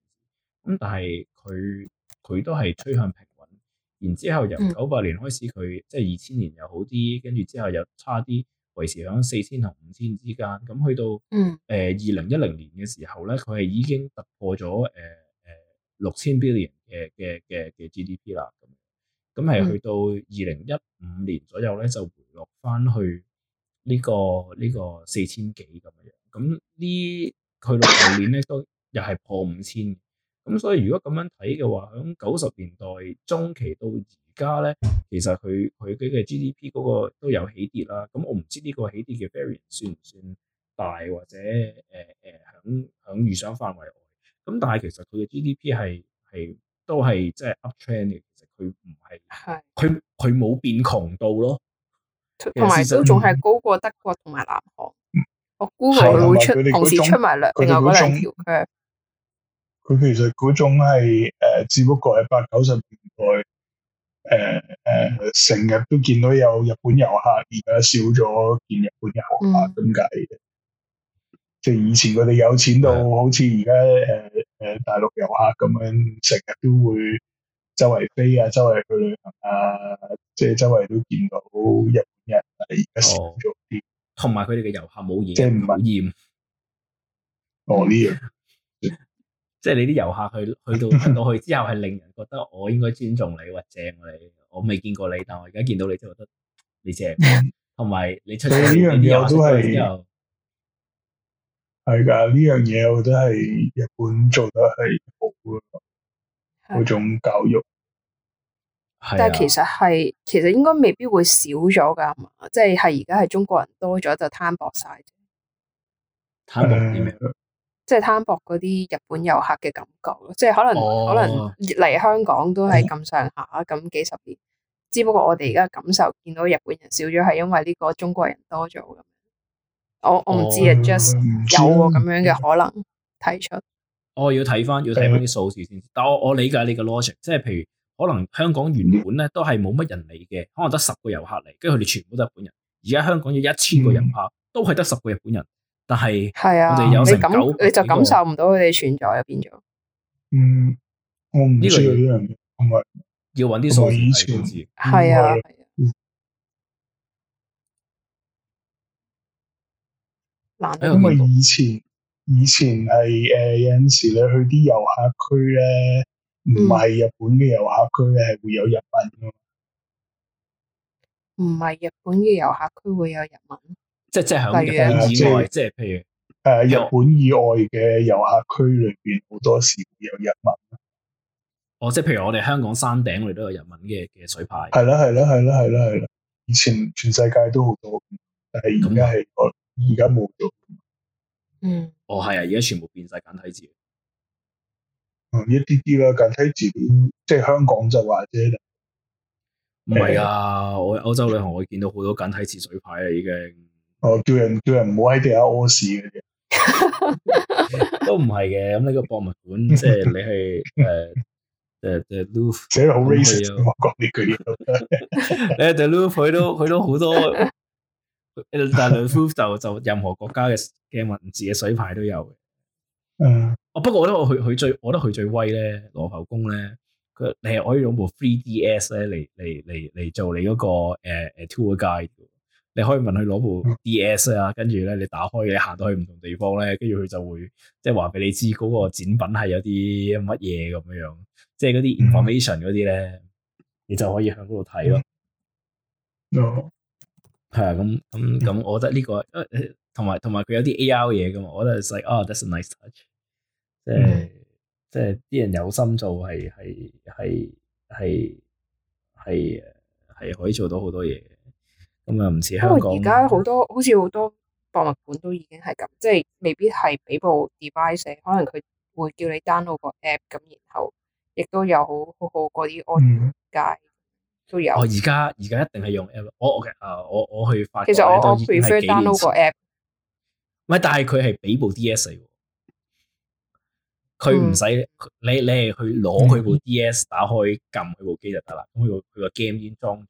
咁但係佢佢都係趨向平。然之後由九八年開始，佢、嗯、即係二千年又好啲，跟住之後又差啲，維持響四千同五千之間。咁去到誒二零一零年嘅時候咧，佢係已經突破咗誒誒六千 billion 嘅嘅嘅嘅 GDP 啦。咁咁係去到二零一五年左右咧，就回落翻去呢個呢個四千幾咁樣。咁呢去到舊年咧都又係破五千。咁所以如果咁樣睇嘅話，喺九十年代中期到而家咧，其實佢佢嗰個 GDP 嗰個都有起跌啦。咁我唔知呢個起跌嘅 variation 算唔算大，或者誒誒喺喺預想範圍內。咁但係其實佢嘅 GDP 係係都係即係 up trend 嘅，其實佢唔係，佢佢冇變強度咯。同埋都仲係高過德國同埋南韓。我估佢會出同時出埋兩頭嗰種佢其實嗰種係、呃、只不過係八九十年代誒誒，成日都見到有日本遊客，而家少咗見日本遊客，咁解嘅？即係以前佢哋有錢到好似而家誒誒大陸遊客咁樣，成日都會周圍飛啊，周圍去旅行啊，即係周圍都見到日本人，而家少咗啲。同埋佢哋嘅遊客冇嘢，即係唔滿意。染哦，呢樣。即係你啲遊客去去到出到去之後，係令人覺得我應該尊重你 或者你。我未見過你，但我而家見到你之後，覺得你正，同埋你出。所以呢樣嘢我都係係噶，呢樣嘢我覺得係日本做得係好嗰種教育，的但係其實係其實應該未必會少咗噶，即係係而家係中國人多咗就攤薄晒。攤薄啲咩？呃即係攤薄嗰啲日本遊客嘅感覺咯，即係可能、哦、可能嚟香港都係咁上下咁幾十年，只不過我哋而家感受見到日本人少咗，係因為呢個中國人多咗咁。我我唔知啊，just、哦、有咁樣嘅可能提出。我、哦、要睇翻要睇翻啲數字先，嗯、但我我理解你嘅 logic，即係譬如可能香港原本咧都係冇乜人嚟嘅，可能得十個遊客嚟，跟住佢哋全部都係日本人。而家香港有一千個遊客，嗯、都係得十個日本人。但係、啊、我哋有成九你感，你就感受唔到佢哋存在，入邊咗。嗯，我唔知道呢個嘢，唔係是為要揾啲以前，係啊，啊。嗯、難怪。因為以前以前係誒、呃、有陣時你去啲遊客區咧，唔係、嗯、日本嘅遊客區咧，係會有日文咯。唔係日本嘅遊客區會有日文。即係即係喺日本以外，即係譬如誒，日本以外嘅遊客區裏邊，好多時會有日文。哦，即係譬如我哋香港山頂，我哋都有日文嘅嘅水牌。係啦，係啦，係啦，係啦，係啦。以前全世界都好多，但係而家係我而家冇咗。嗯。嗯哦，係啊，而家全部變晒簡、嗯、簡體字。嗯，一啲啲啦，簡體字即係香港就話啫。唔係啊，嗯、我喺歐洲旅行我見到好多簡體字水牌啊，已經。哦，叫人叫人唔好喺地下屙屎嘅，都唔係嘅。咁呢個博物館，即係你係誒誒誒，盧寫得好 racist 啊！講呢句嘢，誒，the 盧佢都佢都好多，但係盧就就任何國家嘅嘅文字嘅水牌都有嘅。嗯，哦，不過我覺得我佢佢最，我覺得佢最威咧，羅浮宮咧，佢你係可以用部 3DS 咧嚟嚟嚟嚟做你嗰個誒誒 tour guide。你可以問佢攞部 D.S 啊，跟住咧你打開你行到去唔同地方咧，跟住佢就會即係話俾你知嗰個展品係有啲乜嘢咁樣樣，即係嗰啲 information 嗰啲咧，你就可以向嗰度睇咯。哦、mm，係、hmm. 啊，咁咁咁，我覺得呢個，同埋同埋佢有啲 A.R. 嘢噶嘛，我覺得係 like，That's a nice touch。即係、mm hmm. 即係啲人有心做，係係係係係係可以做到好多嘢。咁啊，唔似香港。而家好多好似好多博物館都已經係咁，即係未必係俾部 device，可能佢會叫你 download 個 app，咁然後亦都有好好好啲 online 界都有。嗯、哦，而家而家一定係用 app，我 okay，我嘅誒，我我去發。其實我，都我 prefer download 個 app。唔係，但係佢係俾部 DS，佢唔使你你係去攞佢部 DS，打開撳佢部機就得啦。咁佢佢個 game 已經裝咗。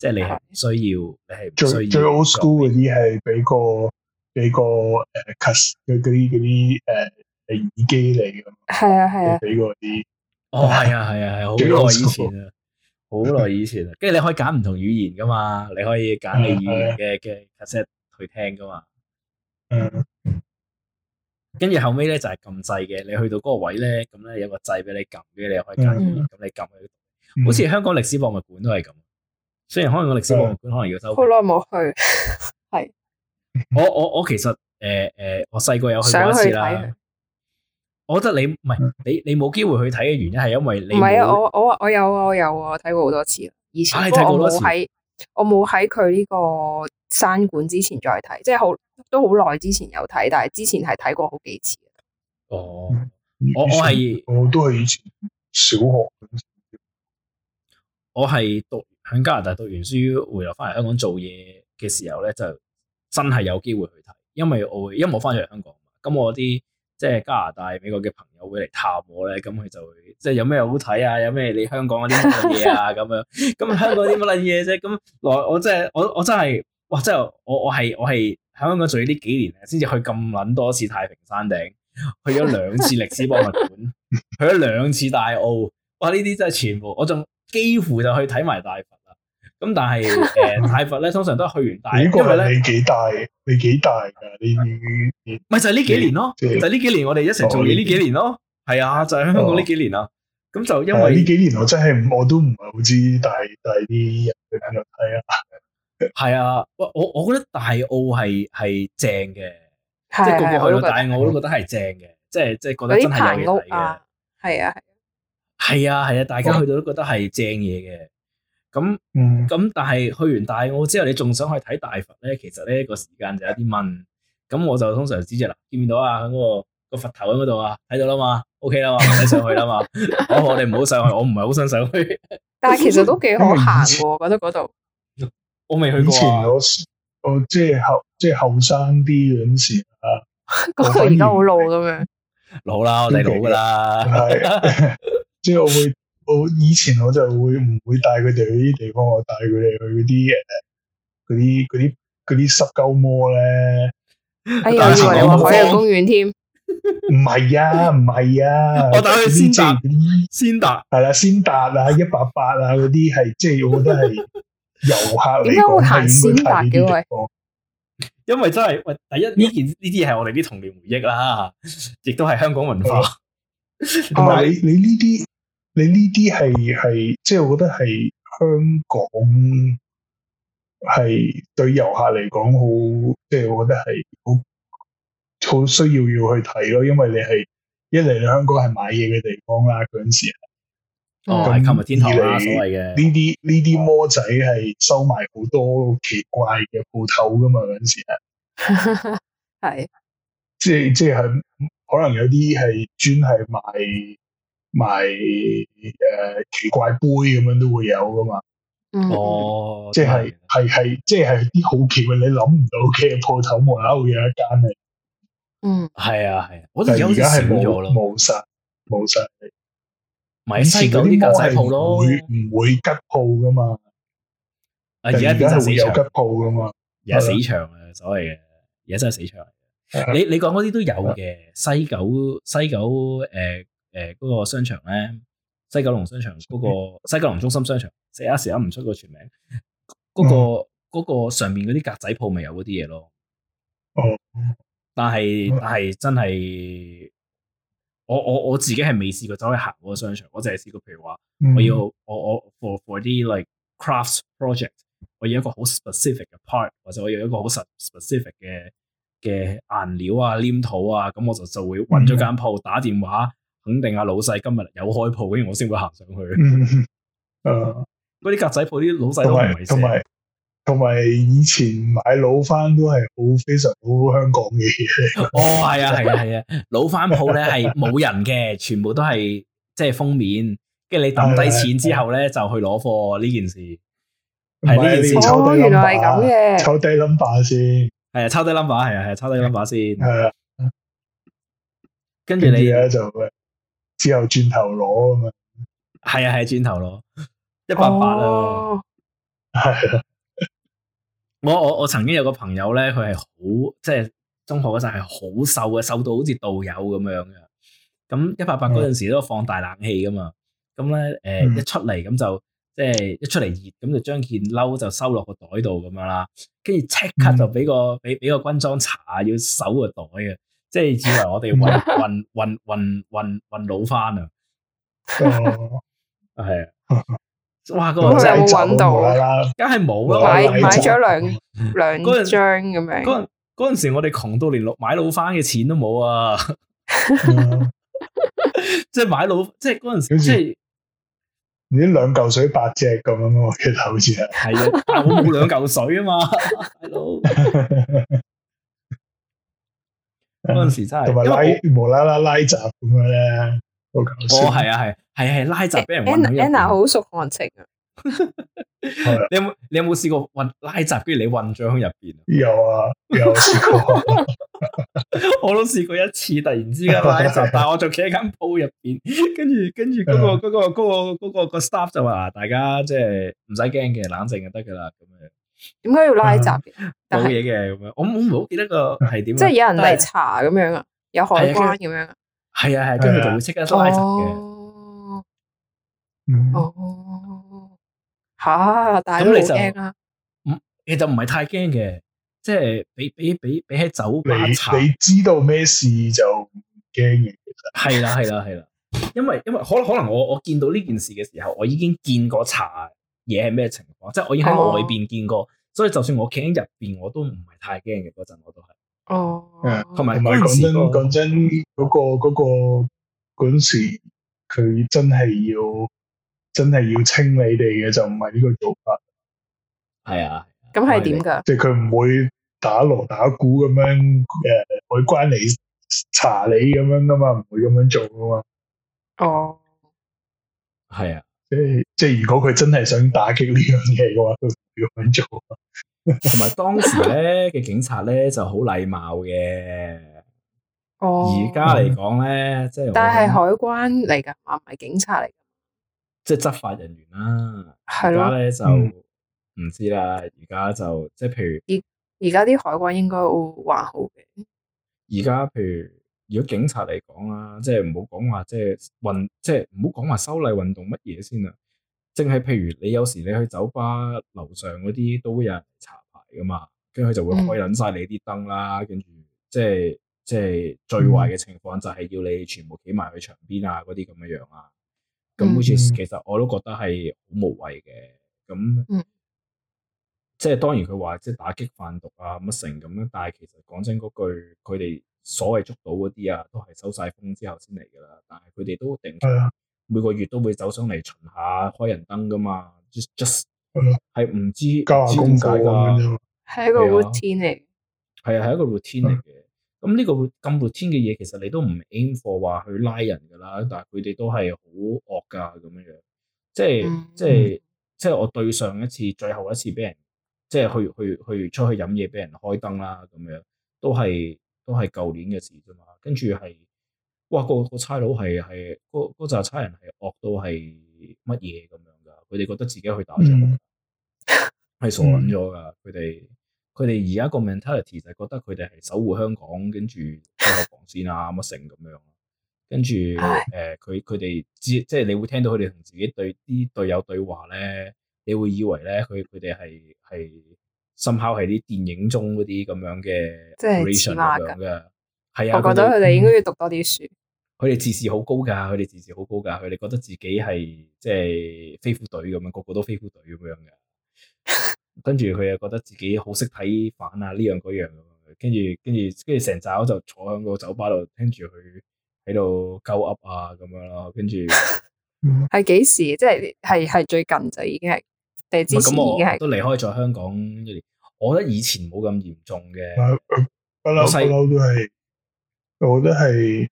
即係你係唔需要，你係唔需要最最 old school 嗰啲係俾個俾個誒，cass 嗰啲嗰啲誒誒耳機嚟噶，係啊係啊，俾個啲哦係啊係啊係好耐以前啊，好耐以前啊，跟住 你可以揀唔同語言噶嘛，你可以揀你語言嘅嘅 cas sette 去聽噶嘛， 嗯，跟住後尾咧就係撳掣嘅，你去到嗰個位咧，咁咧有個掣俾你撳，跟住你可以揀，咁、 嗯、你撳去，好似香港歷史博物館都係咁。雖然可能個歷史博物館可能要收，好耐冇去。係我我我其實誒誒、呃呃，我細個有去過一次啦。我覺得你唔係你你冇機會去睇嘅原因係因為你唔係啊！我我我有啊！我有，我有，我有我啊！睇，啊，過好多次，以前我冇喺我冇喺佢呢個山館之前再睇，即係好都好耐之前有睇，但係之前係睇過好幾次。哦，我係我，我都係以前小學，我係讀。喺加拿大讀完書，回來翻嚟香港做嘢嘅時候咧，就真係有機會去睇，因為我會因為我翻咗嚟香港嘛，咁我啲即係加拿大、美國嘅朋友會嚟探我咧，咁佢就會即係有咩好睇啊，有咩你香港嗰啲乜嘢啊，咁樣，咁香港啲乜撚嘢啫，咁我我真係我我真係，哇，真係我我係我係喺香港做咗呢幾年，先至去咁撚多次太平山頂，去咗兩次歷史博物館， 去咗兩次大澳，哇，呢啲真係全部，我仲幾乎就去睇埋大。咁但係，誒，泰佛咧，通常都係去完大，因為咧，你幾大，你幾大噶，你你，咪就係呢幾年咯，就係呢幾年，我哋一齊做嘢呢幾年咯，係啊，就係香港呢幾年啊。咁就因為呢幾年，我真係我都唔係好知帶帶啲人去睇啊，係啊，喂，我我覺得大澳係係正嘅，即係個個去到大澳，都覺得係正嘅，即係即係覺得真係有嘢睇嘅，係啊係，係啊係啊，大家去到都覺得係正嘢嘅。咁咁，嗯、但係去完大澳之後，你仲想去睇大佛咧？其實咧個時間就有啲掹。咁我就通常指住啦，見唔見到啊？喺、嗰個佛頭喺嗰度啊，睇到啦嘛，OK 啦嘛，唔使 上去啦嘛。我我哋唔好 上去，我唔係好想上去。但係其實都幾好行嘅，覺得嗰度。我未去前啊。我我即係後即係後生啲嗰陣啊，嗰個人都好老咁樣。老啦，我哋老噶啦，係即係我會。我以前我就會唔會帶佢哋去啲地方，我帶佢哋去嗰啲誒，嗰啲嗰啲嗰啲濕鳩摩咧。哎呀，我以為話海洋公園添。唔係啊，唔係啊，我帶佢先達，先達係啦，先達啊，一八八啊，嗰啲係，即係我覺得係遊客嚟講係唔體驗嘅。因為真係喂，第一呢件呢啲嘢係我哋啲童年回憶啦，亦都係香港文化。同 埋你呢啲。你你呢啲係係，即係我覺得係香港係對遊客嚟講好，即係我覺得係好好需要要去睇咯，因為你係一嚟你香港係買嘢嘅地方，啊哦，那啦，嗰陣時，咁同埋天台所謂嘅呢啲呢啲魔仔係收埋好多奇怪嘅鋪頭噶嘛，嗰陣時啊，係 是，即係即係可能有啲係專係賣。賣誒奇怪杯咁樣都會有噶嘛？哦，即係係係即係啲好奇嘅你諗唔到嘅鋪頭門口會有一間嘅，嗯，係啊係啊，我而家係冇冇晒冇晒。唔係西九啲舊西鋪咯，會唔會吉鋪噶嘛？啊，而家而家係會有吉鋪噶嘛？而家死場啊，所謂嘅，而家真係死場。你你講嗰啲都有嘅，西九西九誒。誒，嗰個商場咧，西九龍商場嗰、嗰個西九龍中心商場，成日諗唔出個全名，嗰、嗰個、oh. 個上面嗰啲格仔鋪咪有嗰啲嘢咯。哦，但係但係真係，我我我自己係未試過走去行嗰個商場，我淨係試過譬如話、mm hmm.。我要我我 for for 啲 like crafts project，我要一個好 specific 嘅 part，或者我要一個好實 specific 嘅嘅顏料啊、黏土啊，咁我就就會揾咗間鋪打電話。肯定啊，老細今日有開鋪，跟住我先會行上去。嗯，誒，嗰啲格仔鋪啲老細都唔係，同埋同埋以前買老翻，都係好非常好香港嘅嘢。哦，係啊，係啊，係啊，老翻鋪咧係冇人嘅，全部都係即係封面，跟住你抌低錢之後咧就去攞貨呢件事係呢件事。哦，原來係咁嘅，抽低 number 先。係啊，抽低 number 係啊係啊，抽低 number 先係啊。跟住你咧就。之後轉頭攞啊嘛，係啊，係轉頭攞，一百八啊，係啊。我我我曾經有個朋友咧，佢係好即係中學嗰陣係好瘦嘅，瘦到好似道友咁樣嘅。咁一百八嗰陣時都放大冷氣噶嘛，咁咧，誒一出嚟，咁就即係一出嚟熱，咁就將件褸就收落個袋度咁樣啦，跟住即刻就俾個俾俾、嗯、個軍裝查要搜個袋嘅。即係以為我哋運運運運運運老翻啊！係啊！哇，那個真係搵到，梗係冇啦！買買咗兩兩張咁樣。嗰嗰陣時我哋窮到連買老翻嘅錢都冇啊！即 係 買老，即係嗰陣時，即係已經兩嚿水八隻咁樣，我記得好似係。係 啊，但係我冇兩嚿水啊嘛。 嗰陣時真係，同埋拉無啦啦拉閘咁樣咧，好搞笑。哦，係啊，係係係拉閘俾人揾。Anna, Anna 好熟漢情啊。係 你有冇你有冇試過揾拉閘，跟住你混咗喺入邊？有啊，有試過。 我都試過一次，突然之間拉閘， 但係我仲企喺間鋪入邊，跟住跟住嗰個嗰個、嗰個、嗰個、嗰個嗰個嗰個嗰個 staff 就話：大家即係唔使驚嘅，冷靜就得㗎啦咁樣。點解要拉閘嘅？冇嘢嘅咁樣，我我唔好記得個係點。即係有人嚟查咁樣啊，有海關咁樣啊。係啊係，跟住就會識得拉閘嘅。哦，哦，哦，哦，哦，哦。吓！但係你唔驚啊？唔，其實唔係太驚嘅，即係俾俾俾俾喺酒吧查，你知道咩事就唔驚嘅。係啦係啦係啦，因為因為可可能我我見到呢件事嘅時候，我已經見過查。嘢係咩情況？即係我已經喺外邊見過，哦、所以就算我企喺入邊，我都唔係太驚嘅。嗰陣我都係哦，誒有，同埋講真嗰時，嗰陣嗰個個陣時，佢真係要真係要清理你哋嘅，就唔係呢個做法。係啊，咁係點噶？即係佢唔會打鑼打鼓咁樣，誒、呃，海關嚟查你咁樣噶嘛，唔會咁樣做噶嘛。哦，係啊。即係如果佢真係想打擊呢樣嘢嘅話，唔要咁做。同 埋當時咧嘅警察咧 就好禮貌嘅。哦。而家嚟講咧，嗯、即係。但係海關嚟噶，唔係警察嚟噶。即係執法人員啦、啊。係咯的。而家咧就唔、嗯、知啦。而家就即係譬如。而而家啲海關應該會還好嘅。而家譬如。如果警察嚟講啦，即係唔好講話，即係運，即係唔好講話修例運動乜嘢先啦。正係譬如你有時你去酒吧樓上嗰啲，都會有人嚟查牌噶嘛，跟住佢就會開捻晒你啲燈啦，跟住、嗯、即係即係最壞嘅情況就係要你全部企埋去牆邊啊，嗰啲咁嘅樣啊。咁好似其實我都覺得係好無謂嘅。咁、嗯，即係當然佢話即係打擊販毒啊乜成咁樣，但係其實講真嗰句，佢哋。所謂捉到嗰啲啊，都係收晒風之後先嚟噶啦。但係佢哋都定每個月都會走上嚟巡下開人燈噶嘛。just 係唔知知點解噶，係一個 routine 嚟對。係啊，係一個 routine 嚟嘅的。咁呢個咁 routine 嘅嘢，其實你都唔 aim for 話去拉人噶啦。但係佢哋都係好惡噶咁樣，即係、嗯、即係即係我對上一次最後一次俾人即係去去去出去飲嘢俾人開燈啦咁樣，都係。都係舊年嘅事啫嘛，跟住係哇、嗰個、嗰個差佬係係嗰嗰紮差人係惡到係乜嘢咁樣噶，佢哋覺得自己去打仗係、嗯、傻咗噶，佢哋佢哋而家個 mentality 就係覺得佢哋係守護香港，跟住做防線啊乜成咁樣，跟住誒佢佢哋即係你會聽到佢哋同自己對啲隊友對話咧，你會以為咧佢佢哋係係。深好係啲電影中嗰啲咁樣嘅，即係似話咁噶。係啊，我覺得佢哋應該要讀多啲書。佢哋、嗯、自視好高噶，佢哋自視好高噶。佢哋覺得自己係即係飛虎隊咁樣，個個都飛虎隊咁樣嘅。 跟住佢又覺得自己好識睇反啊，呢樣嗰樣。跟住跟住跟住成扎就坐響個酒吧度聽住佢喺度勾 Up 啊咁樣咯。跟住，係幾時？即係係係最近就已經係。第二嘅係，都離開咗香港一年。我覺得以前冇咁嚴重嘅西，我細佬都係，我覺得係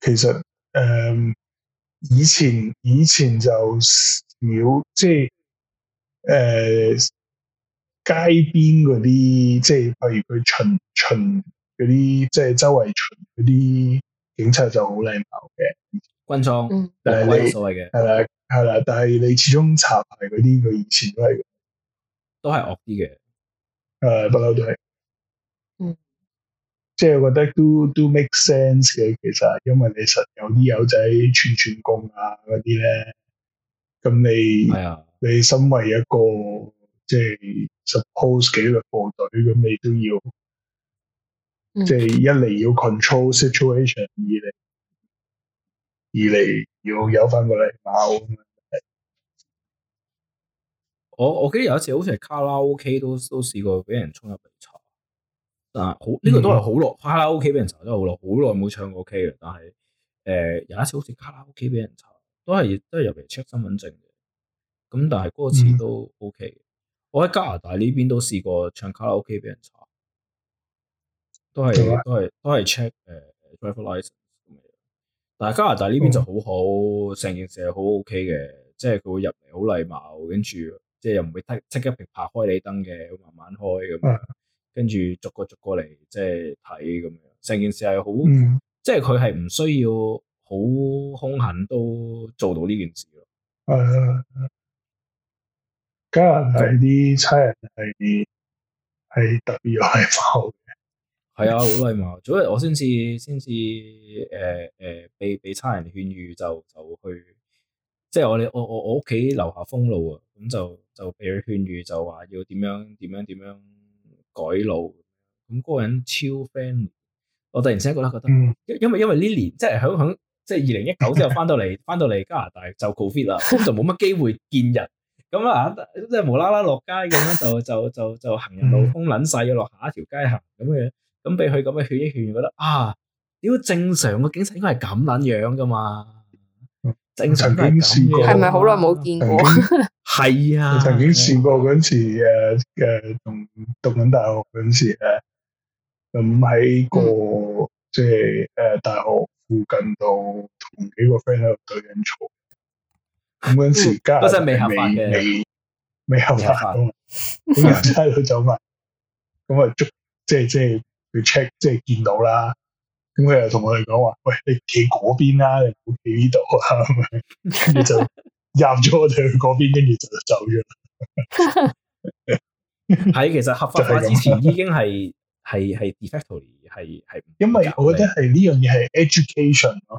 其實誒、嗯、以前以前就廟即係誒街邊嗰啲，即係譬如佢巡巡嗰啲，即、yani、係周圍巡嗰啲警察就好禮貌嘅，軍裝，但係冇所謂嘅。係啦，但係你始終查牌嗰啲，佢以前都係，都係惡啲嘅。誒、uh，不嬲都係。嗯，即係我覺得都都 make sense 嘅。其實，因為你實有啲友仔串串工啊嗰啲咧，咁你係啊，的你身為一個即係 suppose 紀律部隊，咁你都要，嗯、即係一嚟要 control situation，二嚟。二嚟要有翻個禮貌。啊、我我記得有一次好似係卡拉 OK 都都試過俾人衝入嚟查，啊好，呢個都係好耐，嗯、卡拉 OK 俾人查都好耐，好耐冇唱過 K 嘅，但係誒、呃、有一次好似卡拉 OK 俾人查，都係都係入嚟 check 身份證嘅，咁但係歌詞都 OK。嗯、我喺加拿大呢邊都試過唱卡拉 OK 俾人查，都係、嗯、都係都係 check 誒、呃、誒。但係加拿大呢邊就好好，成、嗯、件事係好 OK 嘅，即係佢會入嚟好禮貌，跟住即係又唔會即刻拍開你燈嘅，慢慢開咁樣，跟住、嗯、逐個逐個嚟即係睇咁樣，成件事係好，嗯、即係佢係唔需要好凶狠都做到呢件事咯。誒、嗯，加拿大啲差人係係特別又係好。係啊，好禮貌。昨日我先至先至誒誒，俾俾差人勸喻，就就去，即係我哋我我我屋企樓下封路啊，咁就就俾佢勸喻，就話要點樣點樣點樣改路。咁、那、嗰個人超 friend，我突然之間覺得覺得，因為因為呢年即係響響即係二零一九之後翻 到嚟翻到嚟加拿大就 COVID 啦，就冇乜機會見人。咁啊，即係無啦啦落街咁樣，就就就就行人路封撚晒，要落下一條街行咁樣。準備佢咁嘅勸一勸，覺得啊，屌正常嘅警察應該係咁撚樣噶嘛？正常係咪好耐冇見過？係啊，曾經試過嗰陣時，誒誒，讀讀緊大學嗰陣時，誒，咁喺個即係誒大學附近度，同幾個 friend 喺度對緊吵。咁嗰陣時，家下未未未合法，合法都走埋，咁啊捉，即係即係。佢 check 即係見到啦，咁佢又同我哋講話：，喂，你企嗰邊啦、啊，你唔好企呢度啊！咁樣，你就入咗我哋去嗰邊，跟住就走咗。喺其實合法化之前已經係係係 de facto 係係，就是、這 因為我覺得係呢樣嘢係 education 咯，educ ation,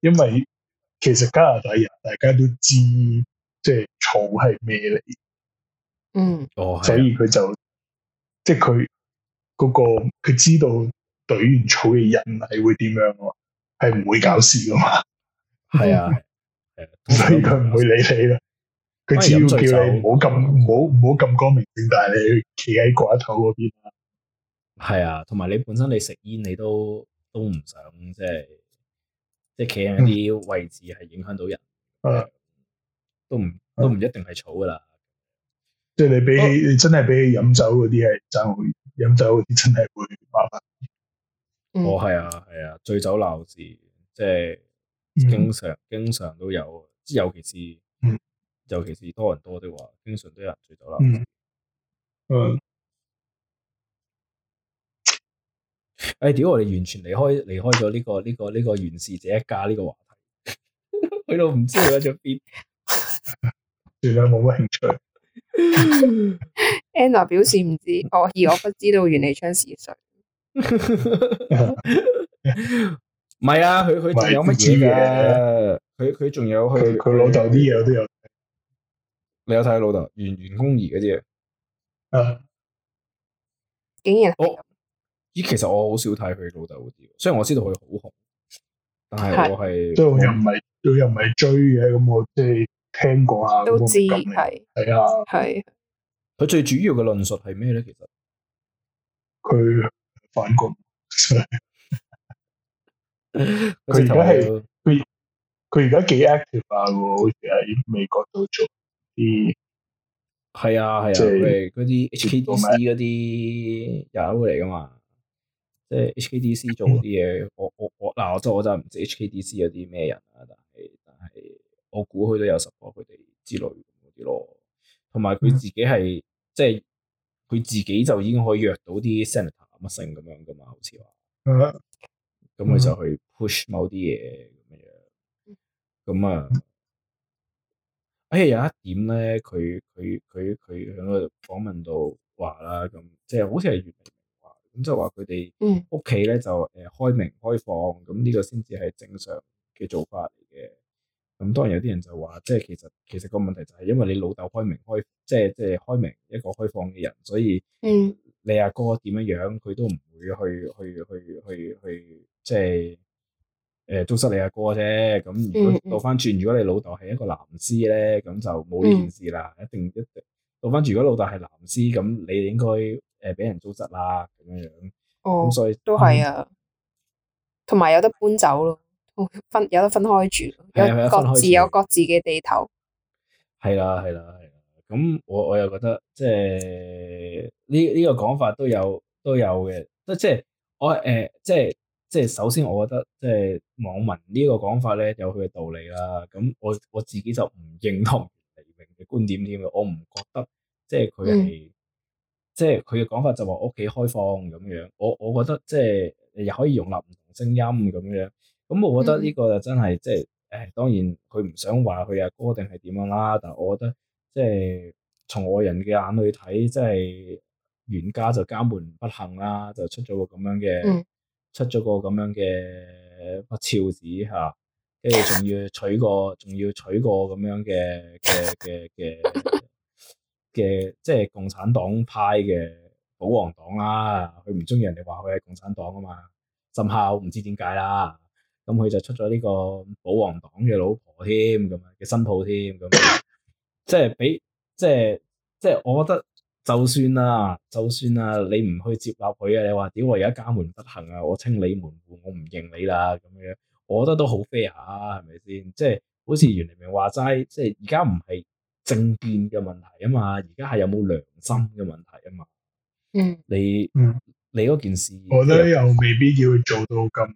因為其實加拿大人大家都知、就是是嗯，即係草係咩嚟。嗯，哦，所以佢就即係佢。嗰、嗰個佢知道隊員草嘅人係會點樣咯，係唔會搞事噶嘛？係啊，啊、嗯，所以佢唔會理你啦。佢、嗯、只要叫你唔好咁唔好唔好咁光明正大，你企喺嗰一頭嗰邊啦。係啊，同埋你本身你食煙你、即係，你都都唔想即係即係企喺啲位置係影響到人，都唔都唔一定係草噶啦。即係你俾你真係俾你飲酒嗰啲係真會飲酒嗰啲真係會麻煩。嗯、哦，係啊，係啊，醉酒鬧事，即、就、係、是、經常、嗯、經常都有，即係尤其是、嗯、尤其是多人多的話，經常都有人醉酒鬧事嗯。嗯。誒、哎，屌，我哋完全離開離開咗呢、這個呢、這個呢、這個、這個這個、原事者一家呢個話題， 去到唔知去咗邊，完 全冇乜興趣。 Anna 表示唔知，我而我不知道袁李昌 是誰。唔係啊，佢佢有乜嘢嘅？佢佢仲有佢佢老豆啲嘢都有。你有睇老豆袁袁公儀嗰啲嘢？ 竟然我咦、哦？其實我好少睇佢老豆啲，雖然我知道佢好紅，但係我係即係又唔係又唔係追嘅咁，我即係。聽過啊，都知係係啊，係佢是最主要嘅論述係咩咧？其實佢反過，佢而家係佢佢而家幾 active 啊！好似喺美國度做啲係啊係啊，佢哋嗰啲 HKDC 嗰啲有嚟㗎嘛，即係 HKDC 做啲嘢、嗯，我我我嗱，我真我真唔知，知 HKDC 有啲咩人啊。我估佢都有十個佢哋之類嗰啲咯，同埋佢自己係、嗯、即係佢自己就已經可以約到啲 senator 乜姓咁樣噶嘛，好似話。咁佢、嗯、就去 push 某啲嘢咁樣。咁啊，嗯、哎呀，有一點咧，佢佢佢佢喺度訪問到話啦，咁即係好似係明明話，咁就話佢哋屋企咧就誒開明開放，咁呢、嗯、個先至係正常嘅做法。咁、嗯嗯、當然有啲人就話，即係其實其實個問題就係因為你老豆開明開，即係即係開明一個開放嘅人，所以你阿哥點樣樣佢都唔會去去去去去，去，即係誒糟質你阿哥啫。咁如果倒翻轉，如果你老豆係一個藍絲咧，咁就冇呢件事啦、嗯。一定一定倒翻轉，如果老豆係藍絲，咁你應該誒俾、呃、人糟質啦咁樣樣。哦，咁所、嗯、以都係啊，同埋有得搬走咯。哦、分有得分開住，有各自有各自嘅地頭。係啦係啦係啦，咁我我又覺得即係呢呢個講法都有都有嘅。即係我誒、呃，即係即係，首先我覺得即係網民呢個講法咧有佢嘅道理啦。咁我我自己就唔認同李明嘅觀點添。我唔覺得即係佢係即係佢嘅講法就話屋企開放咁樣。我我覺得即係又可以容納唔同聲音咁樣。咁、嗯、我覺得呢個就真係即係誒，當然佢唔想話佢阿哥定係點樣啦，但係我覺得即係從外人嘅眼去睇，即係袁家就家門不幸啦，就出咗個咁樣嘅、嗯、出咗個咁樣嘅不肖子嚇，跟住仲要娶個仲要娶個咁樣嘅嘅嘅嘅嘅即係共產黨派嘅保皇黨啦，佢唔中意人哋話佢係共產黨啊嘛，心口唔知點解啦～咁佢就出咗呢個保皇黨嘅老婆添，咁嘅新抱添，咁即係俾即係即係，我覺得就算啦，就算啦，你唔去接納佢啊，你話屌我而家家門不幸啊，我清理門戶，我唔認你啦咁樣，我覺得都好 fair 啊，係咪先？即係好似袁彌明話齋，即係而家唔係政見嘅問題啊嘛，而家係有冇良心嘅問題啊嘛？嗯、mm.，你嗯，你嗰件事，我覺得又未必要做到咁。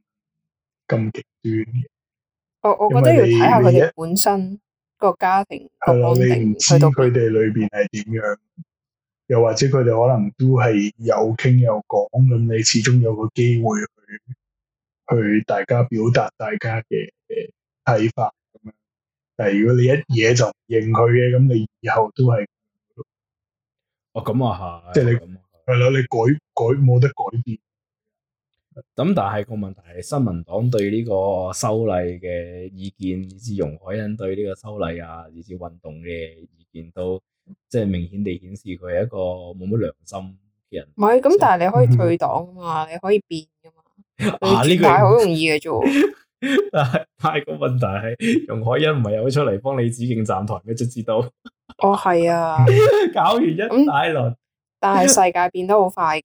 咁極端嘅，我我覺得要睇下佢哋本身個家庭，係咯，你唔知佢哋裏邊係點樣，又或者佢哋可能都係有傾有講，咁你始終有個機會去去大家表達大家嘅睇法。但係如果你一嘢就認佢嘅，咁你以後都係，哦咁啊，係，即係你係咯，啊，你改改冇得改變。咁但係個問題係，新民黨對呢個修例嘅意見，以至容海恩對呢個修例啊，以至運動嘅意見都，即係明顯地顯示佢係一個冇乜良心嘅人。唔係，咁但係你可以退黨啊嘛， 你可以變啊嘛，呢個係好容易嘅啫。但係個問題係，容海恩唔係有出嚟幫你指認站台咩？都知道。 哦，係啊， 搞完一大輪，嗯。但係世界變得好快嘅，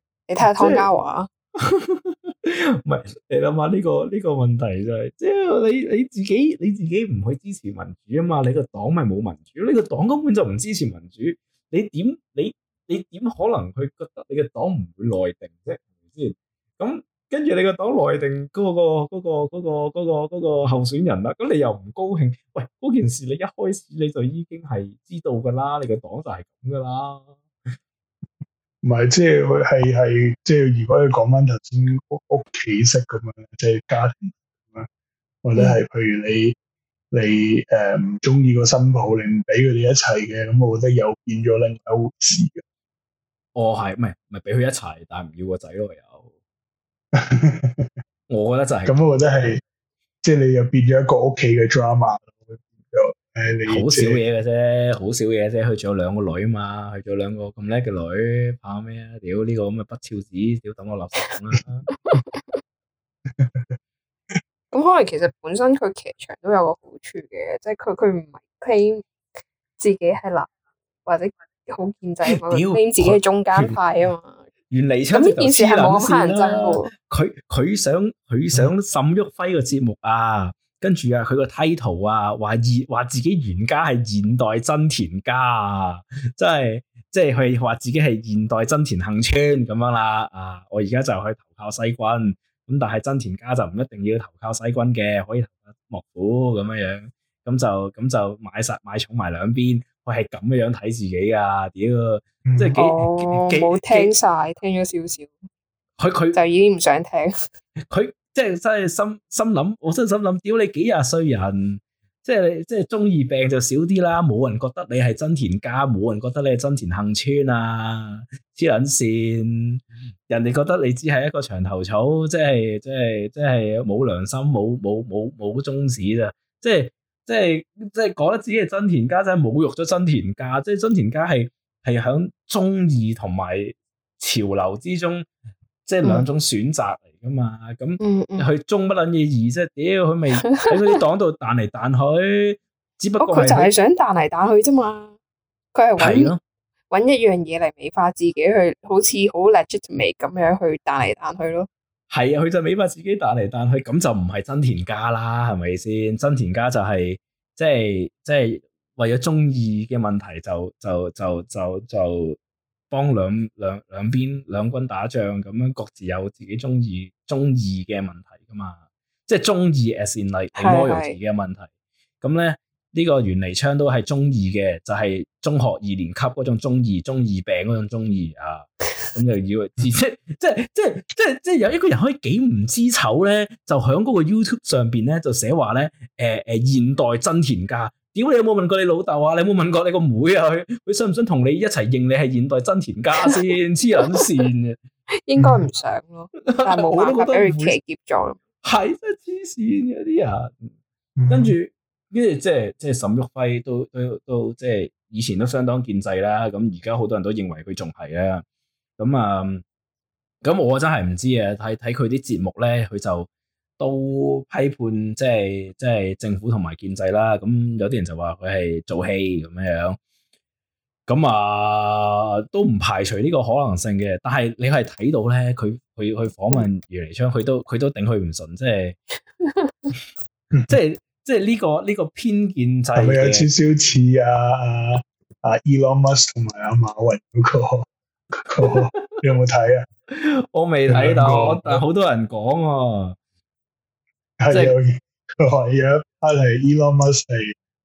你睇下湯家驊。唔係 你諗下呢個呢個問題就係，即係你你自己你自己唔去支持民主啊嘛，你個黨咪冇民主，你個黨根本就唔支持民主，你點你你點可能佢覺得你個黨唔會內定啫？係咪先？咁跟住你個黨內定嗰個嗰個嗰個嗰個嗰個候選人啦，咁你又唔高興？喂，嗰件事你一開始你就已經係知道噶啦，你個黨就係咁噶啦。唔係，即係佢係係，即係如果佢講翻頭先屋企式咁樣，即係家庭咁樣，或者係譬如你你誒唔中意個新抱，你唔畀佢哋一齊嘅，咁我覺得又變咗另外一回事。哦， 係唔係唔係畀佢一齊，但係唔要個仔我又， 我覺得就係咁，我覺得係即係你又變咗一個屋企嘅 drama。好 少嘢嘅啫，好少嘢啫。佢仲有兩個女啊嘛，佢仲有兩個咁叻嘅女，怕咩啊？屌呢個咁嘅不肖子，屌等我垃圾啦！咁 可能其實本身佢劇場都有個好處嘅，即係佢佢唔係偏自己係男或者好建制，唔係偏自己係中間派啊嘛。原嚟呢、嗯、件事係冇派人爭嘅。佢佢、哦、想佢想沈旭輝個節目啊！跟住啊，佢個梯圖啊，話現話自己原家係現代真田家啊，即係即係佢話自己係現代真田幸村咁樣啦啊，啊！我而家就去投靠西軍，咁但係真田家就唔一定要投靠西軍嘅，可以投幕府咁樣樣，咁就咁就買實買重埋兩邊，佢係咁嘅樣睇自己啊！屌，即係幾幾幾，冇、哦、聽晒，幾聽咗少少，佢佢就已經唔想聽佢。即係真係心心諗，我真心諗，屌你幾廿歲人，即係你即係中二病就少啲啦。冇人覺得你係真田家，冇人覺得你係真田幸村啊，黐撚線。人哋覺得你只係一個長頭草，即係即係即係冇良心、冇冇冇冇宗旨啊。即係即係即係覺得自己係真田家，真係侮辱咗真田家。即係真田家係係響忠義同埋潮流之中，即係兩種選擇嚟、嗯。嘛咁，佢中、嗯嗯、不撚意二啫，屌佢咪喺嗰啲黨度彈嚟彈去，只不過佢、哦、就係想彈嚟彈去啫嘛，佢係搵搵一樣嘢嚟美化自己，去好似好 legitimate 咁樣去彈嚟彈去咯。係啊，佢就美化自己彈嚟彈去，咁就唔係真田家啦，係咪先？真田家就係即係即係為咗中意嘅問題，就、就、就、就、就幫兩兩兩邊兩軍打仗，咁樣各自有自己中意。中二嘅問題噶嘛，即係中二 as in like mo 嘅問題。咁咧呢個袁黎昌都係中二嘅，就係、是、中學二年級嗰種中二、中二病嗰種中二啊。咁就以為即即即即即，即，即，即有一個人可以幾唔知醜咧，就喺嗰個 YouTube 上邊咧就寫話咧，誒、呃、誒現代真田家，屌你有冇問過你老豆啊？你有冇問過你個妹，妹啊？佢佢想唔想同你一齊認你係現代真田家先、啊？黐撚線嘅。 應該唔想咯， 但係冇辦法俾佢企結狀，係 真黐線，有啲人，跟住跟住即係即係沈旭輝都都都即係以前都相當建制啦，咁而家好多人都認為佢仲係啊，咁啊，咁、嗯、我真係唔知啊，睇睇佢啲節目咧，佢就都批判即係即係政府同埋建制啦，咁有啲人就話佢係做戲咁樣樣。咁啊、嗯，都唔排除呢個可能性嘅。但係你係睇到咧，佢佢去訪問葉劉昌，佢都佢都頂佢唔順，即係即係即係呢個呢、這個偏見制咪有少少似啊阿、啊啊、Elon Musk 同埋阿馬雲嗰、那個，那個、有冇睇啊？ 我未睇看，但係好多人講啊，即係學樣，係 Elon Musk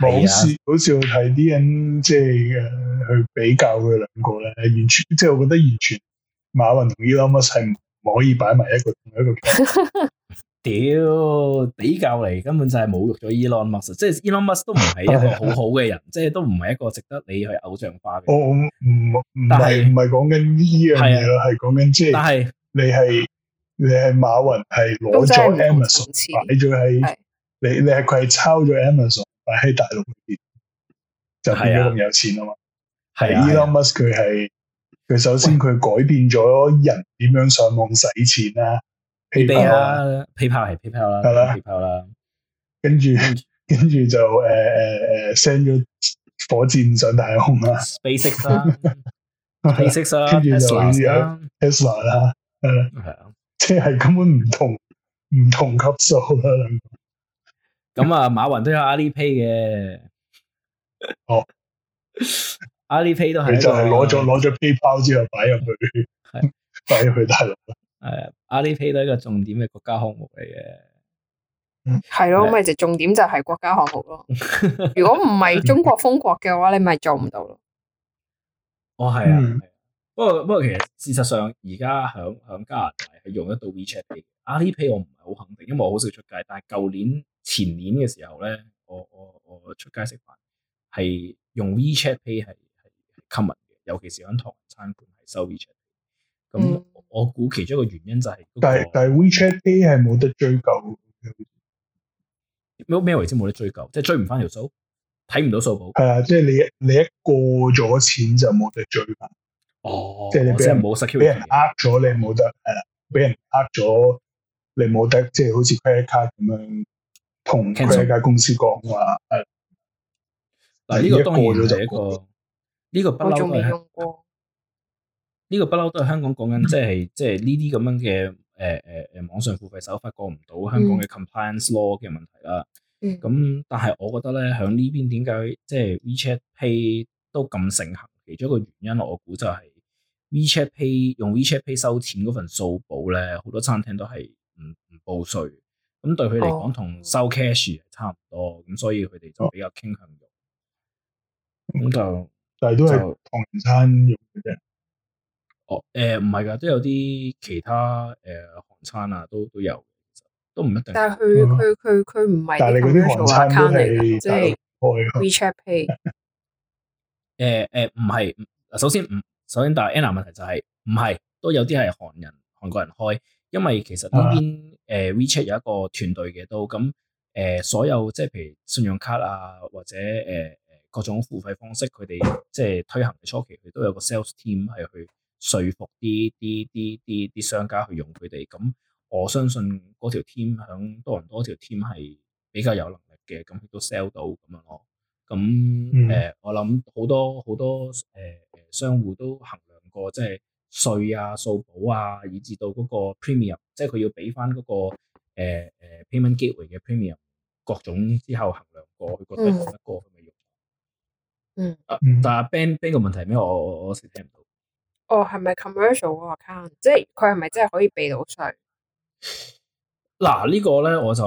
冇事，好少睇啲人即係去比較佢兩個咧，完全即係我覺得完全馬雲同 Elon Musk 係唔可以擺埋一個同一個架。屌， 比較嚟根本就係侮辱咗 Elon Musk 即係 Elon Musk 都唔係一個好好嘅人， 即係都唔係一個值得你去偶像化嘅人。我我唔唔係唔係講緊呢樣嘢啦，係講緊即係，但係你係你係馬雲係攞咗 Amazon，擺咗喺你你係佢係抄咗 Amazon。喺喺大陸嗰邊就變咗咁有錢的啊嘛，係。Elon Musk 佢係佢首先佢改變咗人點樣上網使錢啊。PayPal PayPal 係 PayPal 啦，係啦 PayPal 啦。跟住跟住就誒誒誒 send 咗火箭上太空啦 Space 啦 Space 啦，Tesla 啦，Tesla 啦，係你啊在，即係根本唔同唔同級數啦。幾次 that 咁啊，馬雲都有阿里 pay 嘅，哦、oh. 阿里 pay 都係就係攞咗攞咗 pay 包之後擺入去，係擺入去大陸。係啊，阿里 pay 都係一個重點嘅國家項目嚟嘅，嗯，係咯，咪就重點就係國家項目咯。 如果唔係中國封國嘅話，你咪做唔到咯。 哦，係啊。嗯不過不過，不過其實事實上，而家響響加拿大係用得到 WeChat Pay。嘅。啊，Alipay 我唔係好肯定，因為我好少出街。但係舊年前年嘅時候咧，我我我出街食飯係用 WeChat Pay 係係 common 嘅，尤其是響唐餐館係收 WeChat、嗯。Pay。咁我估其中一個原因就係、是，但係是我但係 WeChat Pay 係冇得追究。咩為之冇得追究？即係追唔翻條數，睇唔到數簿。係啊，即係你你一過咗錢就冇得追哦，即係你冇 secure，俾人呃咗，你冇得誒，俾人呃咗，你冇得即係好似 credit card 咁樣同佢嗰間公司講話。嗱，呢個當然就係一個呢不、這個這個不嬲都係呢個不嬲都係香港講緊，即係即係呢啲咁樣嘅誒誒誒，網上付費手法過唔到香港嘅 compliance law 嘅問題啦。咁、嗯、但係我覺得咧，響呢邊點解即係 WeChat Pay 都咁盛行？其中一個原因我估就係、是。WeChat Pay 用 WeChat Pay 收錢嗰份數簿咧，好多餐廳都係唔唔報稅，咁對佢嚟講同收 cash 係差唔多，咁所以佢哋就比較傾向。用、oh. 就。咁就但係都係韓餐用嘅。哦、oh, 呃，誒唔係噶，都有啲其他誒韓、呃、餐啊，都都有，其實都唔一定。但係佢佢佢佢唔係。但係啲韓餐都即係 WeChat Pay。誒誒，唔係，首先唔。首先，但係 Anna 問題就係唔係都有啲係韓人、韓國人開？因為其實呢邊誒、啊呃、WeChat 有一個團隊嘅都咁誒、呃，所有即係譬如信用卡啊或者誒誒、呃、各種付費方式，佢哋即係推行嘅初期，佢都有個 sales team 係去說服啲啲啲啲啲商家去用佢哋。咁我相信嗰條 team 響多人多條 team 係比較有能力嘅，咁佢都 sell 到咁樣咯。咁誒，呃嗯、我諗好多好多誒。商戶都衡量過，即係稅啊、數保啊，以至到嗰個 premium，即係佢要俾翻嗰個誒、呃、payment gateway 嘅 premium，各種之後衡量過，佢覺得過得過去咪用。嗯。啊，但阿 Ben Ben 個問題咩？我我我聽唔到。哦，係咪 commercial 嗰個 account？即係佢係咪真係可以避到稅？嗱，呢個咧我就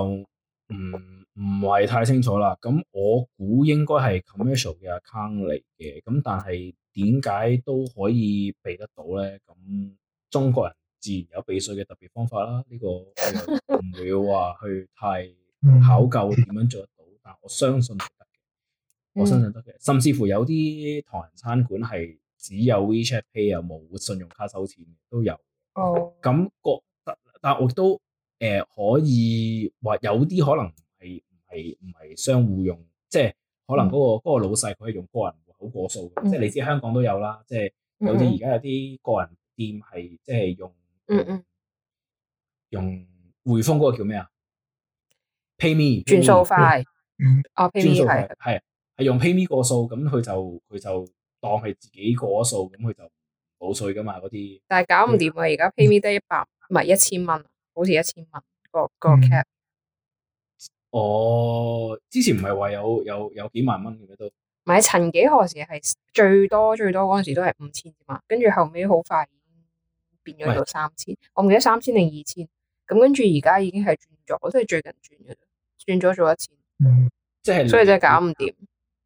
嗯。唔係太清楚啦，咁我估應該係 commercial 嘅 account 嚟嘅，咁但係點解都可以避得到咧？咁中國人自然有避稅嘅特別方法啦，呢、這個我唔會話去太考究點樣做得到， 但我相信得嘅，我相信得嘅，甚至乎有啲唐人餐館係只有 WeChat Pay 又冇信用卡收錢，都有哦。咁覺得，但係我都誒、呃、可以話有啲可能。係唔係相互用？即係可能嗰個個老細佢係用個人戶口過數，即係你知香港都有啦。即係有啲而家有啲個人店係即係用，嗯嗯，用匯豐嗰個叫咩啊？PayMe 轉數快，啊 PayMe 係係用 PayMe 過數，咁佢就佢就當係自己過咗數，咁佢就冇稅噶嘛嗰啲。但係搞唔掂啊！而家 PayMe 得一百，唔係一千蚊，好似一千蚊個個 cap。哦，之前唔係話有有有幾萬蚊嘅都，唔係曾幾何時係最多最多嗰陣時都係五千啫嘛，跟住後尾好快已經變咗到三千，的我唔記得三千定二千，咁跟住而家已經係轉咗，都係最近轉嘅，轉咗做一千，即係、嗯、所以真係搞唔掂，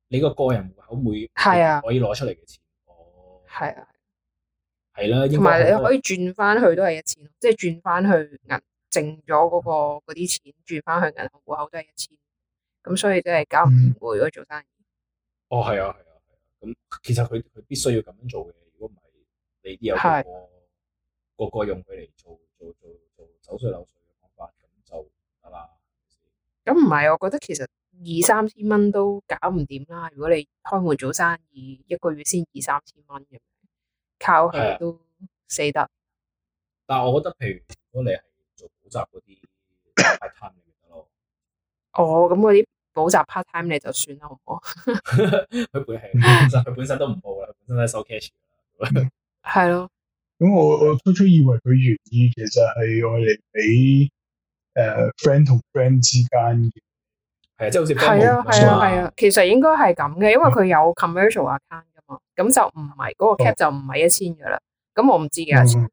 你個個人戶口每係啊，可以攞出嚟嘅錢，的哦，係啊的，係啦，同埋你可以轉翻去都係一千，即係轉翻去銀。剩咗嗰個嗰啲錢，轉翻去銀行戶口都係一千，咁所以真係搞唔掂。如果做生意，哦係啊係啊，啊。咁、啊、其實佢佢必須要咁樣做嘅。如果唔係，你有冇個個用佢嚟做做做做，做，做走稅、漏稅嘅方法咁就得啦。咁唔係，啊、我覺得其實二三千蚊都搞唔掂啦。如果你開門做生意，一個月先二三千蚊咁，靠係都死得。但係我覺得，譬如如果你係。補習嗰啲 part time 你咪得咯，哦，咁嗰啲補習 part time 你就算啦，佢 本身佢本身都唔好嘅，本身都係收 cash，係咯 的。咁我我初初以為佢願意，其實係我哋俾誒 friend 同 friend 之間嘅，係啊，即係好似係啊，係啊，係啊。其實應該係咁嘅，因為佢有 commercial account 噶嘛，咁就唔係嗰個 cap 就唔係一千嘅啦。咁、哦、我唔知嘅，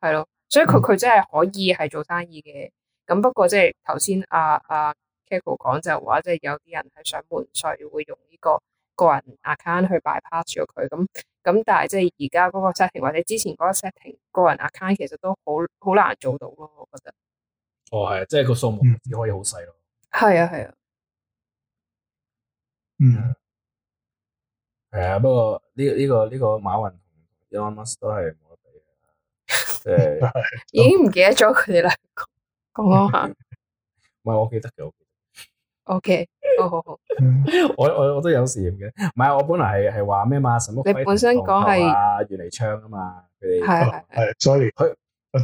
係咯、嗯。所以佢佢真係可以係做生意嘅，咁不過即係頭先阿阿 Kiko 講就話，即係有啲人係上門，所以會用呢個個人 account 去 bypass 咗佢咁咁，但係即係而家嗰個 setting 或者之前嗰個 setting 個人 account 其實都好好難做到咯，我覺得。哦，係啊，即係個數目只可以好細咯。係啊，係啊。嗯。係啊、嗯，不過呢呢個呢個馬雲同 Elon Musk 都係。誒一，已經唔記得咗佢哋啦，講講下。唔係我記得嘅，我記得。O.K.，好好好。我我我都有時驗嘅，唔係我本來係係話咩嘛，你本身講係袁嚟昌啊嘛，佢哋係係，所以佢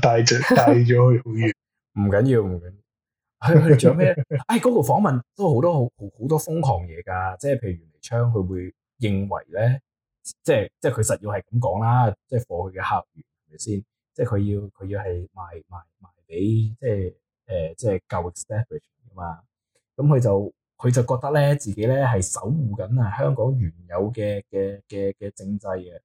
帶咗帶咗去好遠，唔緊要唔緊要。佢哋仲有咩？哎，嗰個訪問都好多好好好多瘋狂嘢㗎，即係譬如袁嚟昌，佢會認為咧，即係即係佢實要係咁講啦，即係課去嘅客源係咪先。即係佢要佢要係賣賣賣俾即係誒、呃、即係舊 establishment 啊嘛，咁佢就佢就覺得咧自己咧係守護緊啊香港原有嘅嘅嘅嘅政制嘅，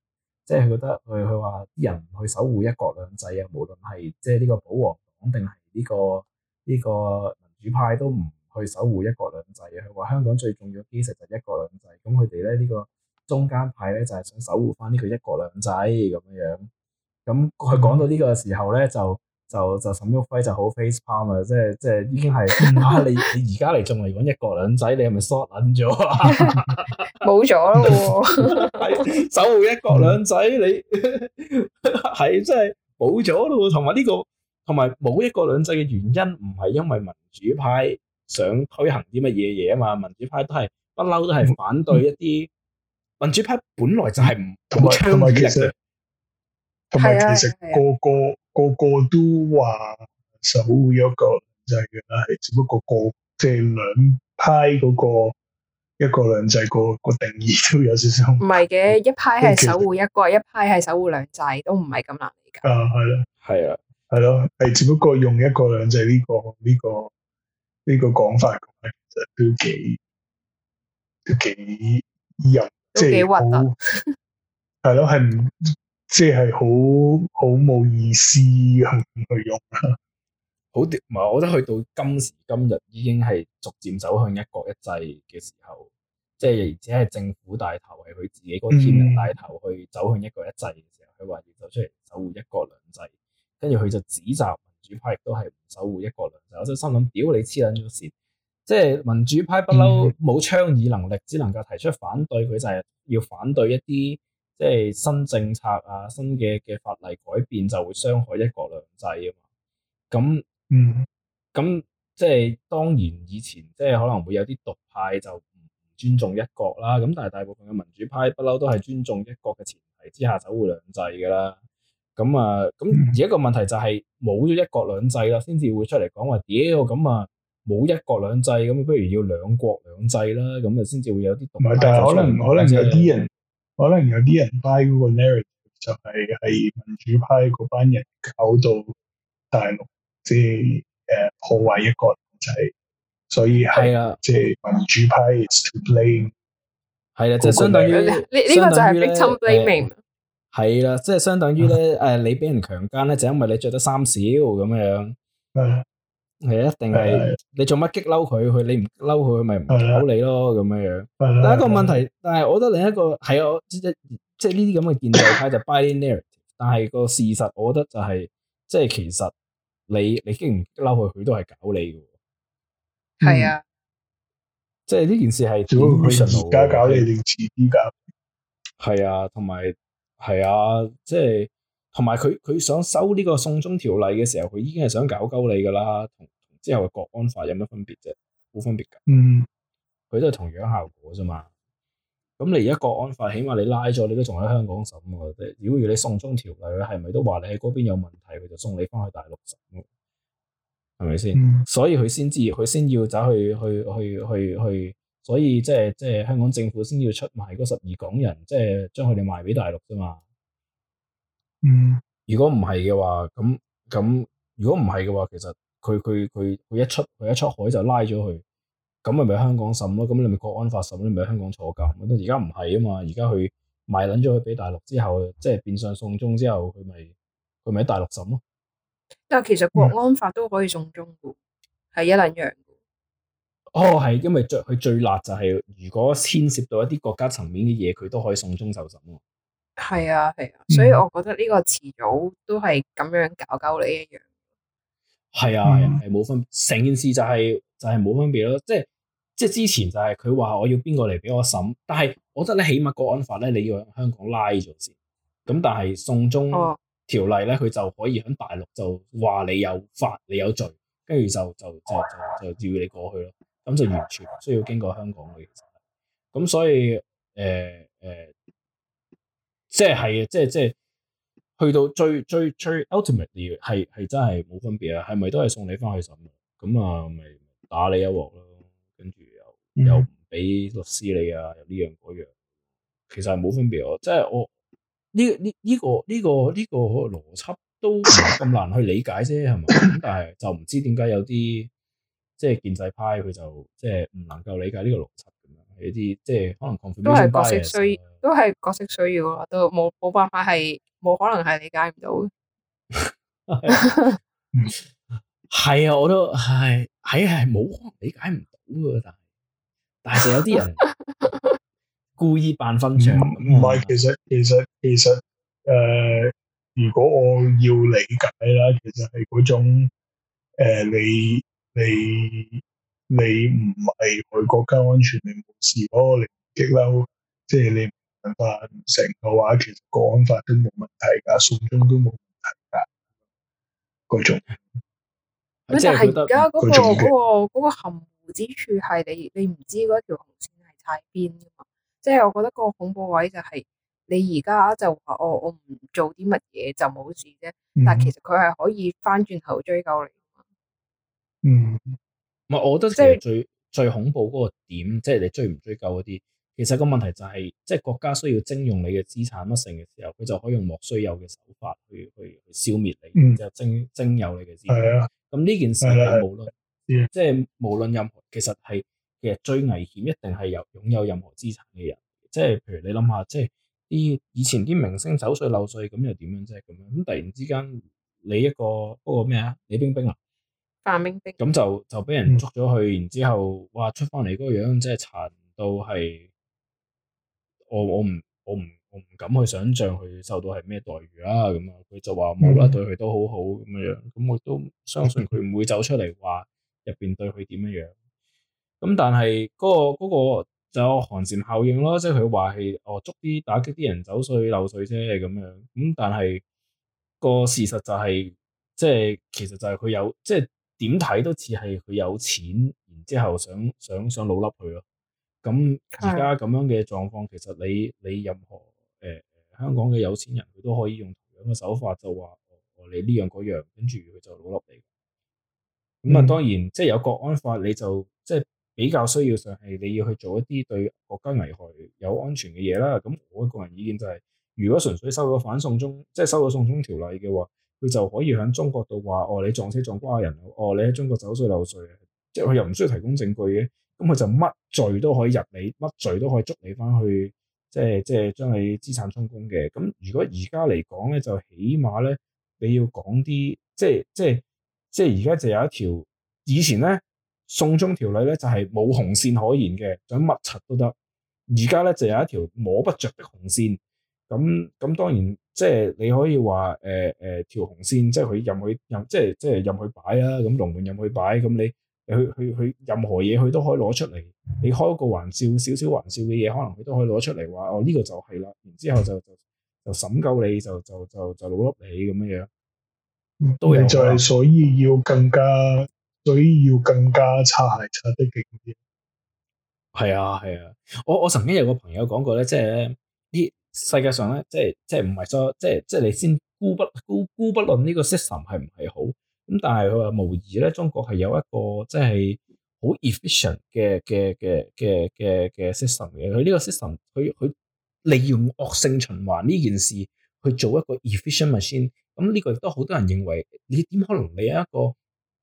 即係佢覺得佢佢話啲人唔去守護一國兩制啊，無論係即係呢個保皇黨定係呢個呢個民主派都唔去守護一國兩制啊。佢話香港最重要嘅基石就係一國兩制，咁佢哋咧呢個中間派咧就係想守護翻呢個一國兩制咁樣樣。咁佢、嗯、講到呢個時候咧，就就就沈旭暉就好 face palm 啊！即係即係已經係 啊！你你而家嚟仲嚟講一國兩制，你係咪 short 揾咗啊？冇咗咯喎！守護一國兩制，你係 真係冇咗咯。同埋呢個同埋冇一國兩制嘅原因，唔係因為民主派想推行啲乜嘢嘢啊嘛！民主派都係不嬲，都係反對一啲民主派，本來就係唔強力。 同埋，其實個個個個都話守護一個兩制嘅啦，係只不過個即係兩派嗰個一個兩制個個定義都有少少唔係嘅，一派係守護一個，一派係守護兩制，都唔係咁難理解。啊，係咯，係啊，係咯，係只不過用一個兩制呢個呢個呢個講法嘅話，其實都幾都幾有即係核突係咯，係。即係好好冇意思啊！去用，好啲唔係，我覺得去到今時今日，已經係逐漸走向一國一制嘅時候，即係而且係政府帶頭，係佢自己嗰天名帶頭去走向一國一制嘅時候，佢話研究出嚟守護一國兩制，跟住佢就指責民主派亦都係唔守護一國兩制。我真心諗，屌你黐捻咗線！即係民主派不嬲冇倡議能力，只能夠提出反對，佢、嗯、就係要反對一啲。即係新政策啊，新嘅嘅法例改變就會傷害一國兩制啊嘛。咁嗯，咁即係當然以前即係可能會有啲獨派就唔尊重一國啦。咁但係大部分嘅民主派不嬲都係尊重一國嘅前提之下就會兩制噶啦。咁啊，咁而一個問題就係冇咗一國兩制啦，先至會出嚟講話，屌。咁啊冇一國兩制，咁不如要兩國兩制啦。咁啊，先至會有啲獨，可能可能有啲人。可能有啲人 buy 嗰個 narrative 就係係民主派嗰班人搞到大陸即係誒破壞一個仔。所以係啦，即係、啊、民主派 to blame 係啦、啊啊，就係、是、相當於呢呢個就係 victim blaming 係啦，即係相當於咧誒你俾人強姦咧，就是 uh, 就是、因為你着得衫少咁樣。 係、啊、一定係、啊、你做乜激嬲佢，佢你唔嬲佢，咪唔搞你咯咁樣樣。啊啊、arrived, 但一個問題，但係我覺得另一個係我即係即係呢啲咁嘅建制派就 binary。It, 但係個事實，我覺得就係、是、即係其實你你激唔激嬲佢，佢都係搞你嘅。係、嗯、啊，即係呢件事係佢而家搞你定遲啲搞？係啊，同埋係啊，即係同埋佢佢想收呢個送中條例嘅時候，佢已經係想搞鳩你噶啦。哎之後嘅國安法有乜分別啫？冇分別噶，嗯，佢都係同樣效果啫嘛。咁你而家國安法，起碼你拉咗，你都仲喺香港審啊。如果要你送中條例，佢係咪都話你喺嗰邊有問題，佢就送你翻去大陸審？係咪先？嗯，所以佢先至，佢先要走去去去去去，所以即係即係香港政府先要出賣嗰十二港人，即係將佢哋賣俾大陸啫嘛。嗯，如，如果唔係嘅話，咁咁如果唔係嘅話，其實。佢佢佢佢一出佢一出海就拉咗佢，咁咪咪香港審咯，咁你咪國安法審咯，咪香港坐監。但而家唔係啊嘛，而家佢賣撚咗佢俾大陸之後，即係變相送中之後，佢咪佢咪喺大陸審咯。但係其實國安法都可以送中嘅，係是一兩樣。哦，係因為最佢最辣就係如果牽涉到一啲國家層面嘅嘢，佢都可以送中就審。係啊係啊，所以我覺得呢個遲早都係咁樣搞搞你一樣。係啊，係冇分別，成件事就係、是、就係、是、冇分別咯。即係即係之前就係佢話我要邊個嚟，俾我審，但係我覺得咧，起碼國安法咧，你要喺香港拉咗先。咁但係送中條例咧，佢就可以喺大陸就話你有法，你有罪，跟住就就就就就，就要你過去咯。咁就完全唔需要經過香港嘅。其實咁所以誒誒、呃呃，即係，係啊，即係即係。去到最最最 ultimately，係係真係冇分別啊！係咪都係送你翻去審啊？咁啊，咪打你一鑊咯，跟住又、嗯、又唔俾律師你啊，又呢樣嗰樣，其實係冇分別啊！即係我呢呢呢個呢、呢個呢、呢個邏輯、呢個、都唔係咁難去理解啫，係咪噉？ 但係就唔知點解有啲即係建制派佢就即係唔能夠理解呢個邏輯。一啲即係可能，都係角色需，都係角色需要咯，都冇冇辦法係冇可能係理解唔到。係啊，我都係係係冇可能理解唔到噶，但係但係仲有啲人故意扮分場。唔係，其實其實其實誒，如果我要理解啦，其實係嗰種誒，你你。你唔危害國家安全，你冇事咯。你唔激嬲，即係你唔犯法成個話，其實國安法都冇問題噶，送中都冇問題噶。嗰種，咁就係而家嗰個嗰、嗰個嗰、嗰個含糊之處係你你唔知嗰條紅線係差邊噶嘛。即係我覺得個恐怖位就係你就就而家就話我我唔做啲乜嘢就冇事啫，嗯、但其實佢係可以翻轉頭追究你。嘛。嗯。唔係，我覺得其實最即係最恐怖嗰個點，即係你追唔追究嗰啲，其實個問題就係，即係國家需要徵用你嘅資產乜剩嘅時候，佢就可以用莫須有嘅手法去去消滅你，就徵徵有你嘅資產。係咁呢件事無論即係無論任何，其實係其實最危險一定係有擁有任何資產嘅人。即係譬如你諗下，即係啲以前啲明星走稅漏稅咁又點樣啫？咁樣咁突然之間，你一個嗰個咩啊？李冰冰啊？咁就就俾人捉咗去，然之後哇出翻嚟嗰個樣，即係殘到係，我我唔我唔我唔敢去想象佢受到係咩待遇、啊、啦。咁啊、嗯，佢就話冇啦，對佢都好好咁樣，咁我都相信佢唔會走出嚟話入邊對佢點樣。咁但係嗰、嗰個嗰、嗰個就有寒蟬效應咯，即係佢話係哦捉啲打擊啲人走稅、漏稅啫咁樣。咁但係個事實就係、是，即係其實就係佢有即係。點睇都似係佢有錢，然之後想想想老笠佢咯。咁而家咁樣嘅狀況，的其實你你任何誒、呃、香港嘅有錢人，佢都可以用同樣嘅手法就，就話我你呢樣嗰樣，跟住佢就老笠你。咁啊，當然、嗯、即係有國安法，你就即係比較需要上係你要去做一啲對國家危害有安全嘅嘢啦。咁我個人意見就係、是，如果純粹收到反送中，即係收到送中條例嘅話。佢就可以喺中國度話：哦，你撞車撞瓜人，哦，你喺中國走水漏稅，即係佢又唔需要提供證據嘅，咁佢就乜罪都可以入你，乜罪都可以捉你返去，即係即係將你資產充公嘅。咁如果而家嚟講咧，就起碼咧，你要講啲，即係即係即係而家就有一條，以前咧送中條例咧就係冇紅線可言嘅，想乜擦都得，而家咧就有一條摸不着的紅線。咁咁當然，即係你可以話誒誒條紅線，即係佢任佢任、就是、即係即係任佢擺啊！咁龍門任佢擺，咁你去去去任何嘢佢都可以攞出嚟。你開個玩笑，少少玩笑嘅嘢，可能佢都可以攞出嚟話哦呢，這個就係啦。然之後就就就審究，你就就就就老笠你咁樣樣。都有。就係所以要更加，所以要更加擦鞋擦得勁啲。係啊係啊，我我曾經有個朋友講過咧，即係咧呢。世界上咧，即係即係唔係咁，即係即係你先估不估估不論呢個 system 係唔係好咁，但係佢話無疑咧，中國係有一個即、e 這個、係好 efficient 嘅嘅嘅嘅嘅嘅 system 嘅。佢呢個 system，佢佢利用惡性循環呢件事去做一個 efficient machine，嗯。咁、這、呢個亦都好多人認為，你點可能你有一個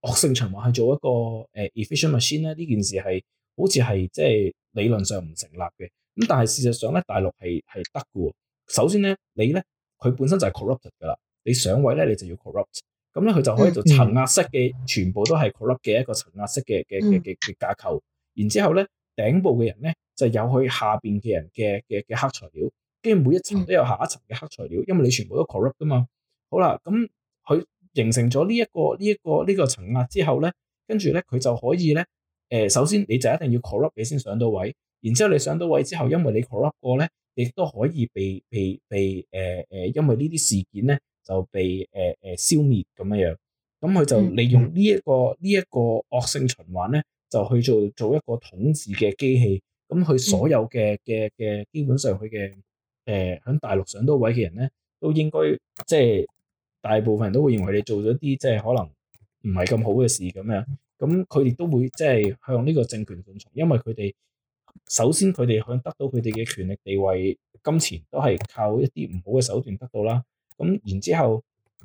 惡性循環去做一個誒、e、efficient machine 咧？呢件事係好似係即係理論上唔成立嘅。咁但係事實上咧，大陸係係得嘅。首先咧，你咧佢本身就係 corrupt 嘅啦。你上位咧，你就要 corrupt。咁、嗯、咧，佢就可以做層壓式嘅，全部都係 corrupt 嘅一個層壓式嘅嘅嘅嘅架構。然之後咧，頂部嘅人咧就有佢下邊嘅人嘅嘅嘅黑材料，跟住每一層都有下一層嘅黑材料，嗯、因為你全部都 corrupt 噶嘛。好啦，咁、嗯、佢形成咗呢一個呢一個、呢個呢、呢個層壓、呢個、之後咧，跟住咧佢就可以咧，誒，首先你就一定要 corrupt，你先上到位。然之後你上到位之後，因為你 corrupt 過咧，亦都可以被被被誒誒，因為呢啲事件咧就被誒誒、呃呃、消滅咁樣樣。咁佢就利用呢一個呢一、嗯、個惡性循環咧，就去做做一個統治嘅機器。咁佢所有嘅嘅嘅基本上佢嘅誒喺大陸上到位嘅人咧，都應該即係大部分人都會認為你做咗啲即係可能唔係咁好嘅事咁樣。咁佢哋都會即係、就是、向呢個政權附從，因為佢哋。首先，佢哋想得到佢哋嘅權力、地位、金錢，都係靠一啲唔好嘅手段得到啦。咁然之後，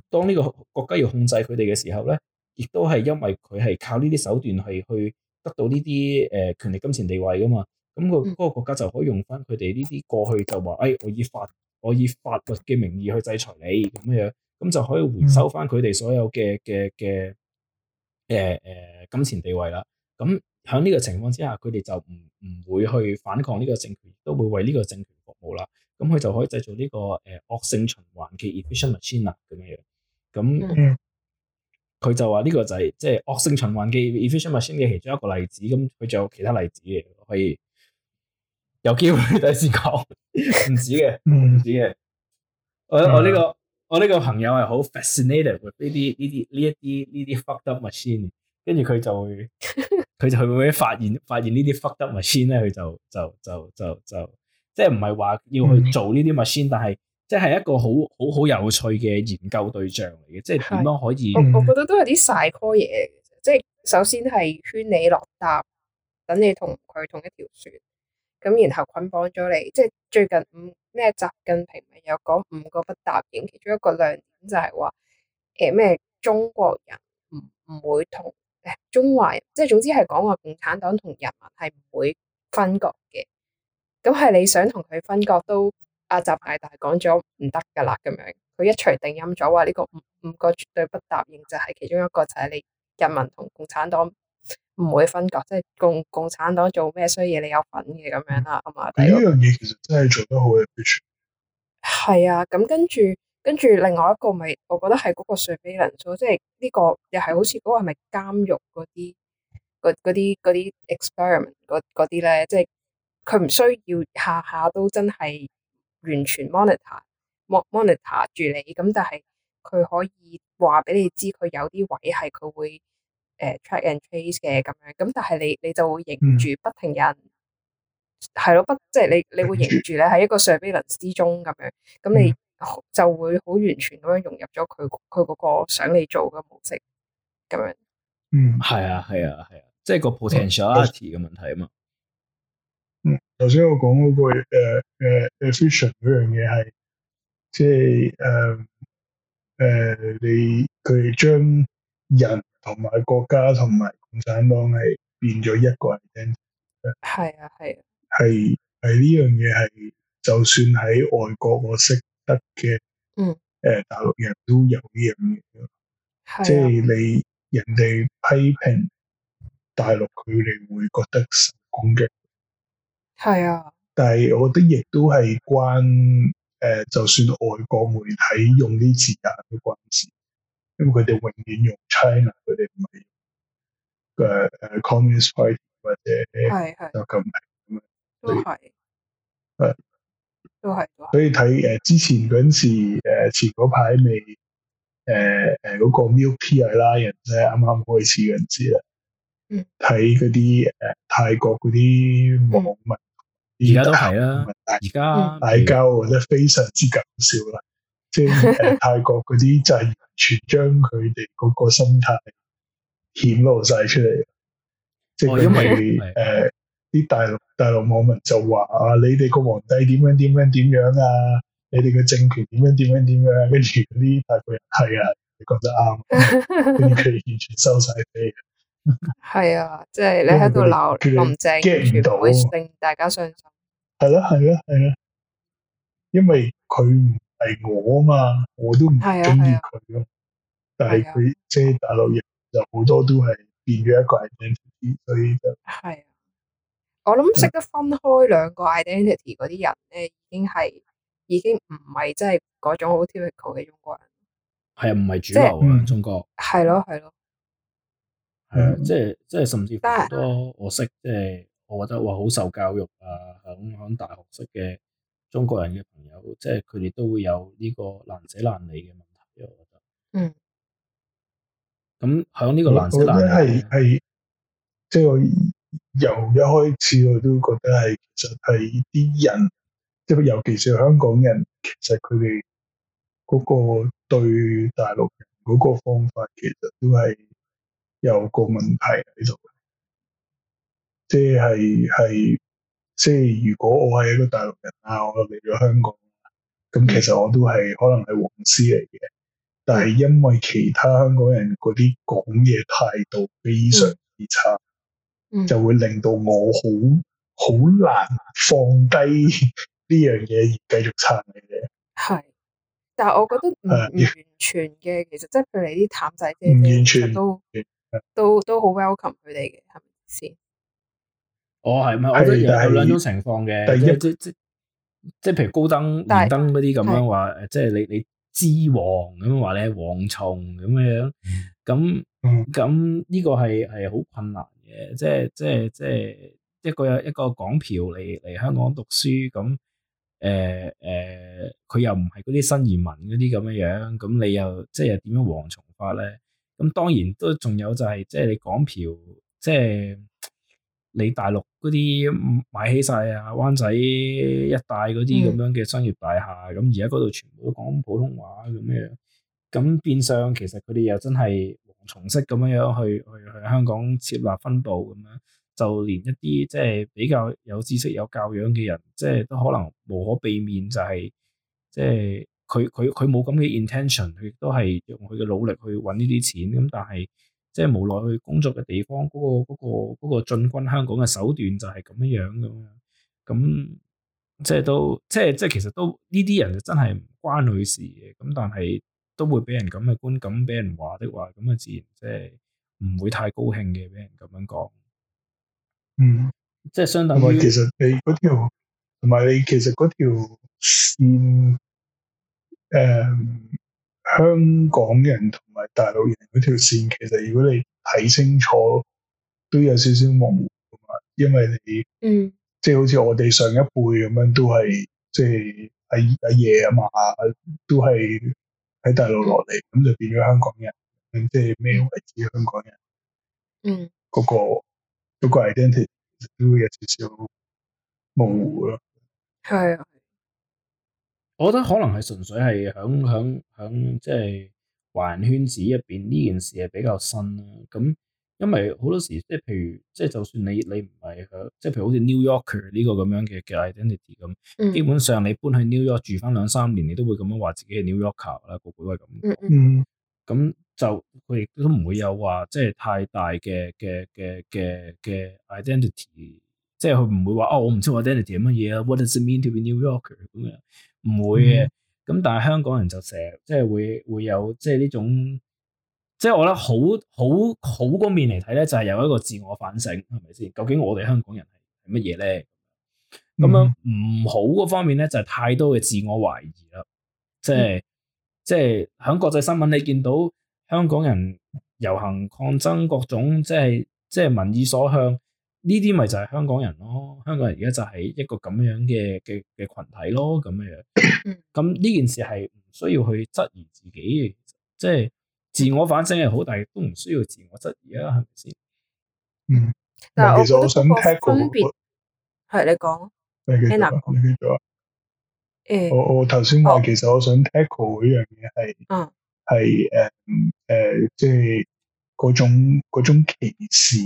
當呢個國家要控制佢哋嘅時候咧，亦都係因為佢係靠呢啲手段係去得到呢啲誒權力、金錢、地位噶嘛。咁個嗰個國家就可以用翻佢哋呢啲過去就話，誒、哎，我以法，我以法律嘅名義去制裁你咁樣，咁就可以回收翻佢哋所有嘅嘅嘅誒誒金錢地位啦。咁。喺呢個情況之下，佢哋就唔唔會去反抗呢個政權，亦都會為呢個政權服務啦。咁佢就可以製造呢、呢個誒、呃、惡性循環嘅 efficient machine 啦、啊、咁樣。咁佢、嗯、就話呢個就係即係惡性循環嘅 efficient machine 嘅其中一個例子。咁佢仲有其他例子嘅，可以有機會第一次講。唔 止嘅，唔止嘅、嗯。我、呢個、我呢個我呢個朋友係好 fascinated with 呢啲呢啲呢一啲呢啲 fucked up machine，跟住佢就會。 佢就佢會,會發現發現呢啲忽德 machine 咧，佢就就就就就,就即係唔係話要去做呢啲 machine 但係即係一個好好好有趣嘅研究對象嚟嘅，即係點樣可以？我我覺得都係啲晒 call 嘢，即係首先係圈你落搭，等你同佢同一條船，咁然後捆綁咗你。即係最近五咩習近平咪有講五個不答應，其中一個亮點就係話誒咩中國人唔唔會同。中華人即係總之係講話共產黨同人民係唔會分割嘅，咁係你想同佢分割都阿習大大講咗唔得噶啦咁樣，佢一錘定音咗話呢個五五個絕對不答應，就係其中一個就係、是、你人民同共產黨唔會分割，即係共共產黨做咩衰嘢你有份嘅咁樣啦，係嘛、嗯？呢樣嘢其實真係做得好嘅，係、嗯嗯、啊，咁跟住。跟住另外一個咪，就是，我覺得係嗰個 surveillance 咯，即係呢個又係好似嗰個係咪監獄嗰啲，嗰啲嗰啲 experiment 嗰嗰啲咧，即係佢唔需要下下都真係完全 monitor，mon monitor 住你，咁但係佢可以話俾你知佢有啲位係佢會誒 track and trace 嘅咁樣，咁但係你你就會凝住不停人，係咯，嗯，不即係，就是、你你會凝住咧喺一個 surveillance 之中咁樣，咁你。嗯嗯就會好完全咁樣融入咗佢佢嗰個想你做嘅模式，咁樣，嗯，係啊，係啊，係啊，即、就、係、是、個 potentiality 嘅、嗯、問題啊嘛。嗯，頭先我講嗰、那個誒誒 efficient 嗰樣嘢係，即係誒誒，uh, uh, 你佢哋將人同埋國家同埋共產黨係變咗一個人聽，係啊，係、啊，係係呢樣嘢係，就算喺外國我識。得嘅，嗯、呃，大陸人都有呢樣嘢咯，啊、即係你人哋批評大陸佢哋會覺得受攻擊嘅，係啊。但係我覺得亦都係關誒、呃，就算外國媒體用呢啲字眼都關事，因為佢哋永遠用 China 佢哋唔係誒誒、uh, Communist Party 或者係係，就咁嚟咁啊，都係係。都係，所以睇誒之前嗰陣時，誒前嗰排未，誒誒嗰個 Milk Tea Alliance 咧，啱啱開始嗰陣時啦，睇嗰啲誒泰國嗰啲網民、嗯，而家都係啦，而家嗌交或者非常之搞笑啦，即係誒泰國嗰啲 就完全將佢哋嗰個心態顯露晒出嚟，即、就、係、是哦、因為誒。呃啲大陸大陸網民就話：啊，你哋個皇帝點樣點樣點樣啊？你哋嘅政權點樣點樣點樣？跟住嗰啲大陸人係啊，你覺得啱？跟住佢完全收晒飛。係 啊，即、就、係、是、你喺度鬧林鄭，激唔到，令 大家相信。係咯，係咯，係啊，啊啊啊啊因為佢唔係我嘛，我都唔中意佢咯。啊啊、但係佢即係大陸人就好多都係變咗一個人。所以就係。我諗識得分開兩個 identity 嗰啲人咧，已經係已經唔係真係嗰種好 typical 嘅中國人。係啊，唔係主流啊，是嗯、中國。係咯，係咯。係啊、嗯，即係即係，甚至乎。好多我識，即係是我，我覺得我好受教育啊，響響大學識嘅中國人嘅朋友，即係佢哋都會有呢個難捨難離嘅問題。我覺得，嗯。咁響呢個難捨難離係係即係。嗯由一開始我都覺得係，其實係啲人，即係尤其是香港人，其實佢哋嗰個對大陸人嗰個方法，其實都係有個問題喺度。即係係，即係如果我係一個大陸人啊，我嚟咗香港，咁其實我都係可能係黃絲嚟嘅，但係因為其他香港人嗰啲講嘢態度非常之差。嗯 Mm hmm. 就會令到我好好難放低呢樣嘢而繼續撐你嘅。係，但係我覺得唔完全嘅，其實即係譬如啲淡仔即唔完全都都都好 welcome 佢哋嘅，係咪先？是是哦，係唔係？我覺得有有兩種情況嘅，即係即即即即譬如高登、大登嗰啲咁樣話，即係的你你知王咁樣話，你係蝗蟲咁樣，咁咁呢個係係好困難。誒，即係即係即係一個一個港漂嚟嚟香港讀書咁，誒誒、嗯，佢、呃、又唔係嗰啲新移民嗰啲咁樣樣，咁你又即係又點樣蝗蟲法咧？咁當然都仲有就係、是、即係你港漂，即係你大陸嗰啲買起晒啊灣仔一帶嗰啲咁樣嘅商業大廈，咁而家嗰度全部都講普通話咁樣，咁變相其實佢哋又真係。重式咁樣樣去去去香港設立分部咁樣，就連一啲即係比較有知識、有教養嘅人，即係都可能無可避免就係即係佢佢佢冇咁嘅 intention，佢亦都係用佢嘅努力去揾呢啲錢。咁但係即係無奈去工作嘅地方，嗰個嗰個嗰個進軍香港嘅手段就係咁樣樣咁，咁即係都即係即係其實都呢啲人就真係唔關佢事嘅。咁但係。都會俾人咁嘅觀感，俾人話的話，咁啊自然即係唔會太高興嘅。俾人咁樣講，嗯，即係相當。同其實你嗰條，同埋你其實嗰條線，誒、呃，香港人同埋大陸人嗰條線，其實如果你睇清楚，都有少少模糊。因為你，嗯，即係好似我哋上一輩咁樣，都係即係阿阿爺啊嘛，都係。喺大陸落嚟，咁就變咗香港人，即係咩位置嘅香港人？嗯，嗰、嗰個嗰個 identity 都有少少模糊啦。係啊的，我覺得可能係純粹係響響響即係環圈子入邊呢件事係比較新啦。咁。因為好多時，即係譬如，即係就算你你唔係響，即係譬如好似 New Yorker 呢個咁樣嘅 identity 咁、嗯，基本上你搬去 New York 住翻兩三年，你都會咁樣話自己係 New Yorker 啦，個個都係咁。嗯咁、嗯、就佢亦都唔會有話，即係太大嘅嘅嘅嘅嘅 identity，即係佢唔會話啊、哦，我唔知 identity 係乜嘢啊，What does it mean to be New Yorker 咁樣？唔會嘅。咁、嗯嗯、但係香港人就成日，即係會會有即係呢種。即係我覺得，好好好嗰面嚟睇咧，就係有一個自我反省，係咪先？究竟我哋香港人係乜嘢咧？咁、嗯、樣唔好嗰方面咧，就係太多嘅自我懷疑啦。即係、嗯、即係喺國際新聞你見到香港人遊行抗爭，各種即係即係民意所向，呢啲咪就係香港人咯？香港人而家就係一個咁樣嘅嘅嘅群體咯，咁樣樣。咁呢 件事係唔需要去質疑自己，嘅，即係。自我反省又好，但亦都唔需要自我質疑啊，係咪先？嗯。但係我覺得個分別係你講，聽啦，我記得。誒，我我頭先話其實我想 tackle 依樣嘢係，嗯，係、呃、誒即係嗰種嗰種歧視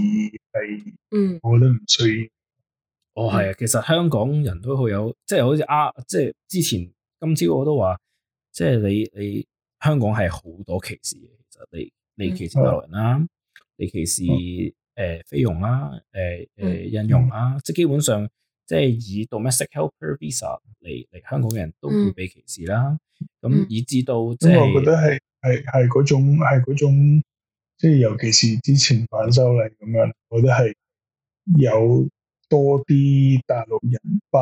係，嗯，我覺得唔需要。嗯、哦，係啊，其實香港人都好有，即係好似啊，即係之前今朝我都話，即係你你，你香港係好多歧視嘅。就嚟嚟歧視大陸人啦，嚟歧視誒菲傭啦，誒誒印傭啦，哦、即係基本上即係以 Domestic helper visa 嚟嚟香港嘅人都會俾歧視啦，咁、嗯、以至到即係、嗯就是、我覺得係係係嗰種係嗰種，即係尤其是之前反修例咁樣，我覺得係有多啲大陸人拜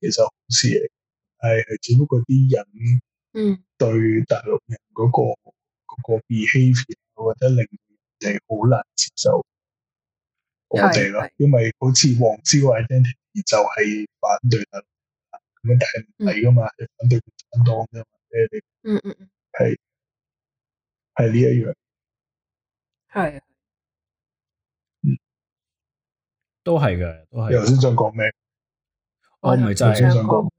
其實好事嚟，係係只不過啲人嗯對大陸人嗰、嗰個。嗯個 b 欺 h 我覺得零地好難接受我哋咯，因為好似黃之 i 就係反對啊，咁樣，但係唔係噶嘛，你、嗯、反對唔正當啫嘛，你嗯的嗯嗯係係呢一樣係都係嘅，都係。頭先想講咩？我唔係就係想講。不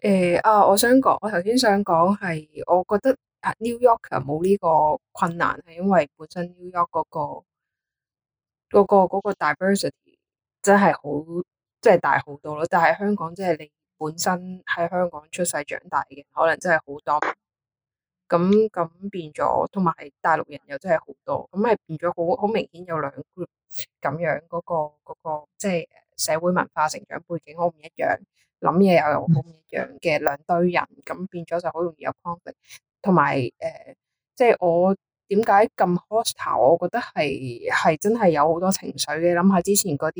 誒啊、uh,！我想講，我頭先想講係，我覺得 New York 冇呢個困難，係因為本身 New York 嗰個嗰、嗰個、嗰個 diversity 真係好，即係大好多咯。但係香港即係你本身喺香港出世長大嘅，可能真係好多咁咁變咗，同埋大陸人又真係好多，咁係變咗好好明顯有兩個咁樣嗰、嗰個嗰、嗰個即係。社會文化成長背景好唔一樣，諗嘢又好唔一樣嘅兩、嗯、堆人，咁變咗就好容易有 conflict。同埋誒，即係我點解咁 hostile？我覺得係係真係有好多情緒嘅。諗下之前嗰啲，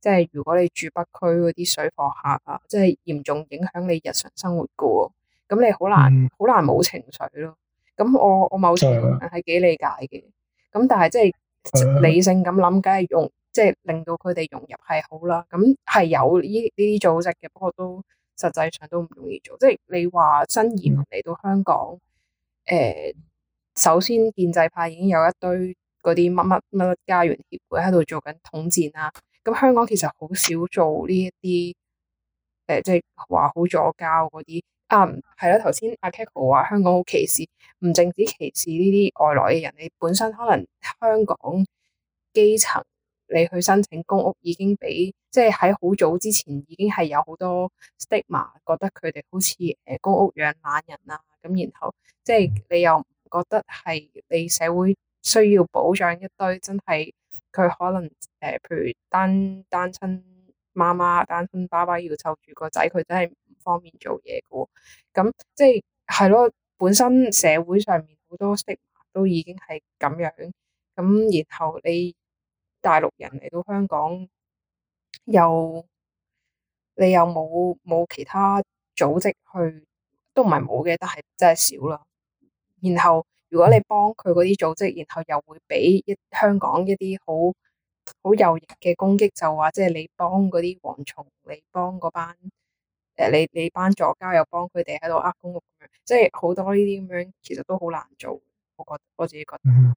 即係如果你住北區嗰啲水貨客啊，即係嚴重影響你日常生活嘅喎。咁你好難好、嗯、難冇情緒咯。咁我我某程度係幾理解嘅。咁、嗯、但係即係、嗯、理性咁諗，梗係用。即係令到佢哋融入係好啦，咁係有呢呢啲組織嘅，不過都實際上都唔容易做。即係你話新移民嚟到香港，誒、呃，首先建制派已經有一堆嗰啲乜乜乜乜家園協會喺度做緊統戰啦。咁香港其實好少做呢一啲誒，即係話好左膠嗰啲。啊、嗯，係咯，頭先阿 Kako 話香港好歧視，唔淨止歧視呢啲外來嘅人，你本身可能香港基層。你去申請公屋已經俾，即係喺好早之前已經係有好多 stigma，覺得佢哋好似誒、呃、公屋養懶人啊。咁然後即係你又覺得係你社會需要保障一堆真係佢可能誒、呃，譬如單單親媽媽、單親爸爸要湊住個仔，佢真係唔方便做嘢嘅喎。咁即係係咯，本身社會上面好多 stigma 都已經係咁樣，咁然後你。大陸人嚟到香港，又你又冇冇其他組織去，都唔係冇嘅，但係真係少啦。然後如果你幫佢嗰啲組織，然後又會俾一香港一啲好好右翼嘅攻擊，就話即係你幫嗰啲蝗蟲，你幫嗰班誒你你班作家又幫佢哋喺度呃公屋，咁樣即係好多呢啲咁樣，其實都好難做。我覺得我自己覺得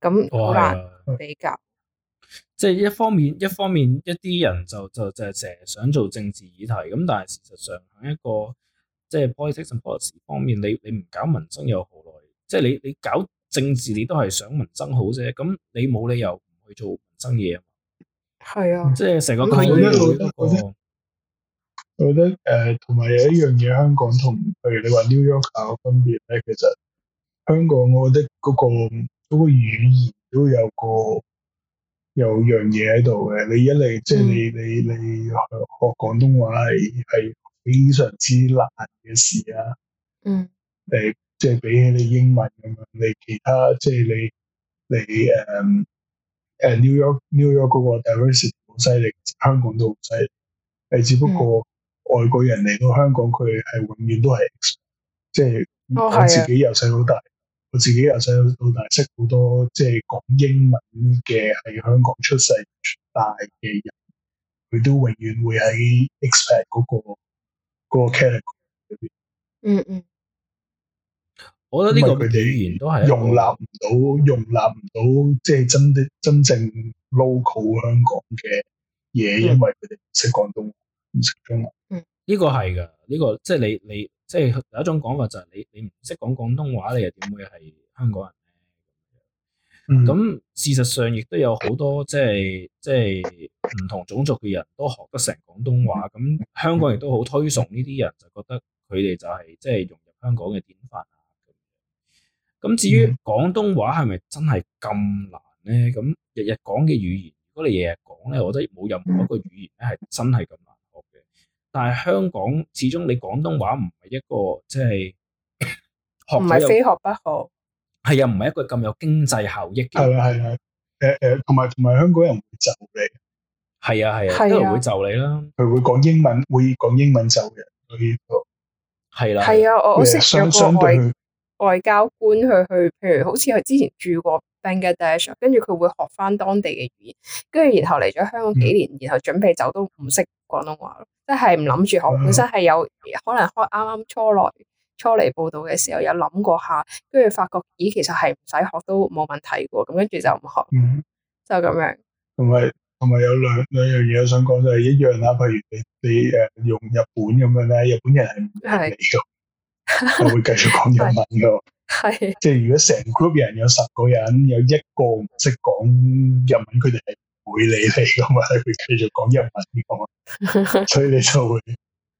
咁好難比較。即係一方面，一方面一啲人就就就成日想做政治議題，咁但係事實上喺一個即係 politics and policy 方面，你你唔搞民生又好耐。即係你你搞政治，你都係想民生好啫。咁你冇理由唔去做民生嘢。嘛？係啊，即係成、那個區。我覺得誒，同埋、呃、有一樣嘢，香港同譬如你話 New York 嘅分別咧，其實香港我覺得嗰、那個嗰、那個語言都有個。有樣嘢喺度嘅，你一嚟即係你你你學學廣東話係係非常之難嘅事啊。嗯，嚟即係比起你英文咁樣，你其他即係、就是、你你誒誒、um, New York New York 嗰個 diversity 好犀利，香港都好犀利。誒，只不過外國人嚟到香港，佢係、嗯、永遠都係即係，佢、就是、自己由細到大。哦。我自己由細到大識好多即係講英文嘅，喺香港出世大嘅人，佢都永遠會喺 expect 嗰、那個嗰、那個 category 入面。嗯嗯，我覺得呢個佢哋語言都係容納唔到、嗯，容納唔到即係真的真正 local 香港嘅嘢，嗯、因為佢哋唔識廣東唔識中文。嗯，呢、這個係㗎，呢、這個即係你你。你即係有一種講法就係你你唔識講廣東話，你又點會係香港人咧？咁、mm hmm. 事實上亦都有好多即係即係唔同種族嘅人都學得成廣東話。咁香港亦都好推崇呢啲人，就覺得佢哋就係、是、即係融入香港嘅典範啊。咁至於廣東話係咪真係咁難咧？咁日日講嘅語言，如果你日日講咧，我覺得冇任何一個語言咧係真係咁難。但係香港始終你廣東話唔係一個即係學唔係非學不可，係啊，唔係一個咁有經濟效益嘅，係啊係啊，誒誒，同埋同埋香港人會就你，係啊係啊，有人會就你啦，佢會講英文，會講英文就嘅，係啦，係啊，我我識有外外交官去去，譬如好似佢之前住過。Bangladesh 跟住佢會學翻當地嘅語言，跟住然後嚟咗香港幾年，嗯、然後準備走都唔識廣東話咯，即係唔諗住學。本身係有可能開啱啱初來初嚟報道嘅時候有諗過下，跟住發覺咦其實係唔使學都冇問題嘅，咁跟住就唔學，嗯、就咁樣。同埋同埋有兩兩樣嘢想講就係、是、一樣啦，譬如你你誒用日本咁樣咧，日本人係唔係你，我是的 會繼續講日文嘅。 係，是即係如果成 group 人有十個人有一個唔識講日文，佢哋係會理你噶嘛？佢繼續講日文呢嘅， 所以你就會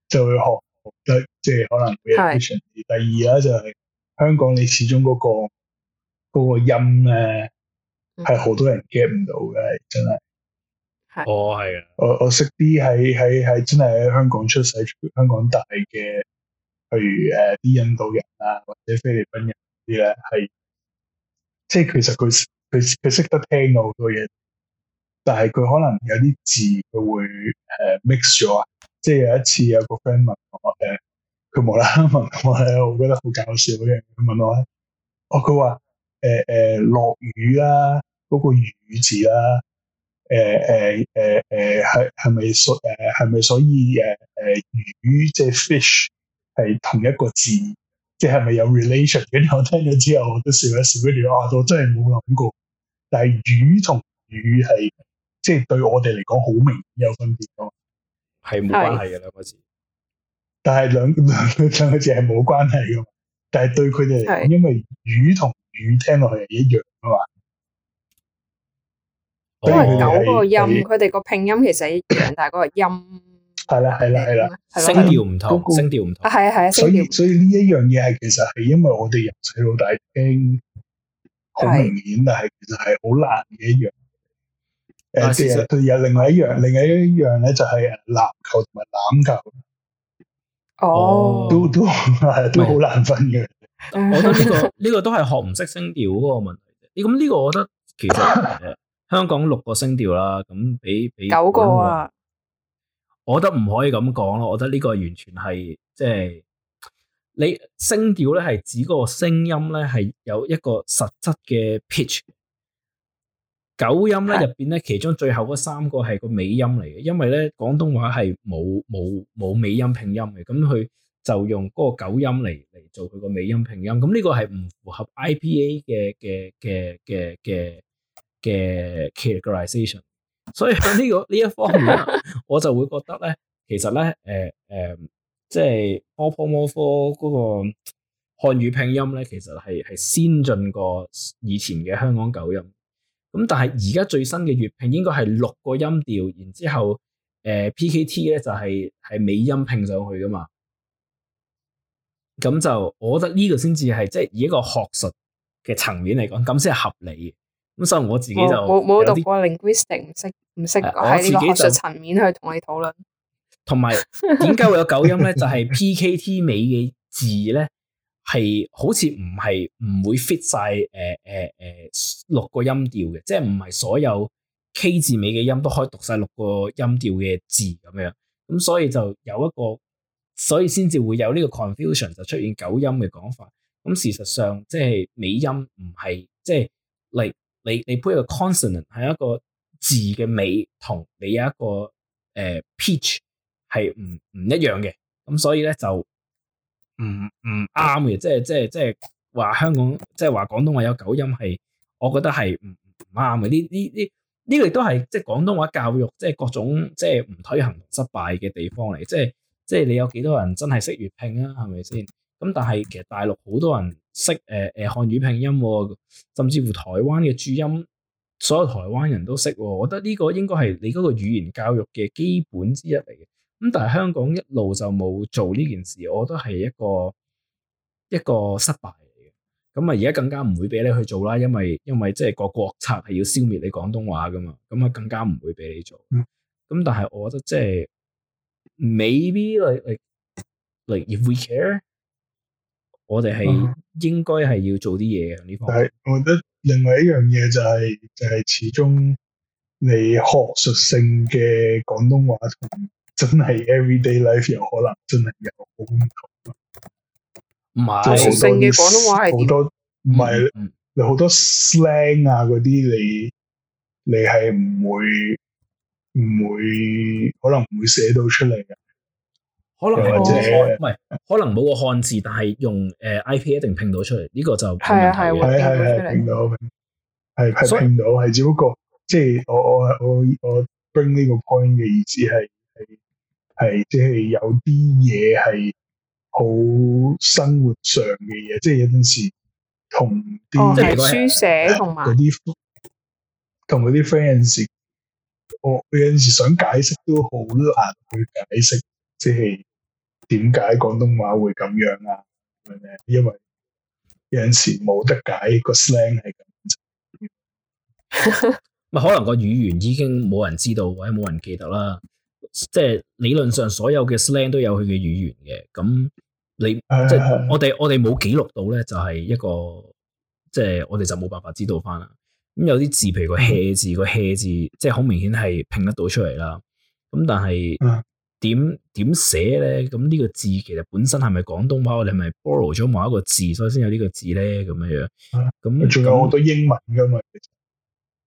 就會學得，即係可能 presentation 是的 第二咧就係、是、香港，你始終嗰、那個、那個音咧係好多人 get 唔到嘅，真係。係是的、oh,。我係，我我識啲喺喺喺真係喺香港出世，香港大嘅，譬如誒啲、呃、印度人啊，或者菲律賓人。係即係，其實佢佢佢識得聽到好多嘢，但係佢可能有啲字佢會誒 mix 咗啊！即係有一次有個 friend 問我誒，佢無啦啦問我咧，我覺得好搞笑嘅。佢問我咧，佢話誒誒落雨啦、啊，嗰、那個雨字啦、啊，誒誒誒誒係係咪所誒係咪所以誒誒魚即係 fish 係同一個字。即係咪有 relation？跟住，我聽咗之後，我都笑一笑，跟住啊，我真係冇諗過。但係魚同魚係，即係對我哋嚟講好明有分別咯，係冇關係嘅兩個字。但係兩兩個字係冇關係嘅，但係對佢哋嚟講，因為魚同魚聽落去係一樣噶嘛。因為九個音，佢哋個拼音其實一樣，但係個音。 係啦，係啦，係啦，聲調唔同，聲調唔同，係啊，係啊。所以，所以呢一樣嘢係其實係因為我哋由細到大聽，好明顯，但係其實係好難嘅一樣。誒，其實佢有另外一樣，另外一樣咧就係籃球同埋籃球。哦，都都係都好難分嘅。我覺得呢個呢個都係學唔識聲調嗰個問題。咦？咁呢個我覺得其實香港六個聲調啦，咁比比九個啊。我覺得唔可以咁講咯，我覺得呢個完全係即係你聲調咧，係指個聲音咧係有一個實質嘅 pitch。九音咧入邊咧，其中最後嗰三個係個尾音嚟嘅，因為咧廣東話係冇冇冇尾音拼音嘅，咁佢就用嗰個九音嚟嚟做佢個尾音拼音。咁呢個係唔符合 IPA 嘅嘅嘅嘅嘅嘅 categorization。 所以喺呢、這個呢一方面，我就會覺得咧，其實咧，誒、呃、誒、呃，即係波波摩科嗰個漢語拼音咧，其實係係先進過以前嘅香港九音。咁但係而家最新嘅粵拼應該係六個音調，然後之後誒、呃、P K T 咧就係係尾音拼上去噶嘛。咁就我覺得呢個先至係即係以一個學術嘅層面嚟講，咁先係合理。咁、嗯、所以我自己就冇冇讀過 linguistic，唔識唔識喺呢個學術層面去同你討論。同埋，點解會有九音咧？就係、是、P K T 尾嘅字咧，係好似唔係唔會 fit 晒，誒誒誒六個音調嘅，即係唔係所有 K 字尾嘅音都可以讀晒六個音調嘅字咁樣。咁所以就有一個，所以先至會有呢個 confusion 就出現九音嘅講法。咁事實上，即係尾音唔係即係嚟。你你配個 consonant 係一個字嘅尾，同你有一個誒 pitch 係唔唔一樣嘅，咁所以咧就唔唔啱嘅，即係即係即係話香港即係話廣東話有九音係，我覺得係唔唔啱嘅。呢呢呢呢個亦都係即係廣東話教育即係各種即係唔推行失敗嘅地方嚟，即係即係你有幾多人真係識粵拼啊，係咪先？咁但係其實大陸好多人識誒誒漢語拼音、哦，甚至乎台灣嘅注音，所有台灣人都識、哦。我覺得呢個應該係你嗰個語言教育嘅基本之一嚟嘅。咁但係香港一路就冇做呢件事，我覺得係一個一個失敗嚟嘅。咁啊，而家更加唔會俾你去做啦，因為因為即係個國策係要消滅你廣東話㗎嘛，咁啊更加唔會俾你做。咁、嗯、但係我覺得即係 maybe like like like if we care。我哋係應該係要做啲嘢嘅，呢方面、嗯，邊但係，我覺得另外一樣嘢就係、是、就係、是、始終你學術性嘅廣東話同真係 everyday life 有可能真係有衝突。是多學術性嘅廣東話係多，唔係你好多 slang 啊、嗰啲，你你係唔會唔會可能唔會寫到出嚟嘅。可能冇，唔係者可能冇個漢字，但係用誒、呃、IP 一定拼到出嚟。呢、這個就係啊，係係、啊、拼到、啊，係係拼到，係得以只不過即係我我我我 bring 呢個 point 嘅意思係係係即係有啲嘢係好生活上嘅嘢，即係有陣時同啲、哦、書寫同埋嗰啲同嗰啲 friend 有陣時，friends, 我有陣時想解釋都好難去解釋，即、就、係、是。點解廣東話會咁樣啊？因為有陣時冇得解個 slang 係咁， 可能個語言已經冇人知道或者冇人記得啦。即係理論上所有嘅 slang 都有佢嘅語言嘅。咁你即係 我哋 我哋冇記錄到咧，就係一個即係我哋就冇辦法知道翻啦。咁有啲字，譬如個 hea 字，個 hea 字即係好明顯係拼得到出嚟啦。咁但係 點點寫咧？咁呢個字其實本身係咪廣東話？我哋係咪 borrow 咗某一個字，所以先有呢個字咧？咁樣樣？咁仲有好多英文噶嘛？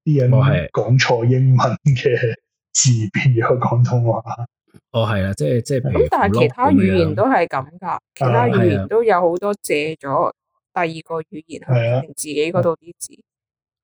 啲人講錯英文嘅字變咗廣東話。哦，係啦、哦哦，即係即係。咁但係其他語言都係咁噶，啊、其他語言都有好多借咗第二個語言嚟、啊、自己嗰度啲字。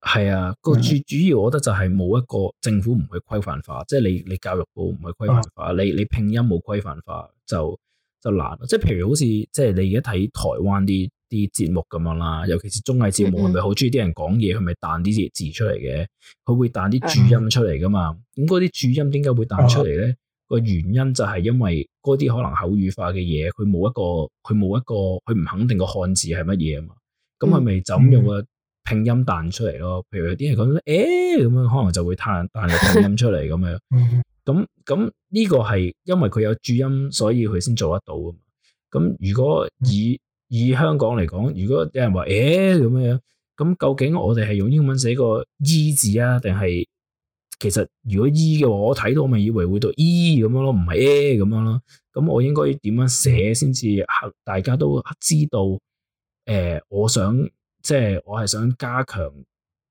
係啊，個最主，主要，我覺得就係冇一個政府唔去規範化，即係你你教育部唔去規範化，你你拼音冇規範化，就就難咯。即係譬如好似即係你而家睇台灣啲啲節目咁樣啦，尤其是綜藝節目，係咪好中意啲人講嘢，佢咪彈啲字出嚟嘅？佢會彈啲注音出嚟噶嘛？咁嗰啲注音點解會彈出嚟咧？個原因就係因為嗰啲可能口語化嘅嘢，佢冇一個佢冇一個佢唔肯定個漢字係乜嘢啊嘛？咁係咪就咁用啊？嗯拼音彈出嚟咯，譬如有啲人講咧，誒、欸，咁樣可能就會彈彈個拼音出嚟咁樣，咁咁呢個係因為佢有注音，所以佢先做得到啊。咁如果以以香港嚟講，如果有人話誒咁樣，咁究竟我哋係用英文寫個 e 字啊，定係其實如果 e 嘅話，我睇到我咪以為會讀 e 咁樣咯，唔係誒咁樣咯，咁我應該點樣寫先至，大家都知道誒、呃，我想。即係我係想加強，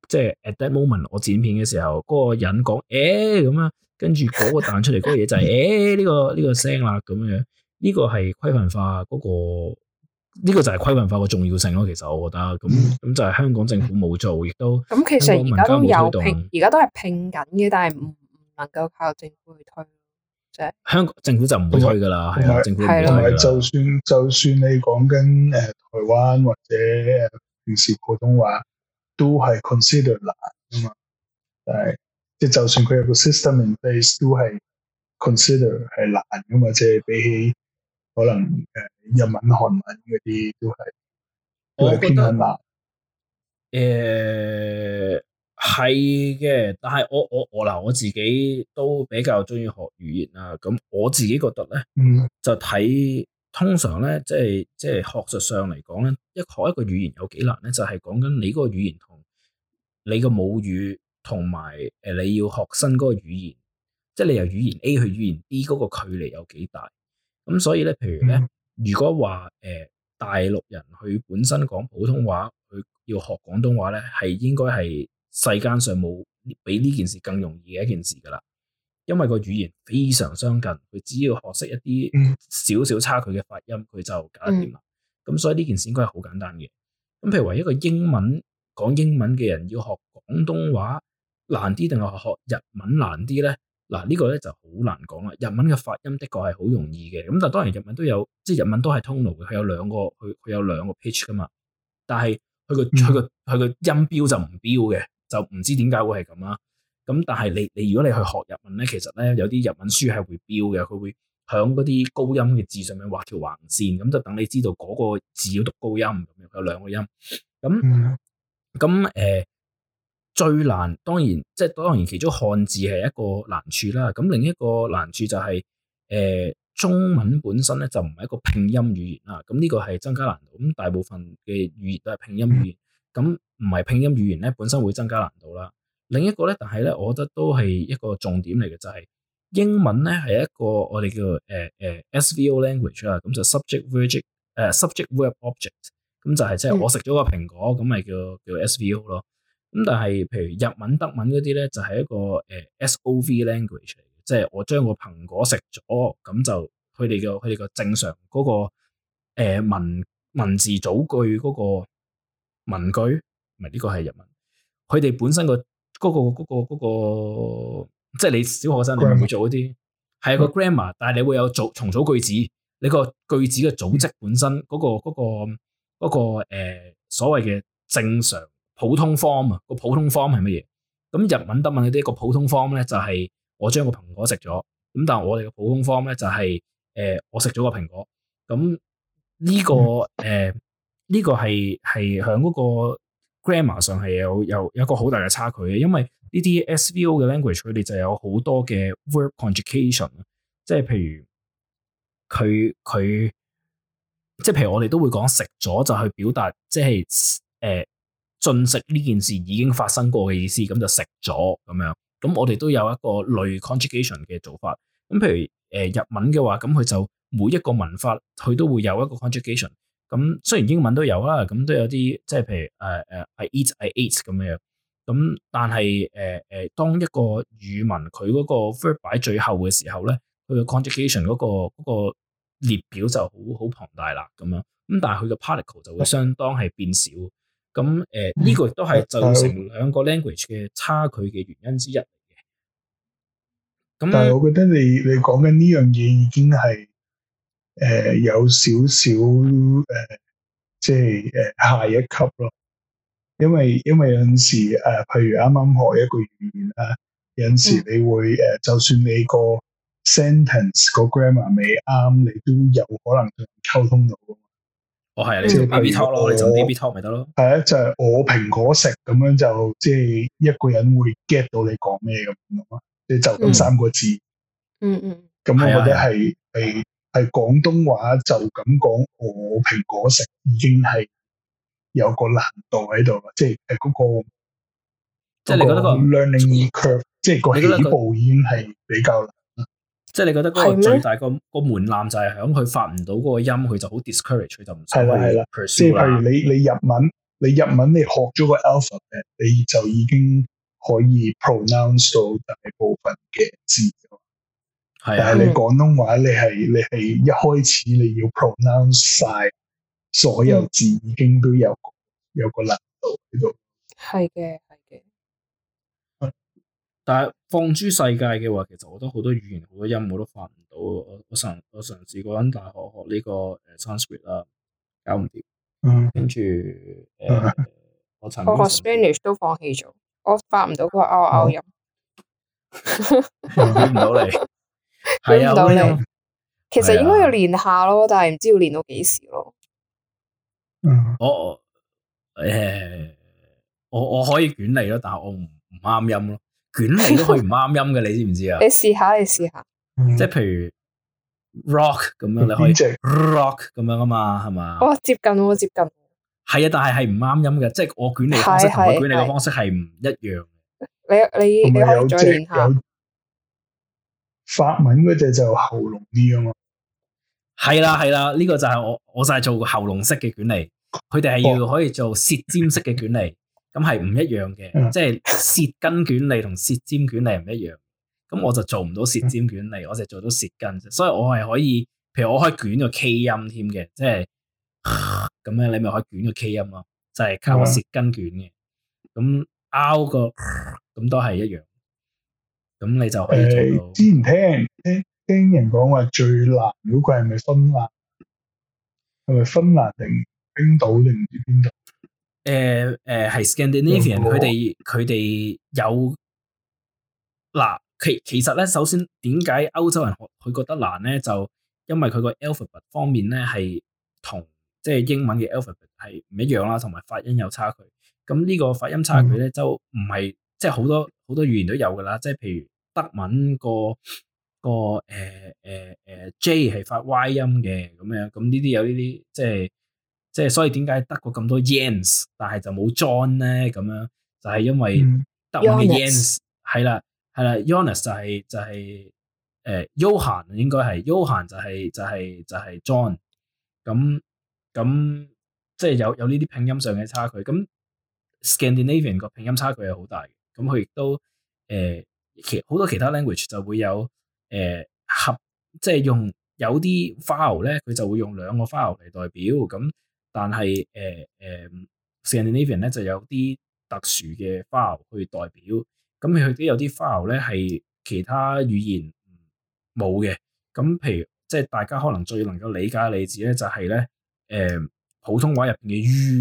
即係 at that moment 我剪片嘅時候，嗰個人講誒咁啊，跟住嗰個彈出嚟嗰個嘢就係誒呢個呢個聲啦，咁樣呢個係規範化嗰個，呢個就係規範化嘅重要性咯。其實我覺得咁咁就係香港政府冇做，亦都咁、嗯、其實而家都有拼，而家都係拼緊嘅，但係唔唔能夠靠政府去推，即係香港政府就唔會推噶啦，嗯、香港政府就唔會推。就算就算你講緊誒台灣或者。平時普通話都係 consider 難噶嘛，誒，即係就算佢有個 system in place 都係 consider 係難噶嘛，即係比起可能誒日文、韓文嗰啲都係都係偏難。誒，係、呃、嘅，但係我我我嗱，我自己都比較中意學語言啊。咁我自己覺得咧，嗯，就睇。通常咧，即係即係學術上嚟講咧，一學一個語言有幾難咧，就係講緊你嗰個語言同你個母語同埋誒你要學新嗰個語言，即係你由語言 A 去語言 B 嗰個距離有幾大。咁所以咧，譬如咧，如果話誒大陸人佢本身講普通話，佢要學廣東話咧，係應該係世間上冇比呢件事更容易嘅一件事㗎啦。因為個語言非常相近，佢只要學識一啲少少差距嘅發音，佢就搞掂啦。咁、嗯、所以呢件事應該係好簡單嘅。咁譬如話一個英文、嗯、講英文嘅人要學廣東話難啲，定係學日文難啲咧？嗱、這個，呢個咧就好難講啦。日文嘅發音的確係好容易嘅，咁但係當然日文都有，即係日文都係通路嘅，佢有兩個，佢佢有兩個 pitch 噶嘛。但係佢個佢個佢個音標就唔標嘅，就唔知點解會係咁啊？咁但係你你如果你去學日文咧，其實咧有啲日文書係會標嘅，佢會響嗰啲高音嘅字上面畫條橫線，咁就等你知道嗰個字要讀高音，咁有兩個音。咁咁誒，最難當然即係當然其中漢字係一個難處啦。咁另一個難處就係、是、誒、呃、中文本身咧就唔係一個拼音語言啦。咁呢個係增加難度。咁大部分嘅語言都係拼音語言，咁唔係拼音語言咧本身會增加難度啦。另一個咧，但係咧，我覺得都係一個重點嚟嘅，就係英文咧係一個我哋叫誒誒 SVO language 啦，咁就 subject verb 誒 subject verb object，咁就係即係我食咗個蘋果，咁咪叫叫 SVO 咯。咁但係譬如日文、德文嗰啲咧，就係一個誒 SOV language 嚟嘅，即係我將個蘋果食咗，咁就佢哋嘅佢哋嘅正常嗰個誒文文字組句嗰個文句，唔係呢個係日文，佢哋本身個。嗰個嗰個嗰個，即係你小學生唔會做嗰啲，係個 grammar，但係你會有組重組句子，你個句子嘅組織本身嗰個嗰個嗰個，呃，所謂嘅正常普通 form 啊，個普通 form 係乜嘢？咁日文德文嗰啲個普通 form 咧，就係我將個蘋果食咗，咁但係我哋嘅普通 form 咧，就係誒我食咗個蘋果，咁呢個誒呢個係係響嗰個。嗯呃這個 Grammar 上係有有一個好大嘅差距嘅，因為呢啲 SVO 嘅 language 佢哋就有好多嘅 verb conjugation，即係譬如佢佢即係譬如我哋都會講食咗就去表達，即係誒進食呢件事已經發生過嘅意思，咁、嗯、就食咗咁樣。咁我哋都有一個類 conjugation 嘅做法。咁、嗯、譬如誒、呃、日文嘅話，咁佢就每一個文法佢都會有一個 conjugation。咁雖然英文都有啦，咁都有啲即係譬如誒誒，I eat I ate 咁樣。咁但係誒誒，當一個語文佢嗰個 verb 擺最後嘅時候咧，佢嘅 conjugation 嗰個嗰個列表就好好龐大啦，咁樣。咁但係佢嘅 particle 就會相當係變少。咁誒呢個亦都係造成兩個 language 嘅差距嘅原因之一嚟嘅。咁但係我覺得你你講緊呢樣嘢已經係。誒、呃，有少少誒，即係誒，下一級咯。因為因為有陣時誒、呃，譬如啱啱學一個語言啦、呃，有陣時你會誒、呃，就算你個 sentence 個 grammar 未啱，你都有可能溝通到。哦、係啊，我係你即係 B B talk 咯，我做 D B talk 咪得咯。係啊，就係、是、我蘋果食咁樣就，就即係一個人會 get 到你講咩咁咯。即係就咁三個字。嗯嗯。咁、嗯嗯嗯、我覺得係係。係廣東話就咁講，我、哦、蘋果食已經係有個難度喺度，即係係嗰個，即係你覺得、那個 learning curve 即係個起步已經係比較難。即係你覺得嗰、那個得最大個個門檻就係響佢發唔到嗰個音，佢嗎就好 discourage，佢就唔使。係啦係啦，即係譬如你你日文，你日文你學咗個 alpha 你就已經可以 pronounce 到大部分嘅字。但係你廣東話，你係你係一開始你要 pronounce 晒所有字，已經都有有個難度。係嘅，係嘅。但係放諸世界嘅話，其實我都好多語言好多音我都發唔到。我我曾我嘗試過喺大學學呢個誒 Sanskrit 啦，搞唔掂。嗯，跟住誒，我曾我學 Spanish 都放棄咗，我發唔到嗰個拗拗音，發唔到嚟。捲啊，到嚟，其實應該要練下咯，啊、但係唔知要練到幾時咯。嗯，我我誒，我我可以捲你咯，但係我唔唔啱音咯，捲你都可以唔啱音嘅， 你知唔知啊？你試下，你試下，嗯、即係譬如 rock 咁樣，你可以 rock 咁樣啊嘛，係嘛？哦，接近，我接近。係啊，但係係唔啱音嘅，即係我捲你嘅方式同佢捲你嘅方式係唔一樣。你你你可唔可以再練下？法文嗰隻就喉嚨啲啊嘛，係啦係啦，呢、啊，這個就係我我就係做喉嚨式嘅捲嚟，佢哋係要可以做舌尖式嘅捲嚟，咁係唔一樣嘅，嗯、即係舌根捲嚟同舌尖捲嚟唔一樣，咁我就做唔到舌尖捲嚟，我就做到舌根，所以我係可以，譬如我可以捲個 K 音添嘅，即係咁樣，呃、你咪可以捲個 K 音咯，就係、是、靠個舌根捲嘅，咁拗、嗯、個咁都係一樣。咁你就可以做到。之前、呃、聽聽聽人講話最難，如果佢係咪芬蘭？係咪芬蘭定冰島定唔知邊度？誒誒，係 Scandinavian，佢哋佢哋有嗱，其其實咧，首先點解歐洲人學佢覺得難咧？就因為佢個 alphabet 方面咧係同即係英文嘅 alphabet 係唔一樣啦，同埋發音有差距。咁呢個發音差距咧，就唔係、嗯、即係好多好多，好多語言都有㗎喇，即係譬如。德文個個誒誒誒 J 係發 Y 音嘅咁樣，咁呢啲有呢啲即係即係，所以點解德國咁多 Yans，但係就冇 John 咧咁樣，就係因為德文嘅 Yans 係啦係啦，Yonas 就係就係誒 Yohan 應該係 Yohan 就係就係就係 John 咁咁，即係有有呢啲拼音上嘅差距，咁 Scandinavian 個拼音差距係好大嘅，咁佢亦都誒。呃其好多其他 language 就會有誒、呃、合，即係用有啲 vowel l 咧，佢就會用兩個 vowel 嚟代表。咁但係誒誒 Scandinavian 咧就有啲特殊嘅 vowel 去代表。咁佢都有啲 vowel l e 咧係其他語言冇嘅。咁譬如即係大家可能最能夠理解嘅例子咧，就係咧誒普通話入邊嘅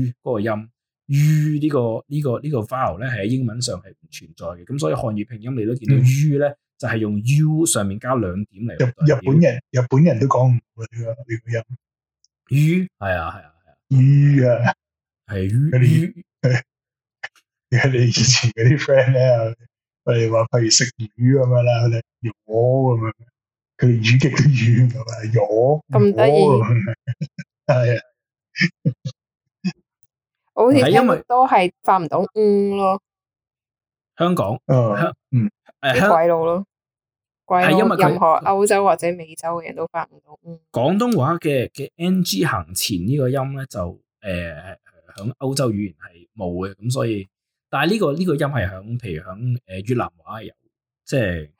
u 嗰個音。於呢個呢個呢個 file 咧，係喺英文上係唔存在嘅，咁所以漢語拼音你都見到於咧，就係用 u 上面加兩點嚟。日本人、日本人都講唔到呢個音。於係啊係啊係啊，於啊係於。而家你以前嗰啲 friend 咧，我哋話譬如食魚咁樣啦，佢哋攞咁樣，佢哋語極啲語咁啊攞。咁得意？係啊。好似音都係發唔到嗯，咯，香港，嗯，誒、嗯，鬼佬咯，鬼佬。係因為任何歐洲或者美洲嘅人都發唔到嗯。廣東話嘅嘅 ng 行前呢個音咧，就誒喺歐洲語言係冇嘅，咁所以，但係呢、呢個呢、呢個音係喺譬如喺誒越南話係有，即、就、係、係、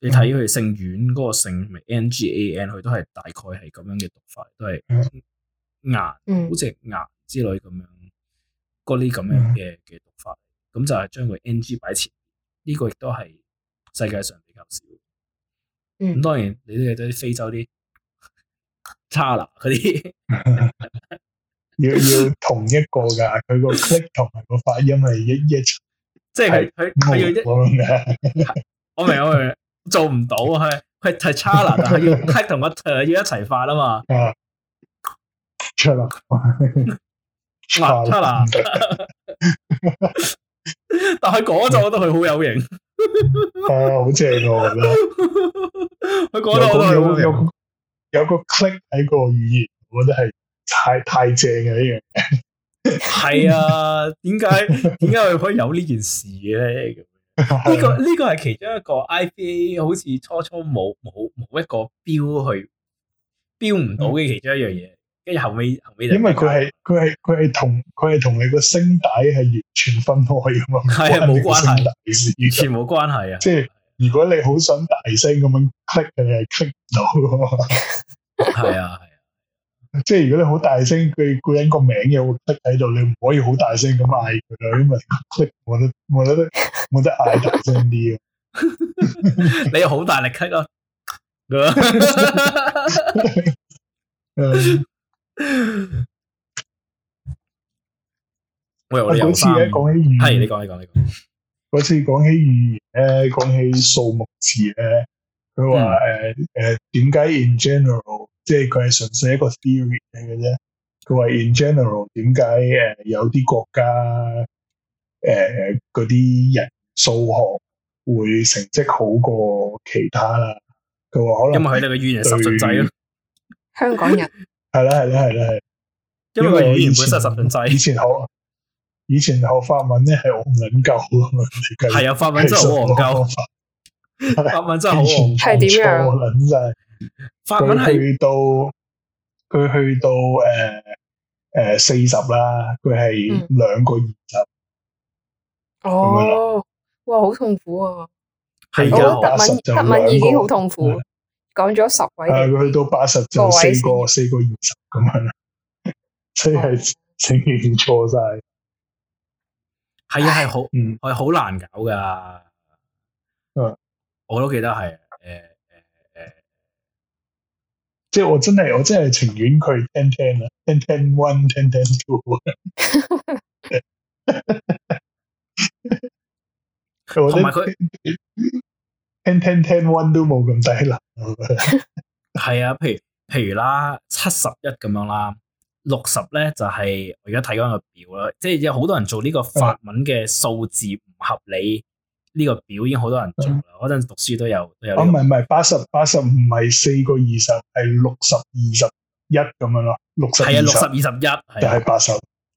你睇佢姓阮嗰個姓咪 ngan，佢都係大概係咁樣嘅讀法，都係牙，嗯、好似牙之類咁樣。嗰啲咁樣嘅嘅讀法，咁就係將佢 ng 擺前，呢個亦都係世界上比較少。咁當然，你哋對啲非洲啲 Chala 嗰啲，要要同一個噶，佢個 click 同埋個發音係一一即係佢佢要一我明我明，做唔到啊！佢佢係 Chala，但係要 click 同個要一齊發啊嘛。啊，出啦。啊！ 但係嗰陣我覺得佢好有型 啊，係好正喎！佢講得佢都好有有個,有個 click 喺個語言，我覺得係太太正嘅呢樣。係 啊？點解點解佢可以有呢件事咧？呢、 啊這個呢、這個係其中一個 IPA 好似初初冇冇冇一個標去標唔到嘅其中一樣嘢。因為後尾後尾，因為佢係佢係佢係同佢係同你個聲底係完全分開噶嘛，係啊的，冇關係，完全冇關係啊！係即係如果你好想大聲咁樣咳，你係咳唔到噶嘛。係啊係啊，即係如果你好大聲佢個人個名又會咳喺度，你唔可以好大聲咁嗌佢，因為咳我都我都我都我得嗌大聲啲啊！ 你好大力咳 l 咯， um, 喂我有我有生。講起語言，係你講，你講，你講。嗰次講起語言咧，講 起數目詞咧，佢話誒誒，點、呃、解 in general，即係佢係純粹一個 theory 嚟嘅啫。佢話 in general，點解誒有啲國家誒嗰啲人數學會成績好過其他啦？佢話可能因為喺你嘅語言習慣制咯，香港人。係啦，係啦，係啦，係，因為我原本係十零制，以前，以前學以前學法文咧，係我唔撚夠。係啊，法文真係好戇鳩， 法文真係好係點樣？法文去到佢去到誒誒四十啦，佢係兩個二十、嗯。哦，哇，好痛苦啊！係我覺得法文已經好痛苦、啊。講咗十位，係佢去到八十就四個四個二十咁樣，呵呵嗯，所以係整完錯晒。係、嗯、啊，係好，唔？係好難搞噶。我都記得係，誒誒誒，呃、即係我真係，我真係情願佢聽聽啊，聽聽 one，聽聽 two。同埋佢，ten ten ten one 都冇咁低啦，係啊，譬如譬如啦，七十一咁樣啦，六十咧，就係我而家睇嗰個表啦，即係有好多人做呢個法文嘅數字唔合理，呢、嗯、個表已經好多人做啦。嗰陣、嗯、讀書都有，都有我唔係八十八十唔係四個二十，係六十二十一咁樣咯，六十係啊六十二十一就係八十，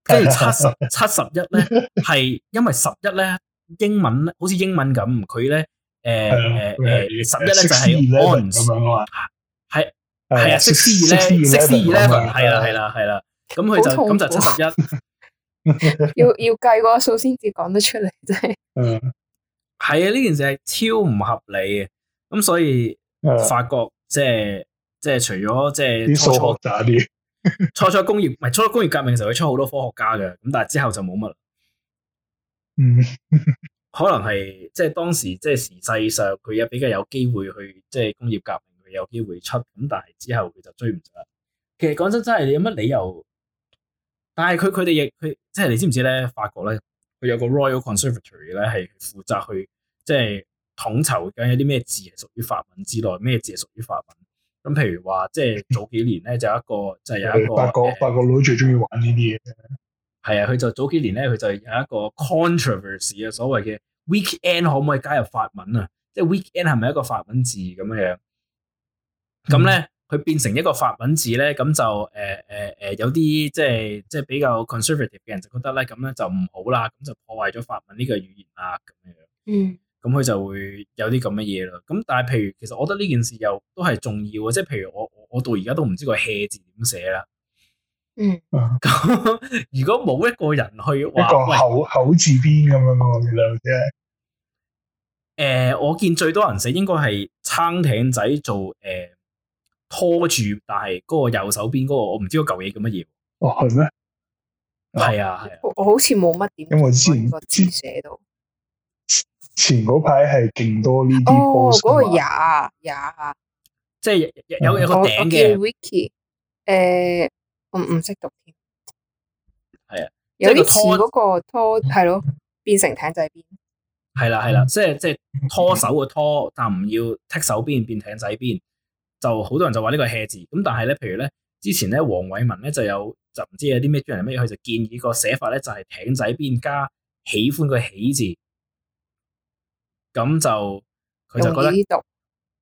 跟住七十七十一咧，係因爲十一咧，英文好似英文咁，佢咧。誒誒十一咧就係 on，係係啊，C C 二咧，C C 二咧，係啦係啦係啦，咁佢就咁就七十一，要要計嗰個數先至講得出嚟，真係，係啊，呢件事係超唔合理嘅，咁所以法國即係即係除咗即係初初打啲，初初工業唔係初初工業革命嘅時候佢出好多科學家嘅，咁但係之後就冇乜，嗯。可能係即係當時即係時勢上佢有比較有機會去即係工業革命，佢有機會出咁，但係之後佢就追唔上。其實講真真係有乜理由？但係佢佢哋亦佢即係你知唔知咧？法國咧，佢有個 Royal Conservatory 咧係負責去即係統籌緊有啲咩字係屬於法文之內，咩字係屬於法文。咁譬如話即係早幾年咧 就有一個就是，有一個法國法國佬最中意玩呢啲嘢。係啊，佢就早幾年咧，佢就有一個 controversy 啊，所謂嘅 weekend 可唔可以加入法文啊？即係 weekend 係咪一個法文字咁樣樣？咁咧、嗯，佢變成一個法文字咧，咁就誒誒誒，有啲即係即係比較 conservative 嘅人就覺得咧，咁咧就唔好啦，咁就破壞咗法文呢個語言啊，咁樣樣。嗯。咁佢就會有啲咁嘅嘢咯。咁但係譬如，其實我覺得呢件事又都係重要啊。即係譬如我我我到而家都唔知、個 hea 字點寫啦。嗯，咁 如果冇一個人去一個口喂口字邊咁樣咯，你兩即誒，我見最多人寫應該係餐艇仔做誒、呃、拖住，但係嗰個右手邊嗰、那個我唔知個舊嘢叫乜嘢，哦，係咩？係 啊，係啊，我好似冇乜點，因為之前之前寫到前嗰排係勁多呢啲，哦，嗰、那個牙牙、yeah, yeah, yeah.，即係有有個頂嘅，誒、嗯。Okay, Wiki, 欸唔唔識讀添，係啊，有啲拖嗰個拖係咯、嗯啊，變成艇仔邊，係啦係啦，即係即係拖手個拖，但唔要踢手邊變艇仔邊，就好多人就話呢個係邪字，咁但係咧，譬如咧，之前咧，黃偉文咧就有就唔知有啲咩專人乜嘢去就建議個寫法咧，就係艇仔邊加喜歡個喜字，咁就佢就覺得呢度，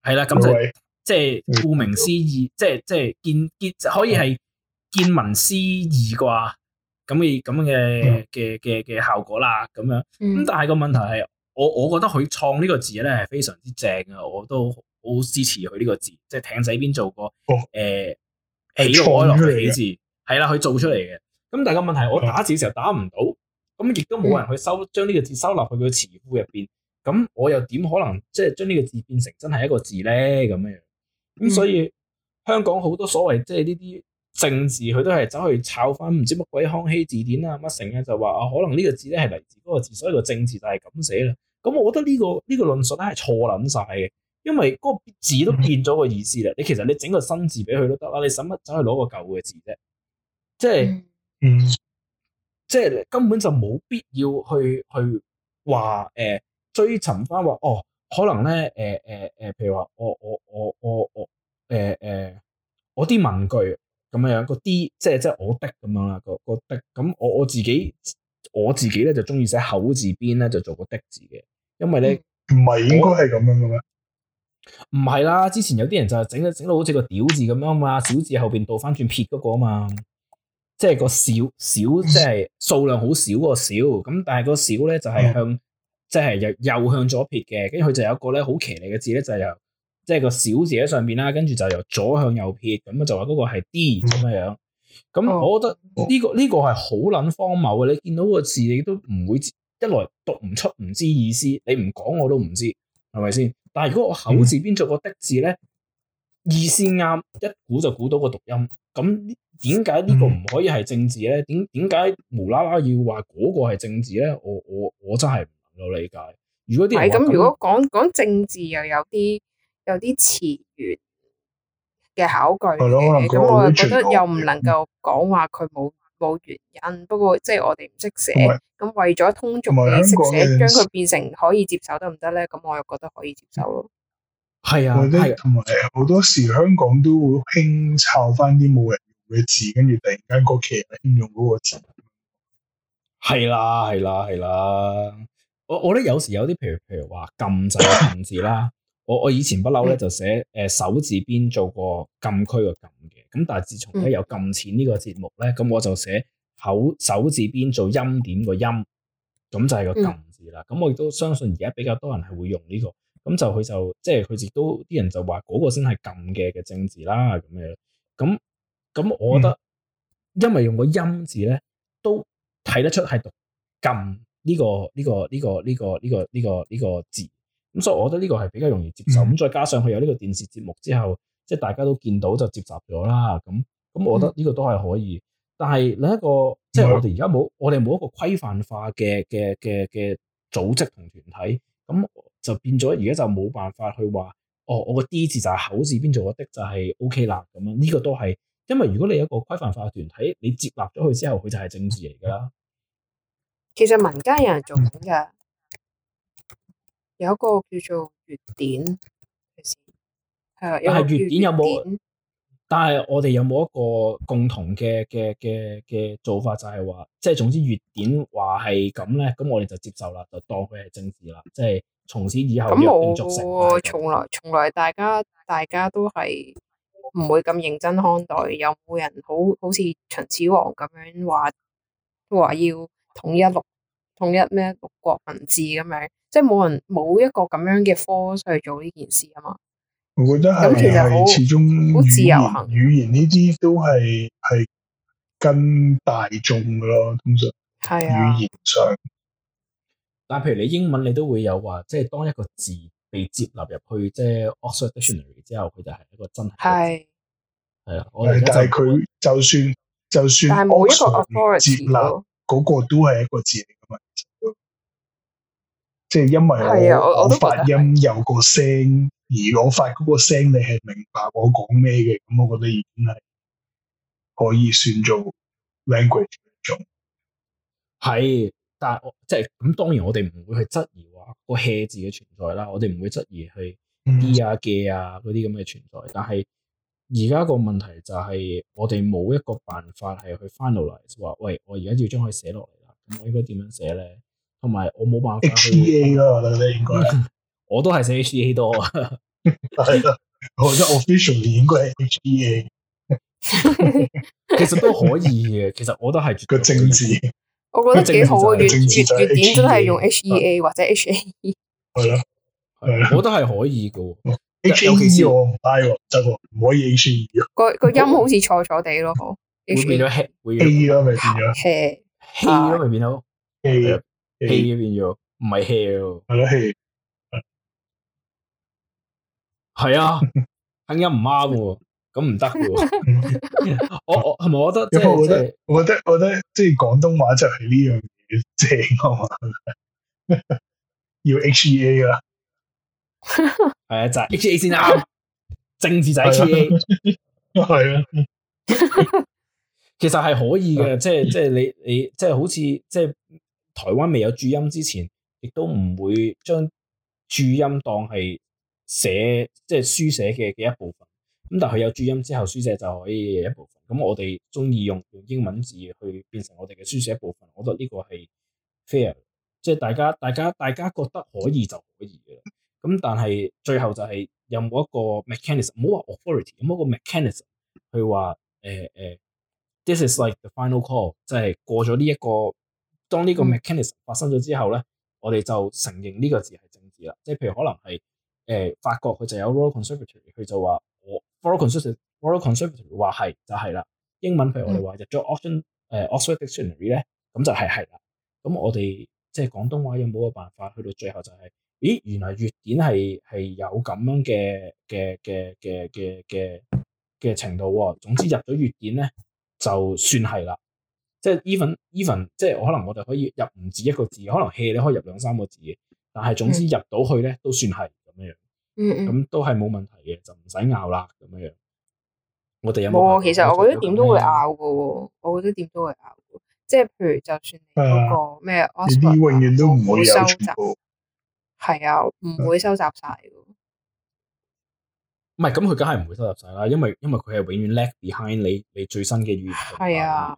係啦，咁、啊、就即係顧名思義，即係即係見見可以係。見聞思義啩，咁嘅咁嘅嘅嘅嘅效果啦，咁樣。咁但係個問題係，我我覺得佢創呢個字咧係非常之正嘅，我都好，好支持佢呢個字。即係艇仔邊做個誒喜怒哀樂嘅喜字，係啦、啊，佢做出嚟嘅。咁但係個問題，我打字嘅時候打唔到，咁亦都冇人去收將呢個字收納去佢嘅詞庫入邊。咁、嗯、我又點可能即係將呢個字變成真係一個字咧？咁樣咁，所以、嗯、香港好多所謂即係呢啲。正字佢都係走去抄翻唔知乜鬼康熙字典啊乜成咧，就話啊可能呢個字咧係嚟自嗰個字，所以個正字就係咁寫啦。咁我覺得呢、呢個呢、呢個論述咧係錯撚晒嘅，因為嗰個字都變咗個意思啦。你、嗯、其實你整個新字俾佢都得啦，你使乜走去攞個舊嘅字啫？即係，嗯、即係根本就冇必要去去話誒、呃、追尋翻話哦，可能咧誒誒誒，譬如話我我我我我誒誒、呃呃、我啲文具。咁樣樣、那個 D，即即我的，即係即係我的咁樣啦，個的。咁我我自己我自己咧就中意寫口字邊咧就做個的字嘅，因為咧唔係應該係咁樣嘅咩？唔係啦，之前有啲人就係整整到好似個屌字咁樣嘛，小字後邊倒翻轉撇嗰個啊嘛，即係個小小，即數少即係數量好少個小咁，但係個小咧、嗯、就係向即係又右向左撇嘅，跟住佢就有一個咧好騎利嘅字咧就又、係。即係個小字喺上邊啦，跟住就由左向右撇，咁啊就話嗰個係 D 咁樣樣。咁我覺得呢、這個呢、這個係好捻荒謬嘅。你見到個字，你都唔會一來讀唔出唔知意思，你唔講我都唔知係咪先。但係如果我口字邊做個的字咧，嗯、意思啱一估就估到個讀音。咁點解呢個唔可以係正字咧？點點解無啦啦要話嗰個係正字咧？我我我真係唔能夠理解。如果啲咁，如果講講正字又有啲。有啲詞語嘅考據嘅，咁我又覺得又唔能夠講話佢冇冇原因。不過即係我哋唔識寫，咁是為咗通俗嘅識寫，將佢變成可以接受得唔得咧？咁我又覺得可以接受咯。係啊，同埋好多時香港都會興抄翻啲冇人用嘅字，跟住突然間個劇人用嗰個字。係啦、啊，係啦、啊，係啦、啊啊。我我覺得有時有啲譬如譬如話禁制、禁制啦。我我以前不嬲咧就寫誒手字邊做過禁區個禁嘅，咁但係自從咧有禁錢呢個節目咧，咁、嗯、我就寫口手字邊做欽點個欽，咁就係個禁字啦。咁我亦都相信而家比較多人係會用呢、這個，咁就佢就即係佢亦都啲人就話嗰個先係禁嘅嘅正字啦。咁樣咁咁，我覺得因為用個音字咧都睇得出係讀禁呢、這個呢、這個呢、這個呢、這個呢、這個呢、這個呢、這個字。咁所以我覺得呢個係比較容易接受，咁、嗯、再加上佢有呢個電視節目之後，即係大家都見到就接集咗啦。咁咁，我覺得呢個都係可以。嗯、但係另一個，即係我哋而家冇，我哋冇一個規範化嘅嘅嘅嘅組織同團體，咁就變咗而家就冇辦法去話，哦，我個 D 字就係口字邊做咗的就係 OK 啦。咁樣呢、呢個都係，因為如果你有一個規範化團體，你接納咗佢之後，佢就係政治嚟噶啦。其實民間有人做緊嘅。嗯有一個叫做粵典」是是，嘅事，係啊，但係粵典」有冇？但係我哋有冇一個共同嘅嘅嘅嘅做法就，就係、是、話，即係總之粵典呢」話係咁咧，咁我哋就接受啦，就當佢係正字啦。即、就、係、是、從此以後，咁冇從來從來，從來大家大家都係唔會咁認真看待。有冇人好好似秦始皇咁樣話都話要統一六統一咩六國文字咁樣？即係冇人冇一個咁樣嘅科去做呢件事啊嘛，我覺得係其實好始終自由行語言呢啲都係係跟大眾噶咯，通常係啊語言上。啊、但譬如你英文，你都會有話，即係當一個字被接納入去即係 Oxford Dictionary 之後，佢就係一個真係係係啦。我但係佢就算就算係冇一個 Oxford 接納嗰，哦、個都係一個字嚟噶嘛。即係因為我，我，我發音有個聲，的而我發嗰個聲，你係明白我講咩嘅，咁我覺得已經係可以算做 language。係，但係我即係咁，當然我哋唔會去質疑話，個 hea 字嘅存在啦，我哋唔會質疑係啲啊、嘅、嗯、啊嗰啲咁嘅存在。但係而家個問題就係，我哋冇一個辦法係去 finalize 話，喂，我而家要將佢寫落嚟啦，咁我應該點樣寫咧？同埋我冇辦法，H E A 咯，我覺得應該，我都係寫 H E A 多，係咯，我即 official 應該係 H E A，其實都可以嘅，其實我都係個政治。我覺得幾好啊，粵粵粵點都係用 H E A 或者 H A E，係啦，係，我都係可以嘅，H A E 我唔得喎，唔可以 H E 啊，個個音好似錯錯地咯，變咗 H A 咯，咪變咗 H，H 咯咪變到 A。A 變咗，唔係 hell，係咯 A，係啊，拼音唔啱喎，咁唔得喎。我我係咪我覺得即係我覺得我覺得即係廣東話就係呢樣嘢正啊要 H E A 啊，係啊，就係 H E A 先啱，正字就 H E A，係啊，其實係可以嘅，即係即係你你即係好似即係。台灣未有注音之前，亦都唔會將注音當係寫即係書寫嘅嘅一部分。咁但佢有注音之後，書寫就可以一部分。咁我哋中意用英文字去變成我哋嘅書寫一部分，我覺得呢個係 fair。即係大家大家大家覺得可以就可以嘅。咁但係最後就係有冇一個 mechanism，唔好話 authority，有冇個 mechanism 佢話誒、誒，this is like the final call，即係過咗呢一個。當呢個 mechanism 發生咗之後咧，我哋就承認呢個字係正字啦。即係譬如可能係誒、呃、法國佢就有 Royal Conservatory 佢就話我 Royal Conservatory Royal Conservatory 話係就係、是、啦。英文譬如我哋話入咗 oxen 誒 Oxford dictionary 咧、就是，咁就係係啦。咁我哋即係廣東話有冇個辦法去到最後就係、是？咦，原來粵典係係有咁樣嘅嘅嘅嘅嘅嘅嘅程度喎、哦。總之入咗粵典咧，就算係啦。即係 even even 即係可能我哋可以入唔止一個字，可能 hea 你可以入兩三個字嘅，但係總之入到去咧都算係咁樣樣，嗯嗯，咁都係冇問題嘅，就唔使拗啦咁樣樣。我哋有冇？其實我覺得點都會拗嘅，我覺得點都會拗。即係譬如就算嗰個咩，永遠都唔會收集，係啊，唔會收集晒嘅。唔係咁，佢梗係唔會收集晒啦，因為因為佢係永遠 lag behind 你你最新嘅語係啊。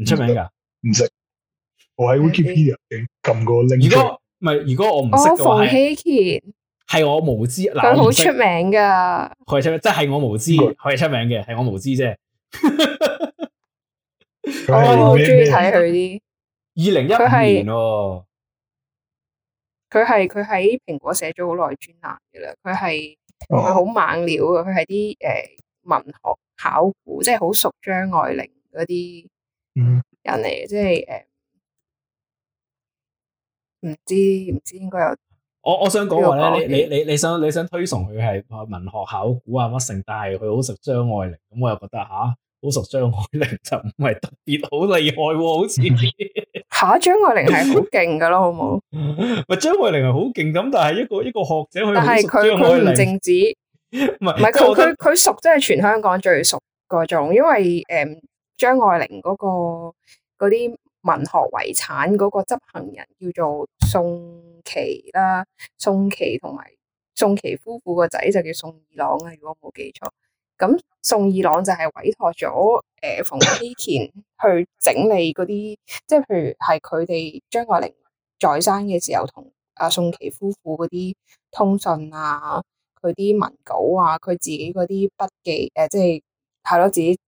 唔出名噶，唔識。我喺 Wikipedia 撳過。如果唔係，如果我唔識，我馮、哦、睎乾係我無知。嗱，佢好出名噶，佢係出名，即、就、係、是、我無知佢係、嗯、出名嘅，係我無知啫。 他是 我都好中意睇佢啲。二零一係，佢係佢喺蘋果寫咗好耐專欄噶啦。佢係佢好猛料噶，佢係啲誒文學考古，即係好熟張愛玲嗰啲。人嚟，即係誒，唔、嗯、知唔知應該有我。我我想講話咧，你你你你想你想推崇佢係文學考古啊乜成但係佢好熟張愛玲，咁我又覺得吓好、啊、熟張愛玲就唔係特別好厲害，好似吓張愛玲係 好勁噶咯，好唔好？咪張 愛玲係好勁咁，但係一個一個學者，去。但係佢佢唔正止，唔係佢佢佢熟，即係全香港最熟嗰種，因為誒。嗯張愛玲嗰、那個嗰啲文學遺產嗰個執行人叫做宋琪啦，宋琪同埋宋琪夫婦個仔就叫宋二郎啊，如果我冇記錯，咁宋二郎就係委託咗誒、呃、馮睎乾去整理嗰啲，即係譬如係佢哋張愛玲在生嘅時候同阿宋琪夫婦嗰啲通訊啊，佢啲文稿啊，佢自己嗰啲筆記誒、呃，即係係咯自己，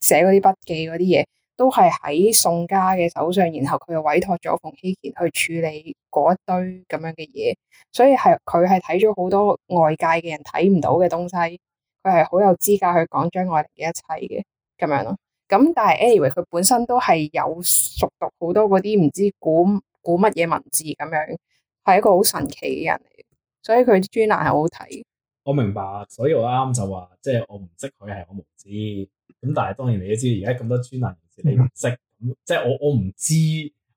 寫嗰啲筆記嗰啲嘢，都係喺宋家嘅手上，然後佢又委託咗馮睎乾去處理嗰一堆咁樣嘅嘢，所以係佢係睇咗好多外界嘅人睇唔到嘅東西，佢係好有資格去講張愛玲嘅一切嘅咁樣咯。咁但係 Anyway，佢本身都係有熟讀好多嗰啲唔知古古乜嘢文字咁樣，係一個好神奇嘅人嚟，所以佢專欄係好好睇。我明白，所以我啱啱就話，即係我唔識佢係我無知，咁但係當然你都知，而家咁多專欄人士你唔識，嗯、即係我我唔知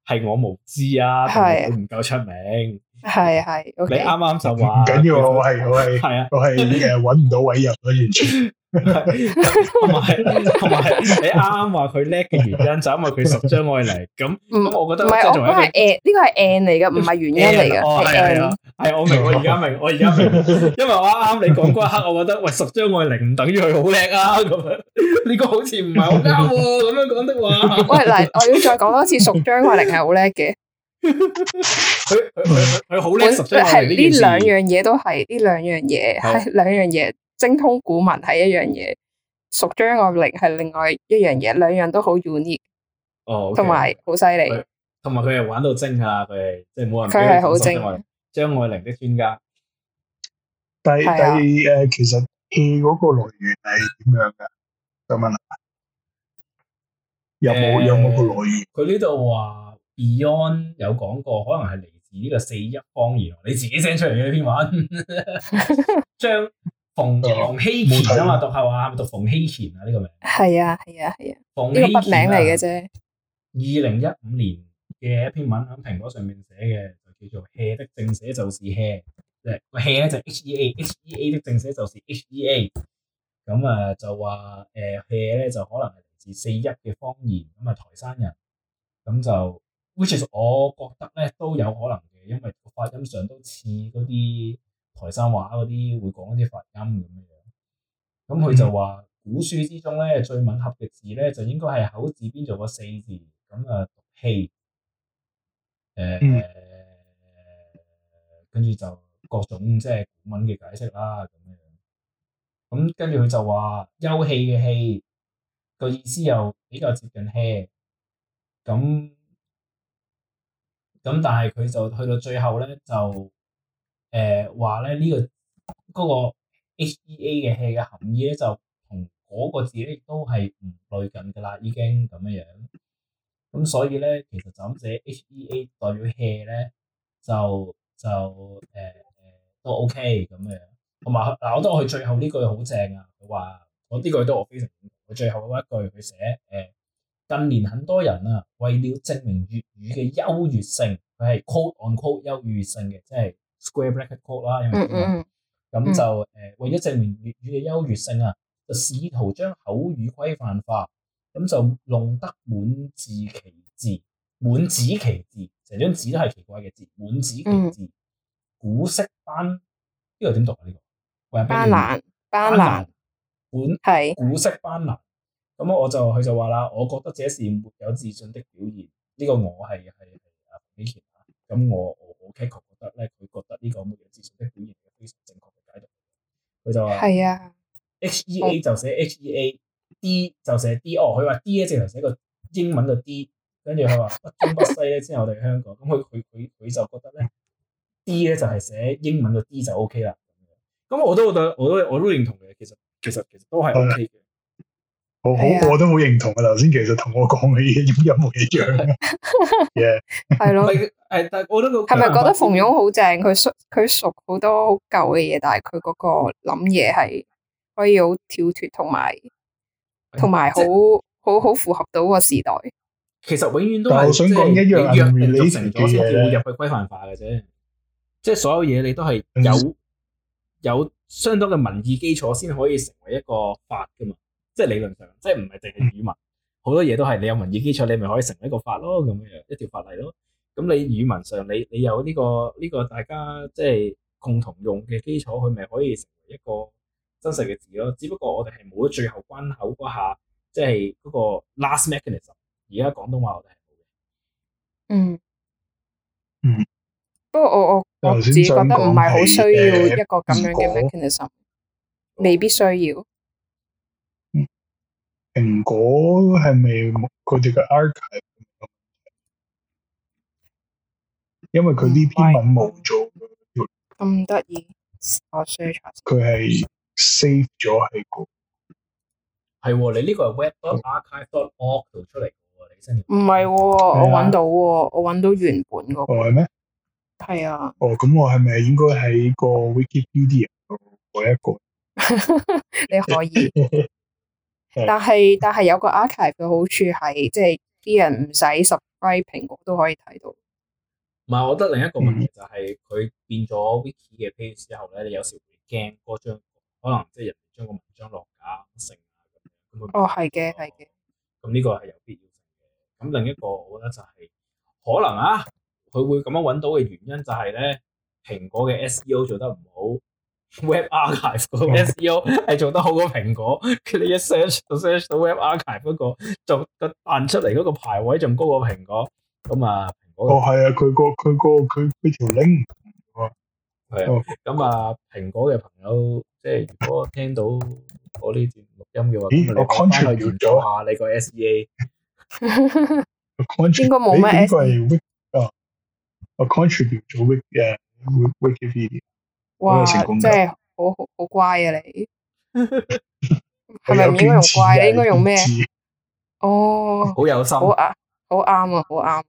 係我無知啊，唔、啊、夠出名，係係，你啱啱就話唔緊要，我係我係，係啊，我係誒揾唔到位啊嗰啲人。 係，同埋，同埋，你啱啱話佢叻嘅原因就因為佢十張愛玲咁，我覺得唔係，我係 A 呢個係 N 嚟嘅，唔係原因嚟嘅。哦，係啊，係我明，我而家明，我而家明，因為我啱啱你講嗰一刻，我覺得喂，十張愛玲唔等於佢好叻啊，咁呢個好似唔係好啱咁樣講的話。喂，嗱，我要再講多次，十張愛玲係好叻嘅，佢佢好叻十張愛玲呢件事。係呢兩樣嘢都係呢兩樣嘢，係兩樣嘢。精通古文係一樣嘢，熟張愛玲係另外一樣嘢，兩樣都好 unique 哦，同埋好犀利，同埋佢係玩到精啊！佢係即係冇人，佢係好精，張愛玲的專家。但第誒、呃，其實佢嗰個來源係點樣噶？想問有冇有冇個來源？佢呢度話 Beyond 有講過，可能係嚟自呢個四一方言，你自己寫出嚟嘅篇文，張 將。 馮睎乾啊嘛，讀係話係咪讀馮睎乾啊？呢、這個名係啊係啊係啊，呢、啊啊啊、個筆名嚟嘅啫。二零一五年嘅一篇文喺蘋果上面寫嘅，就叫做 hea 的正寫就是 hea，即係個 hea 咧，就 hea，hea 的正寫就是 hea。咁啊就話誒 hea 咧，就可能係嚟自四邑嘅方言，咁啊台山人。咁就，which 其實我覺得咧都有可能嘅，因為個發音上都似嗰啲。台山話嗰啲會講一啲發音咁樣，咁佢就話古書之中咧最吻合嘅字咧就應該係口字邊做個四字，咁啊讀氣，誒、呃，嗯、跟住就各種即係古文嘅解釋啦，咁樣，咁跟住佢就話休氣嘅氣個意思又比較接近氣，咁咁但係佢就去到最後咧就。嗯誒話咧呢、這個嗰、那個、H E A 嘅 hea 嘅含義咧，就同嗰個字咧都係唔類近㗎啦，已經咁樣樣。咁、嗯、所以咧，其實就咁寫 H E A 代表 hea 咧，就就誒、呃、都 OK 咁樣。同埋嗱，我覺得佢最後呢句好正啊！佢話我呢句都我非常認同。佢最後嗰一句佢寫誒近年很多人啊，為了證明粵語嘅優越性，佢係 quote on quote 優越性嘅，即係。Square bracket code 啦，咁、嗯嗯、就誒，為咗證明粵語嘅優越性啊，就試圖將口語規範化，咁就弄得滿紙奇字，滿紙奇字，成張紙都係奇怪嘅字，滿紙奇字，嗯、古色斑，呢、這個點讀啊？呢、這個斑斕，斑蘭蘭，蘭本，係是古色斑斕，咁我就佢就話啦，我覺得這是沒有自信的表現，呢、這個我係係誒呢條啊，咁我我我得咧佢覺得呢個乜嘢資訊，即係表現係非常正確嘅解讀。佢就話係啊，H E A 就寫 H E A，D 就寫 D。哦，佢話 D 咧正常寫個英文嘅 D，跟住佢話不中不西咧先。我哋香港咁，佢佢佢佢就覺得咧 D 咧就係寫英文嘅 D 就 O K 啦。咁我都覺得我都我都認同嘅。其實其實其實都係 O K 嘅。我好，我都好認同啊！頭先其實同我講嘅嘢有冇一樣？係咯，係咪覺得馮勇好正？佢熟佢熟好多舊嘅嘢，但係佢嗰個諗嘢係可以好跳脫，同埋同埋好好好符合到個時代。其實永遠都係想講唔一樣嘢，你入你成咗入去規範化嘅啫，即係所有嘢你都係有、嗯、有相當嘅民意基礎先可以成為一個法㗎嘛。即係理論上，即係唔係淨係語文，好、嗯、多嘢都係你有文字基礎，你咪可以成為一個法咯，咁樣一條法例咯。咁你語文上，你你有呢、呢個呢、呢個大家即係共同用嘅基礎，佢咪可以成為一個真實嘅字咯。只不過我哋係冇咗最後關口嗰下，即係嗰個 last mechanism。而家廣東話我哋係冇嘅。嗯嗯。嗯不過我我我自己覺得唔係好需要一個咁樣嘅、嗰個呃呃、mechanism、嗯、未必需要。蘋果係咪佢哋嘅 archive？因為佢呢篇文冇做。咁得意，我佢係 save 咗喺個。係喎、哦，你呢個係 web archive dot org 度出嚟嘅喎，你新。唔係喎，我搵到喎，我搵到原本嗰、嗰個。係咩嗎？係啊。哦，咁我係咪應該喺個 Wikipedia 嗰一個？ 你可以。 但係但係有個 archive 嘅好處係，即係啲人唔使 subscribe 蘋果都可以睇到。唔係，我覺得另一個問題就係、是、佢變咗 wiki 嘅 page 之後咧,你有時會驚嗰張可能即係人哋將個文章落架，成咁哦係嘅係嘅。咁呢個係有必要性嘅。咁另一個我覺得就係、是、可能啊，佢會咁樣搵到嘅原因就係咧，蘋果嘅 SEO 做得唔好。Web archive 個 SEO 係做得好過蘋果，佢哋一 search 到 search 到 Web Archive 嗰個就彈出嚟，嗰個排位仲高過蘋果。咁啊，蘋果哦係啊，佢個佢個佢佢條 link。係啊，咁啊，蘋果嘅朋友，即係如果聽到我呢段錄音嘅話，我翻嚟填咗下你個 SEA，應該冇咩 SEA。我 contribute 到 Wikipedia，Wikipedia。哇即真是係呵好好好乖啊，你係咪唔應該用乖啊？應該、 啊、用咩？哦，好有心，好，好，好啊，好啱啊，好啱啊！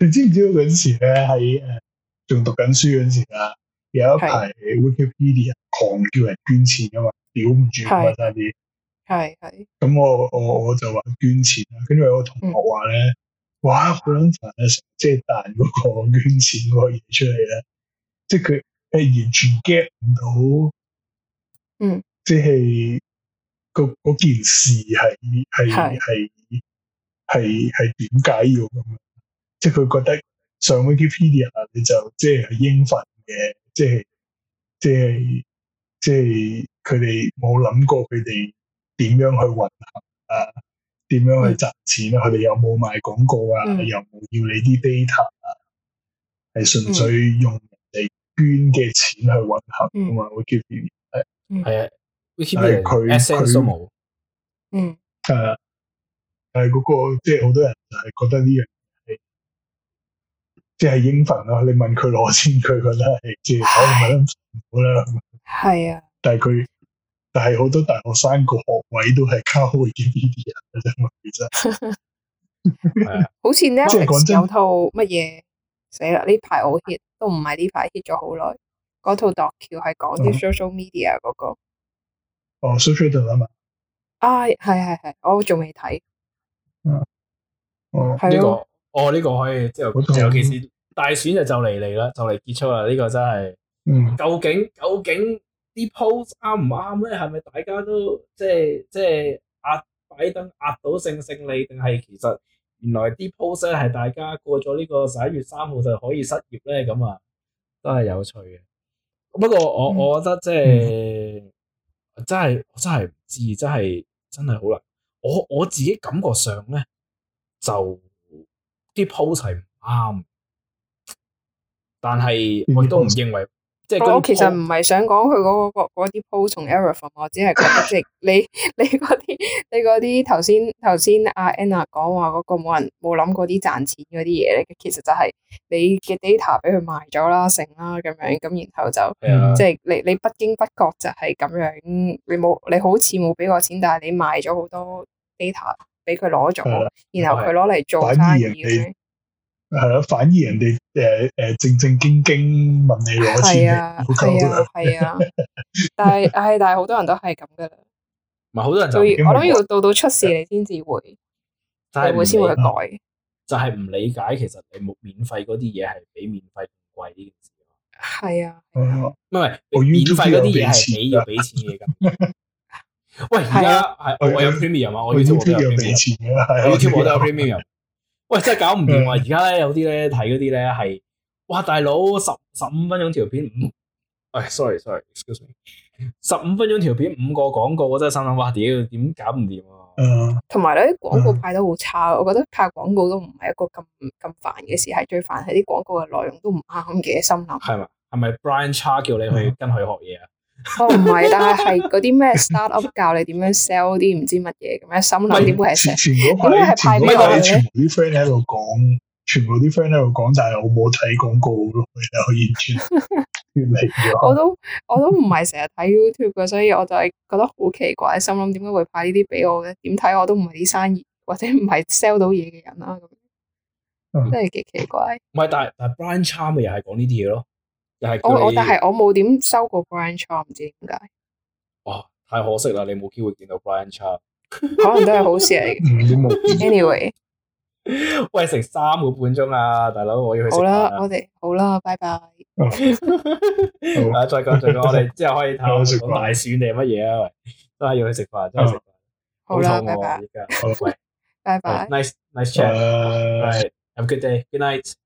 你知唔知嗰陣時咧，喺誒仲讀緊書嗰陣時啊，有一排是 Wikipedia 狂叫人捐錢噶嘛，屌唔住嘛，差啲，係係咁我我我，我就話捐錢啦，跟住我同學話咧，嗯、哇好撚煩啊，即係彈嗰個捐錢嗰個嘢出嚟咧。即係佢係完全 get 唔到，嗯，即係個件事係係係係係點解要咁樣？即係佢覺得上 Wikipedia 你就即係應份嘅，即係即係即係佢哋冇諗過佢哋點樣去運行啊？點樣去賺錢啊？佢哋、嗯、有冇賣廣告啊？又冇、嗯、要你啲 data 啊？係純、嗯、粹用、嗯。嚟捐嘅錢去運行啊嘛，會叫 B B 係係啊，係佢佢嗯係啊，但係嗰個即係好多人就係覺得呢樣係，即係應份咯。你問佢攞錢，佢覺得係即係好唔好啦。係啊，但係佢但係好多大學生個學位都係靠依呢啲人其實好似 Netflix 有套乜嘢？死啦！呢排好 hit，都唔係呢排 hit 咗好耐，嗰套《奪橋》係講啲 social media 嗰個。哦，social media 嘛。啊，係係係，我仲未睇。哦，呢個，哦呢個可以，即係嗰套，尤其是大選就嚟嚟啦，就嚟結束啦，呢個真係。嗯。究竟究竟啲 post 啱唔啱咧？係咪大家都即係即係壓拜登壓到勝勝利，定係其實？原來啲 post 咧，係大家過咗呢個十一月三號就可以失業咧，咁啊都係有趣嘅。不過我我覺得即係嗯嗯、真係真係唔知，真係真係好難。我我自己感覺上咧就啲 post 係唔啱，但係我都唔認為。嗯嗯嗯我其實唔係想講佢嗰個啲 post 同 error 我只係覺得即係你 你嗰啲你啲頭先頭先阿 Anna 講話嗰、嗰個冇人冇諗過啲賺錢嗰啲嘢咧，其實就係你嘅 data 俾佢賣咗啦，成啦咁樣，咁然後就的、嗯、即係你你不經不覺就係咁樣，你冇你好似冇俾過錢，但係你賣咗好多 data 俾佢攞咗，的然後佢攞嚟做生意。係咯，反而人哋誒誒正正經經問你攞錢嘅，係啊，係啊，但係，唉，但係好多人都係咁噶啦。唔係好多人就我諗要到到出事你先至會，但係會先會改。就係唔理解，其實你冇免費嗰啲嘢係比免費貴呢件事。係啊，唔係免費嗰啲嘢係你要俾錢嘅。喂，而家係我有 premium 啊嘛，我 YouTube 又俾錢係啊我都有 premium。喂，真係搞唔掂啊！而家咧有啲咧睇嗰啲咧係，哇大佬，十十五分鐘條片五，誒、哎、sorry sorry excuse me，十五分鐘條片五個廣告，我真係心諗，哇屌點搞唔掂啊！嗯，同埋咧啲廣告派得好差，我覺得拍廣告都唔係一個咁咁煩嘅事，係最煩係啲廣告嘅內容都唔啱，嘅，心諗係咪係咪 Brian Charr 叫你去跟佢學嘢？啊？嗯嗯我唔係，但係係嗰啲咩 startup 教你點樣 sell 啲唔知乜嘢咁樣，心諗點會係？全部啲係派俾我全部啲 friend 喺度講，全部啲 friend 喺度講，但係我冇睇廣告咯，完全 我都我都唔係成日睇 YouTube 嘅，所以我就係覺得好奇怪，心諗點解會派呢啲俾我嘅？點睇我都唔係啲生意或者唔係 sell 到嘢嘅人啦，咁、嗯、真係幾奇怪。唔係，但係但係 Brian Chan 咪又係講呢啲嘢咯。但係我冇點收過 Brian Chow，唔知點解。哇，太可惜啦！你冇機會見到 Brian Chow，可能都係好事嚟嘅。Anyway，喂，成三個半鐘啦，大佬，我要去食飯啦。我哋好啦，拜拜。好啦，再講再講，我哋之後可以探討大選定乜嘢啊？都係要去食飯，真係食飯。好啦，拜拜。拜拜。Nice，nice chat。Have a good day. Good night.